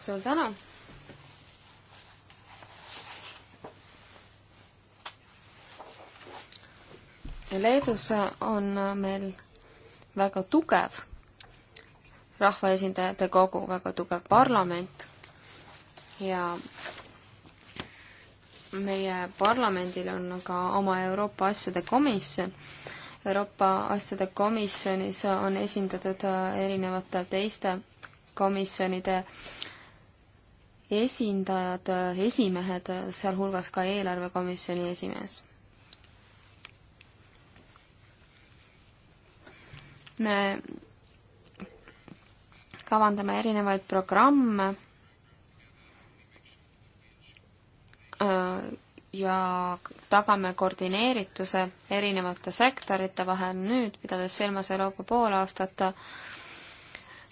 suur tänu. Leedus on meil väga tugev rahvaesindajate kogu, väga tugev parlament ja meie parlamendil on ka oma Euroopa asjade komisjon. Euroopa asjade komisjonis on esindatud äh, erinevate teiste komisjonide esindajad, äh, esimehed, äh, sealhulgas ka eelarvekomisjoni esimees. me kavandame erinevaid programme Äh, ja tagame koordineerituse erinevate sektorite vahel nüüd, pidades silmas Euroopa poolaastat,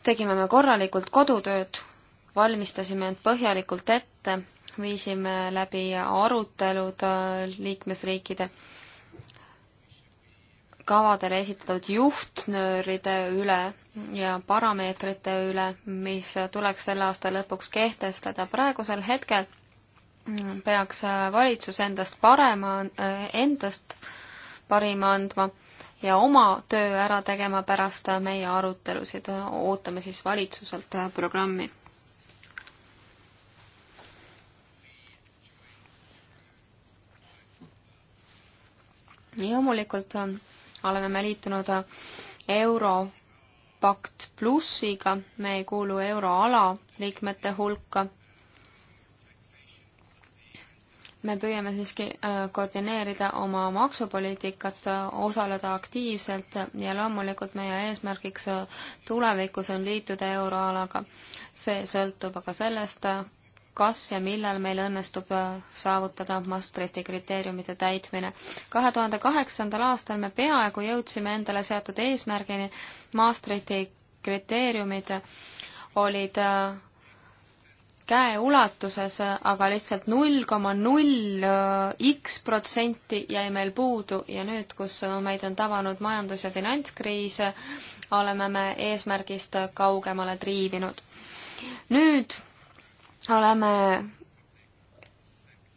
tegime me korralikult kodutööd, valmistasime end põhjalikult ette, viisime läbi arutelud äh, liikmesriikide kavadele esitatud juhtnööride üle ja parameetrite üle, mis tuleks selle aasta lõpuks kehtestada. praegusel hetkel peaks äh, valitsus endast parema, äh, endast parima andma ja oma töö ära tegema pärast äh, meie arutelusid. ootame siis valitsuselt programmi. loomulikult oleme me liitunud Europakt plussiga, me ei kuulu euroala liikmete hulka me püüame siiski äh, koordineerida oma maksupoliitikat, äh, osaleda aktiivselt ja loomulikult meie eesmärgiks äh, tulevikus on liituda euroalaga. see sõltub aga sellest, kas ja millal meil õnnestub saavutada Maastrichti kriteeriumide täitmine. kahe tuhande kaheksandal aastal me peaaegu jõudsime endale seatud eesmärgini, Maastrichti kriteeriumid olid käeulatuses, aga lihtsalt null koma null äh, X protsenti jäi meil puudu ja nüüd, kus meid on tabanud majandus- ja finantskriis, oleme me eesmärgist kaugemale triivinud. nüüd oleme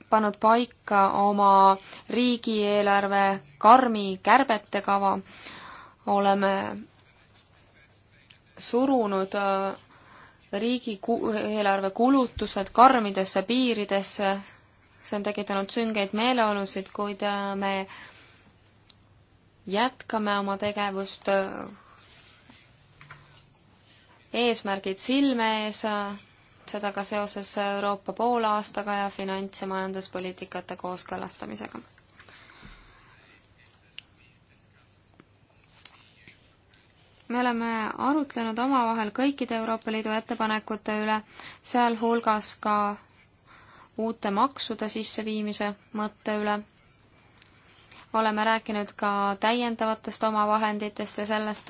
pannud paika oma riigieelarve karmi kärbete kava, oleme surunud äh, riigi eelarve kulutused karmidesse piiridesse, see on tekitanud süngeid meeleolusid, kuid äh, me jätkame oma tegevust äh, eesmärgid silme ees, äh, seda ka seoses Euroopa poolaastaga ja finants- ja majanduspoliitikate kooskõlastamisega me oleme arutlenud omavahel kõikide Euroopa Liidu ettepanekute üle, sealhulgas ka uute maksude sisseviimise mõtte üle. oleme rääkinud ka täiendavatest omavahenditest ja sellest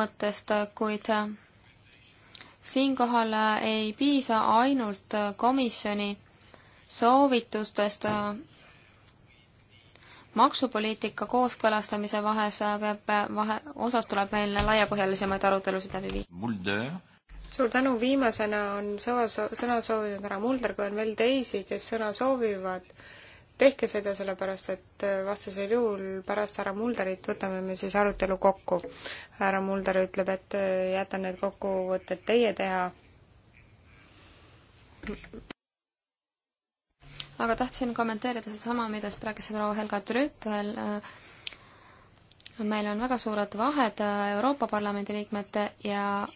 mõttest, kuid siinkohal ei piisa ainult komisjoni soovitustest maksupoliitika kooskõlastamise vahes peab, vahe, osas tuleb meil laiapõhjalisemaid arutelusid läbi viia. suur tänu, viimasena on sõva, sõna soovinud härra Mulder, kui on veel teisi, kes sõna soovivad, tehke seda, sellepärast et äh, vastasel juhul pärast härra Mulderit võtame me siis arutelu kokku. härra Mulder ütleb, et äh, jätan need kokkuvõtted teie teha aga tahtsin kommenteerida sedasama, millest rääkis proua Helga Trüppel. meil on väga suured vahed Euroopa Parlamendi liikmete ja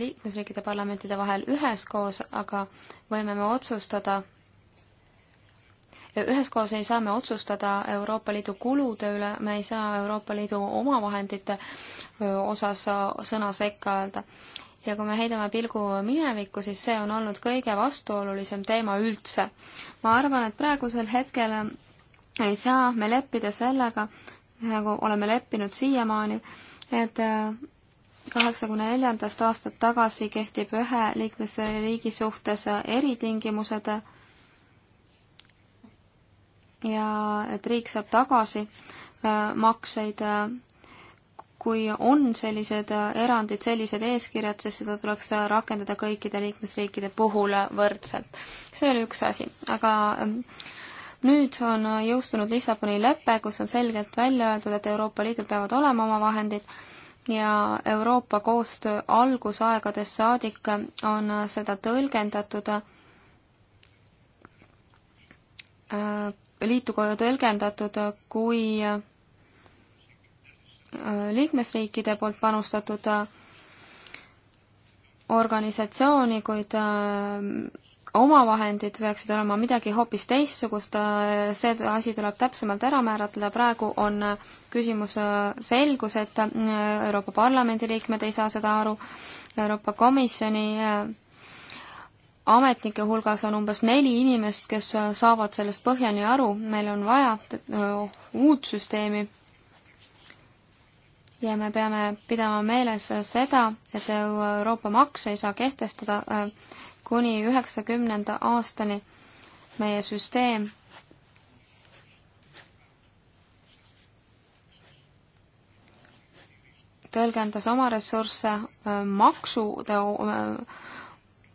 liikmesriikide parlamentide vahel üheskoos, aga võime me otsustada, üheskoos ei saa me otsustada Euroopa Liidu kulude üle, me ei saa Euroopa Liidu omavahendite osas sõna sekka öelda ja kui me heidame pilgu minevikku, siis see on olnud kõige vastuolulisem teema üldse. ma arvan, et praegusel hetkel ei saa me leppida sellega, nagu oleme leppinud siiamaani, et äh, kaheksakümne neljandast aastat tagasi kehtib ühe liikmesriigi suhtes eritingimused ja et riik saab tagasi äh, makseid äh, kui on sellised äh, erandid, sellised eeskirjad, siis seda tuleks äh, rakendada kõikide liikmesriikide puhul äh, võrdselt. see oli üks asi, aga ähm, nüüd on jõustunud Lissaboni lepe, kus on selgelt välja öeldud, et Euroopa Liidul peavad olema oma vahendid ja Euroopa koostöö algusaegadest saadik on seda tõlgendatud liitu tõlgendatud kui Äh, liikmesriikide poolt panustatud äh, organisatsiooni, kuid äh, omavahendid peaksid olema midagi hoopis teistsugust, see asi tuleb täpsemalt ära määratleda, praegu on küsimus selguseta, Euroopa Parlamendi liikmed ei saa seda aru, Euroopa Komisjoni ametnike hulgas on umbes neli inimest, kes saavad sellest põhjani aru, meil on vaja uut süsteemi ja me peame pidama meeles seda, et Euroopa makse ei saa kehtestada äh, kuni üheksakümnenda aastani meie süsteem tõlgendas oma ressursse äh, maksude, äh,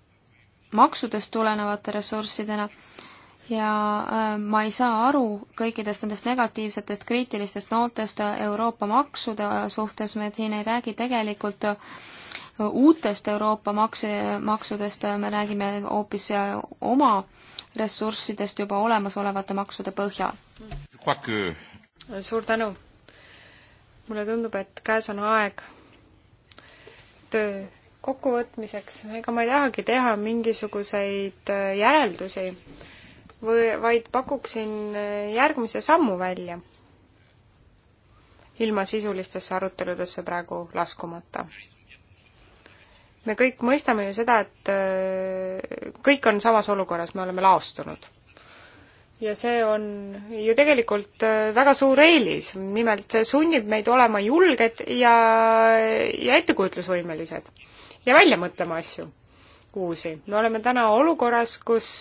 maksudest tulenevate ressurssidena ja äh, ma ei saa aru kõikidest nendest negatiivsetest kriitilistest nootest äh, Euroopa maksude äh, suhtes, me siin ei räägi tegelikult uutest Euroopa makse, maksudest, me räägime hoopis oma ressurssidest juba olemasolevate maksude põhjal. suur tänu! mulle tundub, et käes on aeg töö kokkuvõtmiseks, ega ma ei tahagi teha mingisuguseid järeldusi või vaid pakuksin eh, järgmise sammu välja, ilma sisulistesse aruteludesse praegu laskumata. me kõik mõistame ju seda, et eh, kõik on samas olukorras, me oleme laostunud. ja see on ju tegelikult eh, väga suur eelis, nimelt see sunnib meid olema julged ja, ja ettekujutlusvõimelised ja välja mõtlema asju uusi. me oleme täna olukorras, kus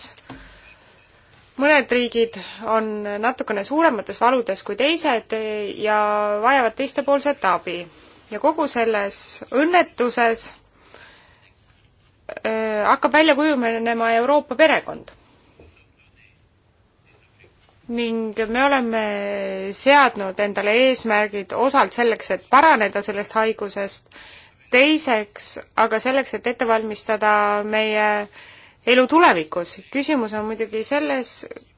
mõned riigid on natukene suuremates valudes kui teised ja vajavad teistepoolset abi. ja kogu selles õnnetuses äh, hakkab välja kujunema Euroopa perekond. ning me oleme seadnud endale eesmärgid osalt selleks, et paraneda sellest haigusest, teiseks aga selleks, et ette valmistada meie äh, elu tulevikus. küsimus on muidugi selles,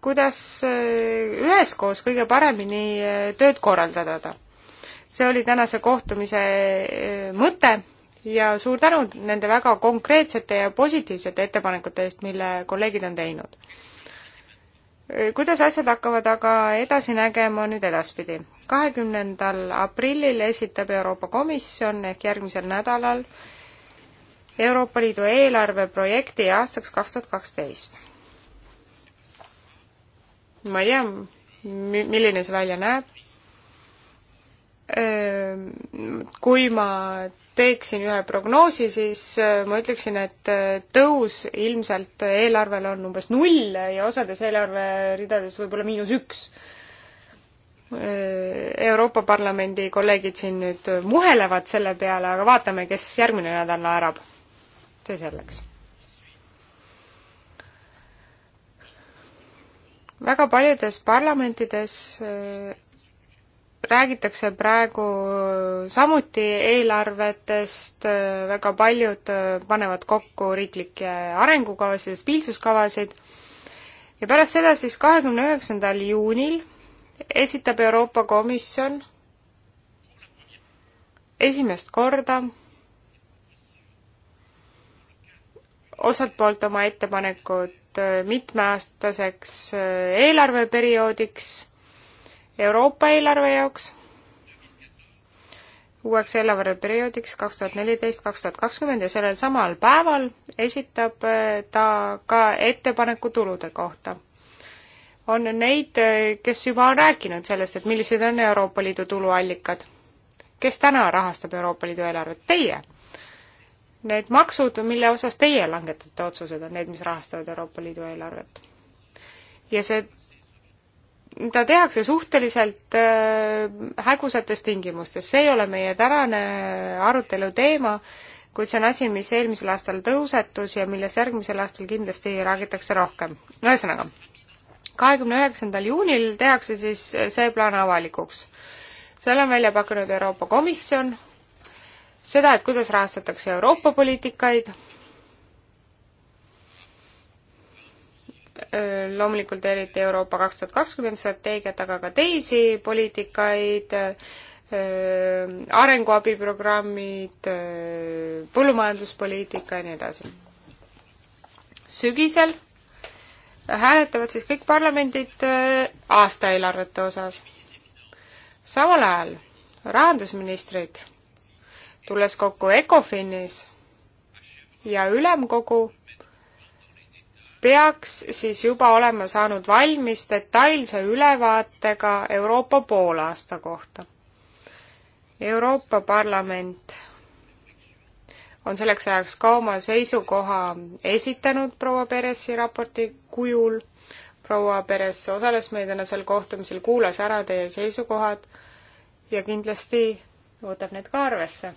kuidas äh, üheskoos kõige paremini äh, tööd korraldada. see oli tänase kohtumise äh, mõte ja suur tänu nende väga konkreetsete ja positiivsete ettepanekute eest, mille kolleegid on teinud. kuidas asjad hakkavad aga edasi nägema nüüd edaspidi? kahekümnendal aprillil esitab Euroopa Komisjon ehk järgmisel nädalal Euroopa Liidu eelarveprojekti aastaks kaks tuhat kaksteist. ma ei tea, milline see välja näeb. Kui ma teeksin ühe prognoosi, siis ma ütleksin, et tõus ilmselt eelarvel on umbes null ja osades eelarveridades võib-olla miinus üks Euroopa Parlamendi kolleegid siin nüüd muhelevad selle peale, aga vaatame, kes järgmine nädal naerab see selleks. väga paljudes parlamentides äh, räägitakse praegu samuti eelarvetest, äh, väga paljud äh, panevad kokku riiklikke arengukavasid ja stabiilsuskavasid ja pärast seda siis kahekümne üheksandal juunil esitab Euroopa Komisjon esimest korda osalt poolt oma ettepanekud äh, mitmeaastaseks äh, eelarveperioodiks Euroopa eelarve jaoks, uueks eelarveperioodiks kaks tuhat neliteist, kaks tuhat kakskümmend ja sellel samal päeval esitab äh, ta ka ettepaneku tulude kohta. on neid, kes juba on rääkinud sellest, et millised on Euroopa Liidu tuluallikad. kes täna rahastab Euroopa Liidu eelarvet? Teie need maksud, mille osas teie langetate otsused, on need, mis rahastavad Euroopa Liidu eelarvet. ja see, mida tehakse suhteliselt äh, hägusates tingimustes, see ei ole meie tänane arutelu teema, kuid see on asi, mis eelmisel aastal tõusetus ja millest järgmisel aastal kindlasti räägitakse rohkem. ühesõnaga, kahekümne üheksandal juunil tehakse siis see plaan avalikuks. selle on välja pakkunud Euroopa Komisjon seda, et kuidas rahastatakse Euroopa poliitikaid, loomulikult eriti Euroopa kaks tuhat kakskümmend strateegiat, aga ka teisi poliitikaid, arenguabiprogrammid, põllumajanduspoliitika ja nii edasi. sügisel hääletavad siis kõik parlamendid aastaeelarvete osas. samal ajal rahandusministrid tulles kokku ECOFINis ja ülemkogu, peaks siis juba olema saanud valmis detailse ülevaatega Euroopa poolaasta kohta. Euroopa Parlament on selleks ajaks ka oma seisukoha esitanud proua Peresi raporti kujul. proua Peres osales meie tänasel kohtumisel, kuulas ära teie seisukohad ja kindlasti võtab need ka arvesse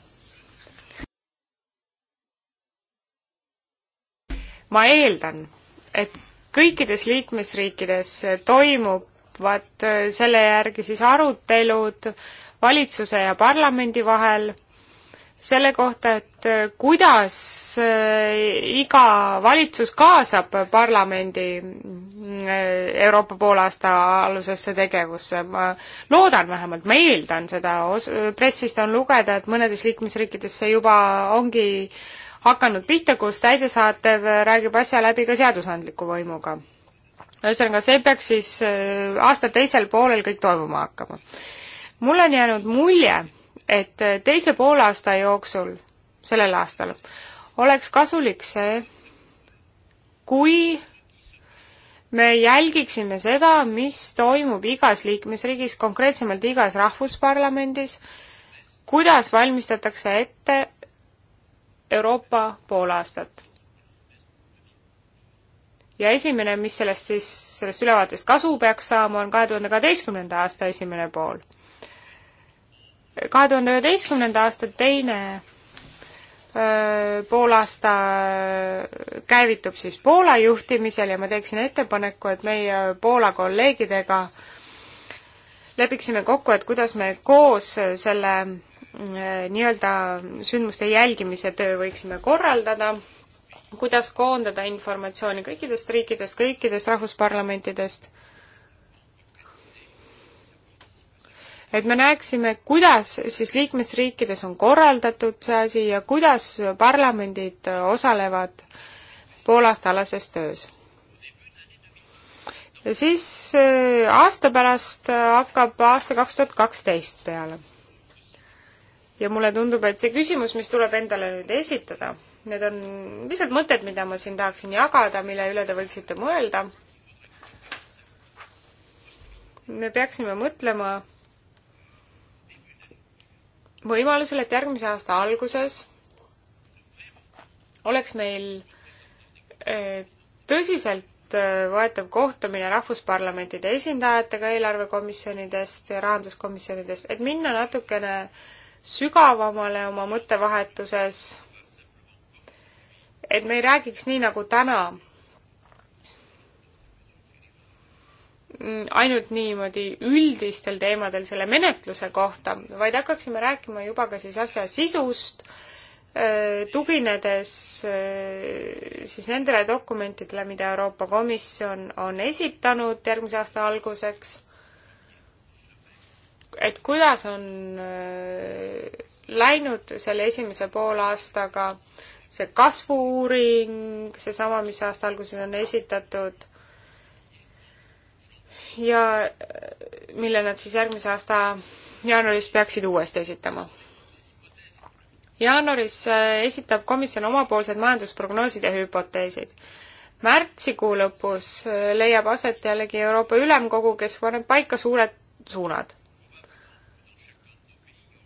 ma eeldan, et kõikides liikmesriikides toimuvad äh, selle järgi siis arutelud valitsuse ja parlamendi vahel selle kohta, et äh, kuidas äh, iga valitsus kaasab parlamendi Euroopa poolaasta alusesse tegevusse. ma loodan vähemalt, ma eeldan seda, pressist on lugeda, et mõnedes liikmesriikides see juba ongi äh, hakanud pihta, kus täidesaatev räägib asja läbi ka seadusandliku võimuga. ühesõnaga, see peaks siis äh, aasta teisel poolel kõik toimuma hakkama. mul on jäänud mulje, et äh, teise poolaasta jooksul, sellel aastal, oleks kasulik see, kui me jälgiksime seda, mis toimub igas liikmesriigis, konkreetsemalt igas rahvusparlamendis, kuidas valmistatakse ette Euroopa poolaastat. ja esimene, mis sellest siis, sellest ülevaatest kasu peaks saama, on kahe tuhande kaheteistkümnenda aasta esimene pool. kahe tuhande üheteistkümnenda aasta teine poolaasta käivitub siis Poola juhtimisel ja ma teeksin ettepaneku, et meie Poola kolleegidega lepiksime kokku, et kuidas me koos selle Äh, nii-öelda sündmuste jälgimise töö võiksime korraldada, kuidas koondada informatsiooni kõikidest riikidest, kõikidest rahvusparlamentidest, et me näeksime, kuidas siis liikmesriikides on korraldatud see asi ja kuidas parlamendid osalevad poolaastalases töös ja siis äh, aasta pärast hakkab aasta kaks tuhat kaksteist peale ja mulle tundub, et see küsimus, mis tuleb endale nüüd esitada, need on lihtsalt mõtted, mida ma siin tahaksin jagada, mille üle te võiksite mõelda. me peaksime mõtlema võimalusele, et järgmise aasta alguses oleks meil eh, tõsiselt eh, võetav kohtumine rahvusparlamentide esindajatega eelarvekomisjonidest ja rahanduskomisjonidest, et minna natukene äh, sügavamale oma mõttevahetuses, et me ei räägiks nii, nagu täna. Mm, ainult niimoodi üldistel teemadel selle menetluse kohta, vaid hakkaksime rääkima juba ka siis asja sisust, tuginedes siis nendele dokumentidele, mida Euroopa Komisjon on esitanud järgmise aasta alguseks et kuidas on äh, läinud selle esimese poolaastaga see kasvu-uuring, seesama, mis aasta alguses on esitatud, ja mille nad siis järgmise aasta jaanuaris peaksid uuesti esitama. jaanuaris äh, esitab komisjon omapoolsed majandusprognoosid ja hüpoteesid märtsikuu lõpus äh, leiab aset jällegi Euroopa Ülemkogu, kes paneb paika suured suunad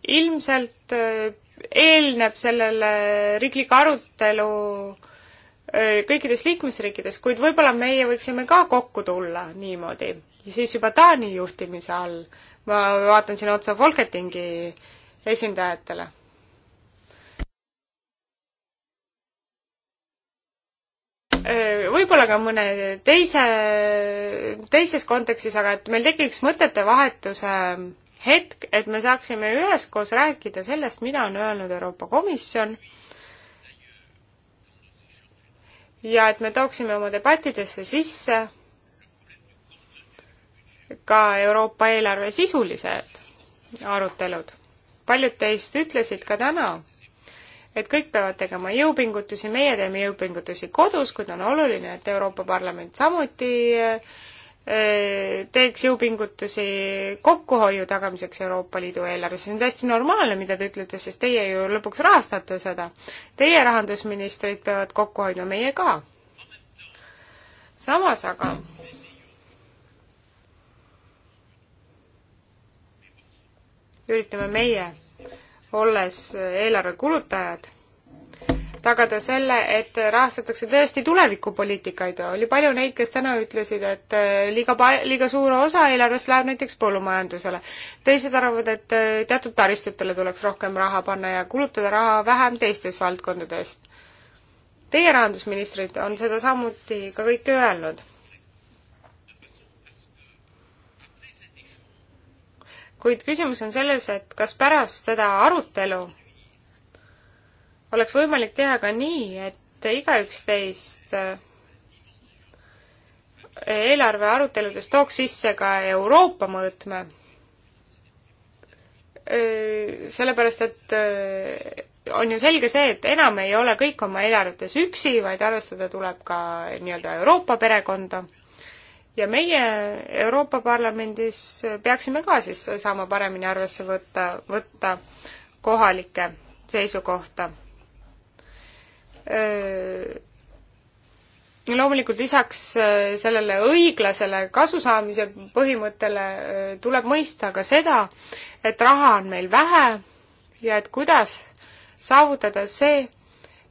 ilmselt äh, eelneb sellele riiklik arutelu äh, kõikides liikmesriikides, kuid võib-olla meie võiksime ka kokku tulla niimoodi. ja siis juba Taani juhtimise all, ma vaatan siin otsa Folketingi esindajatele. Äh, võib-olla ka mõne teise, teises kontekstis, aga et meil tekiks mõtete vahetuse äh, hetk, et me saaksime üheskoos rääkida sellest, mida on öelnud Euroopa Komisjon ja et me tooksime oma debattidesse sisse ka Euroopa eelarve sisulised arutelud. paljud teist ütlesid ka täna, et kõik peavad tegema jõupingutusi, meie teeme jõupingutusi kodus, kuid on oluline, et Euroopa Parlament samuti Äh, teeks jõupingutusi kokkuhoiu tagamiseks Euroopa Liidu eelarves, see on täiesti normaalne, mida te ütlete, sest teie ju lõpuks rahastate seda. Teie rahandusministrid peavad kokku hoidma, meie ka. samas aga üritame meie, olles äh, eelarve kulutajad tagada selle, et rahastatakse tõesti tulevikupoliitikaid. oli palju neid, kes täna ütlesid, et äh, liiga pa-, liiga suur osa eelarvest läheb näiteks põllumajandusele. teised arvavad, et äh, teatud taristutele tuleks rohkem raha panna ja kulutada raha vähem teistes valdkondades. Teie rahandusministrid on seda samuti ka kõik öelnud. kuid küsimus on selles, et kas pärast seda arutelu oleks võimalik teha ka nii, et igaüks teist äh, eelarve aruteludes tooks sisse ka Euroopa mõõtme. Äh, sellepärast, et äh, on ju selge see, et enam ei ole kõik oma eelarvetes üksi, vaid arvestada tuleb ka nii-öelda Euroopa perekonda. ja meie Euroopa Parlamendis peaksime ka siis saama paremini arvesse võtta, võtta kohalikke seisukohta Äh, loomulikult lisaks äh, sellele õiglasele kasusaamise põhimõttele äh, tuleb mõista ka seda, et raha on meil vähe ja et kuidas saavutada see,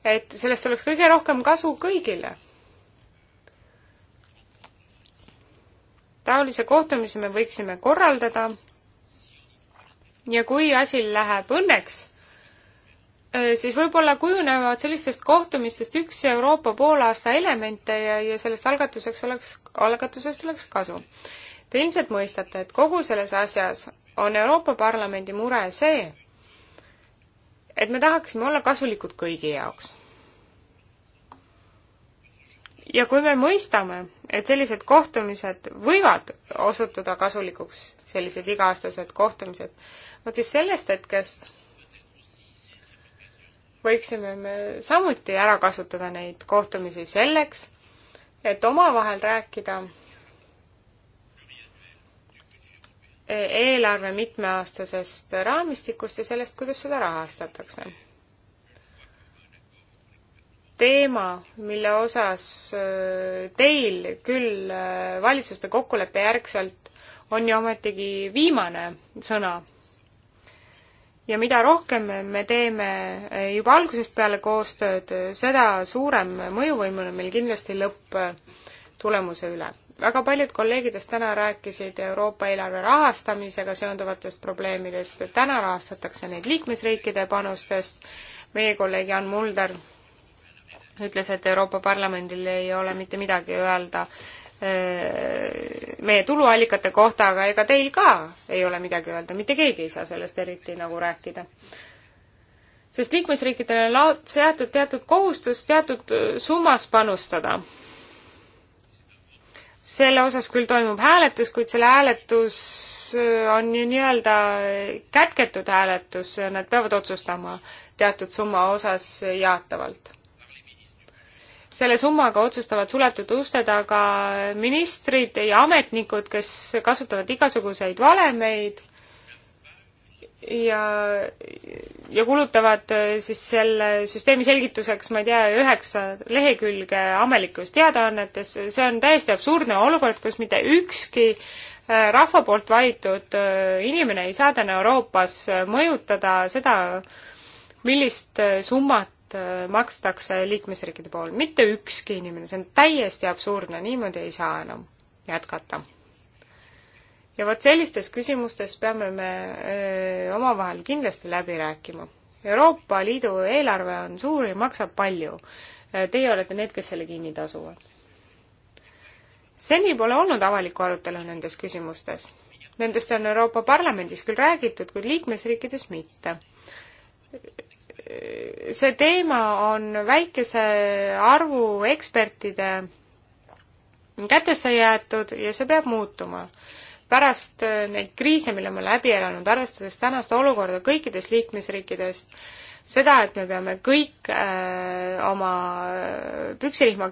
et sellest oleks kõige rohkem kasu kõigile. taolise kohtumise me võiksime korraldada ja kui asi läheb õnneks, Äh, siis võib-olla kujunevad sellistest kohtumistest üks Euroopa poolaasta elemente ja, ja sellest algatuseks oleks, algatusest oleks kasu. Te ilmselt mõistate, et kogu selles asjas on Euroopa Parlamendi mure see, et me tahaksime olla kasulikud kõigi jaoks. ja kui me mõistame, et sellised kohtumised võivad osutuda kasulikuks, sellised iga-aastased kohtumised, vot siis sellest hetkest võiksime me samuti ära kasutada neid kohtumisi selleks, et omavahel rääkida eelarve mitmeaastasest raamistikust ja sellest, kuidas seda rahastatakse. teema, mille osas teil küll valitsuste kokkuleppe järgselt on ju ometigi viimane sõna ja mida rohkem me teeme juba algusest peale koostööd, seda suurem mõjuvõim on meil kindlasti lõpptulemuse üle. väga paljud kolleegidest täna rääkisid Euroopa eelarve rahastamisega seonduvatest probleemidest, täna rahastatakse neid liikmesriikide panustest, meie kolleeg Jan Mulder ütles, et Euroopa Parlamendil ei ole mitte midagi öelda Äh, meie tuluallikate kohta, aga ega teil ka ei ole midagi öelda, mitte keegi ei saa sellest eriti nagu rääkida. sest liikmesriikidele on lao-, seatud teatud kohustus teatud äh, summas panustada. selle osas küll toimub hääletus, kuid selle hääletus äh, on ju nii-öelda kätketud hääletus, nad peavad otsustama teatud summa osas jaatavalt selle summaga otsustavad suletud uste taga ministrid ja ametnikud, kes kasutavad igasuguseid valemeid ja, ja kulutavad äh, siis selle süsteemi selgituseks, ma ei tea, üheksa lehekülge ametlikus teadaannetes, see on täiesti absurdne olukord, kus mitte ükski äh, rahva poolt valitud äh, inimene ei saa täna Euroopas mõjutada seda, millist summat Äh, makstakse liikmesriikide pool, mitte ükski inimene, see on täiesti absurdne, niimoodi ei saa enam jätkata. ja vot sellistes küsimustes peame me äh, omavahel kindlasti läbi rääkima. Euroopa Liidu eelarve on suur ja maksab palju. Äh, teie olete need, kes selle kinni tasuvad. seni pole olnud avalikku arutelu nendes küsimustes. Nendest on Euroopa Parlamendis küll räägitud, kuid liikmesriikides mitte see teema on väikese arvu ekspertide kätesse jäetud ja see peab muutuma. pärast neid kriise, mille me läbi elanud, arvestades tänast olukorda kõikides liikmesriikidest, seda, et me peame kõik äh, oma püksirihma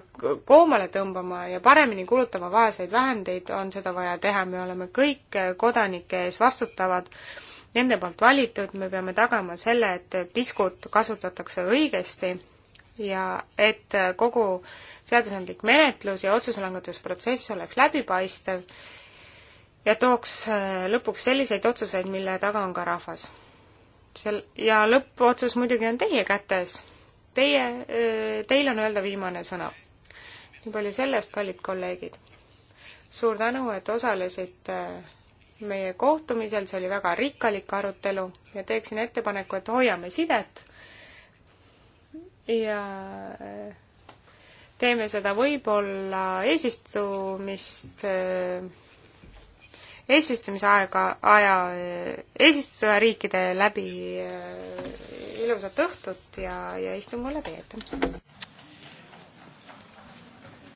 koomale tõmbama ja paremini kulutama vaeseid vahendeid, on seda vaja teha, me oleme kõik äh, kodanike ees vastutavad äh, nende poolt valitud, me peame tagama selle, et piskut kasutatakse õigesti ja et kogu seadusandlik menetlus ja otsuselangetusprotsess oleks läbipaistev ja tooks äh, lõpuks selliseid otsuseid, mille taga on ka rahvas. sel-, ja lõppotsus muidugi on teie kätes. Teie, äh, teil on öelda viimane sõna. nii palju sellest, kallid kolleegid. suur tänu, et osalesite äh, meie kohtumisel, see oli väga rikkalik arutelu ja teeksin ettepaneku, et hoiame sidet ja teeme seda võib-olla eesistumist, eesistumise aega, aja, eesistujariikide läbi ilusat õhtut ja, ja istung mulle teie ette!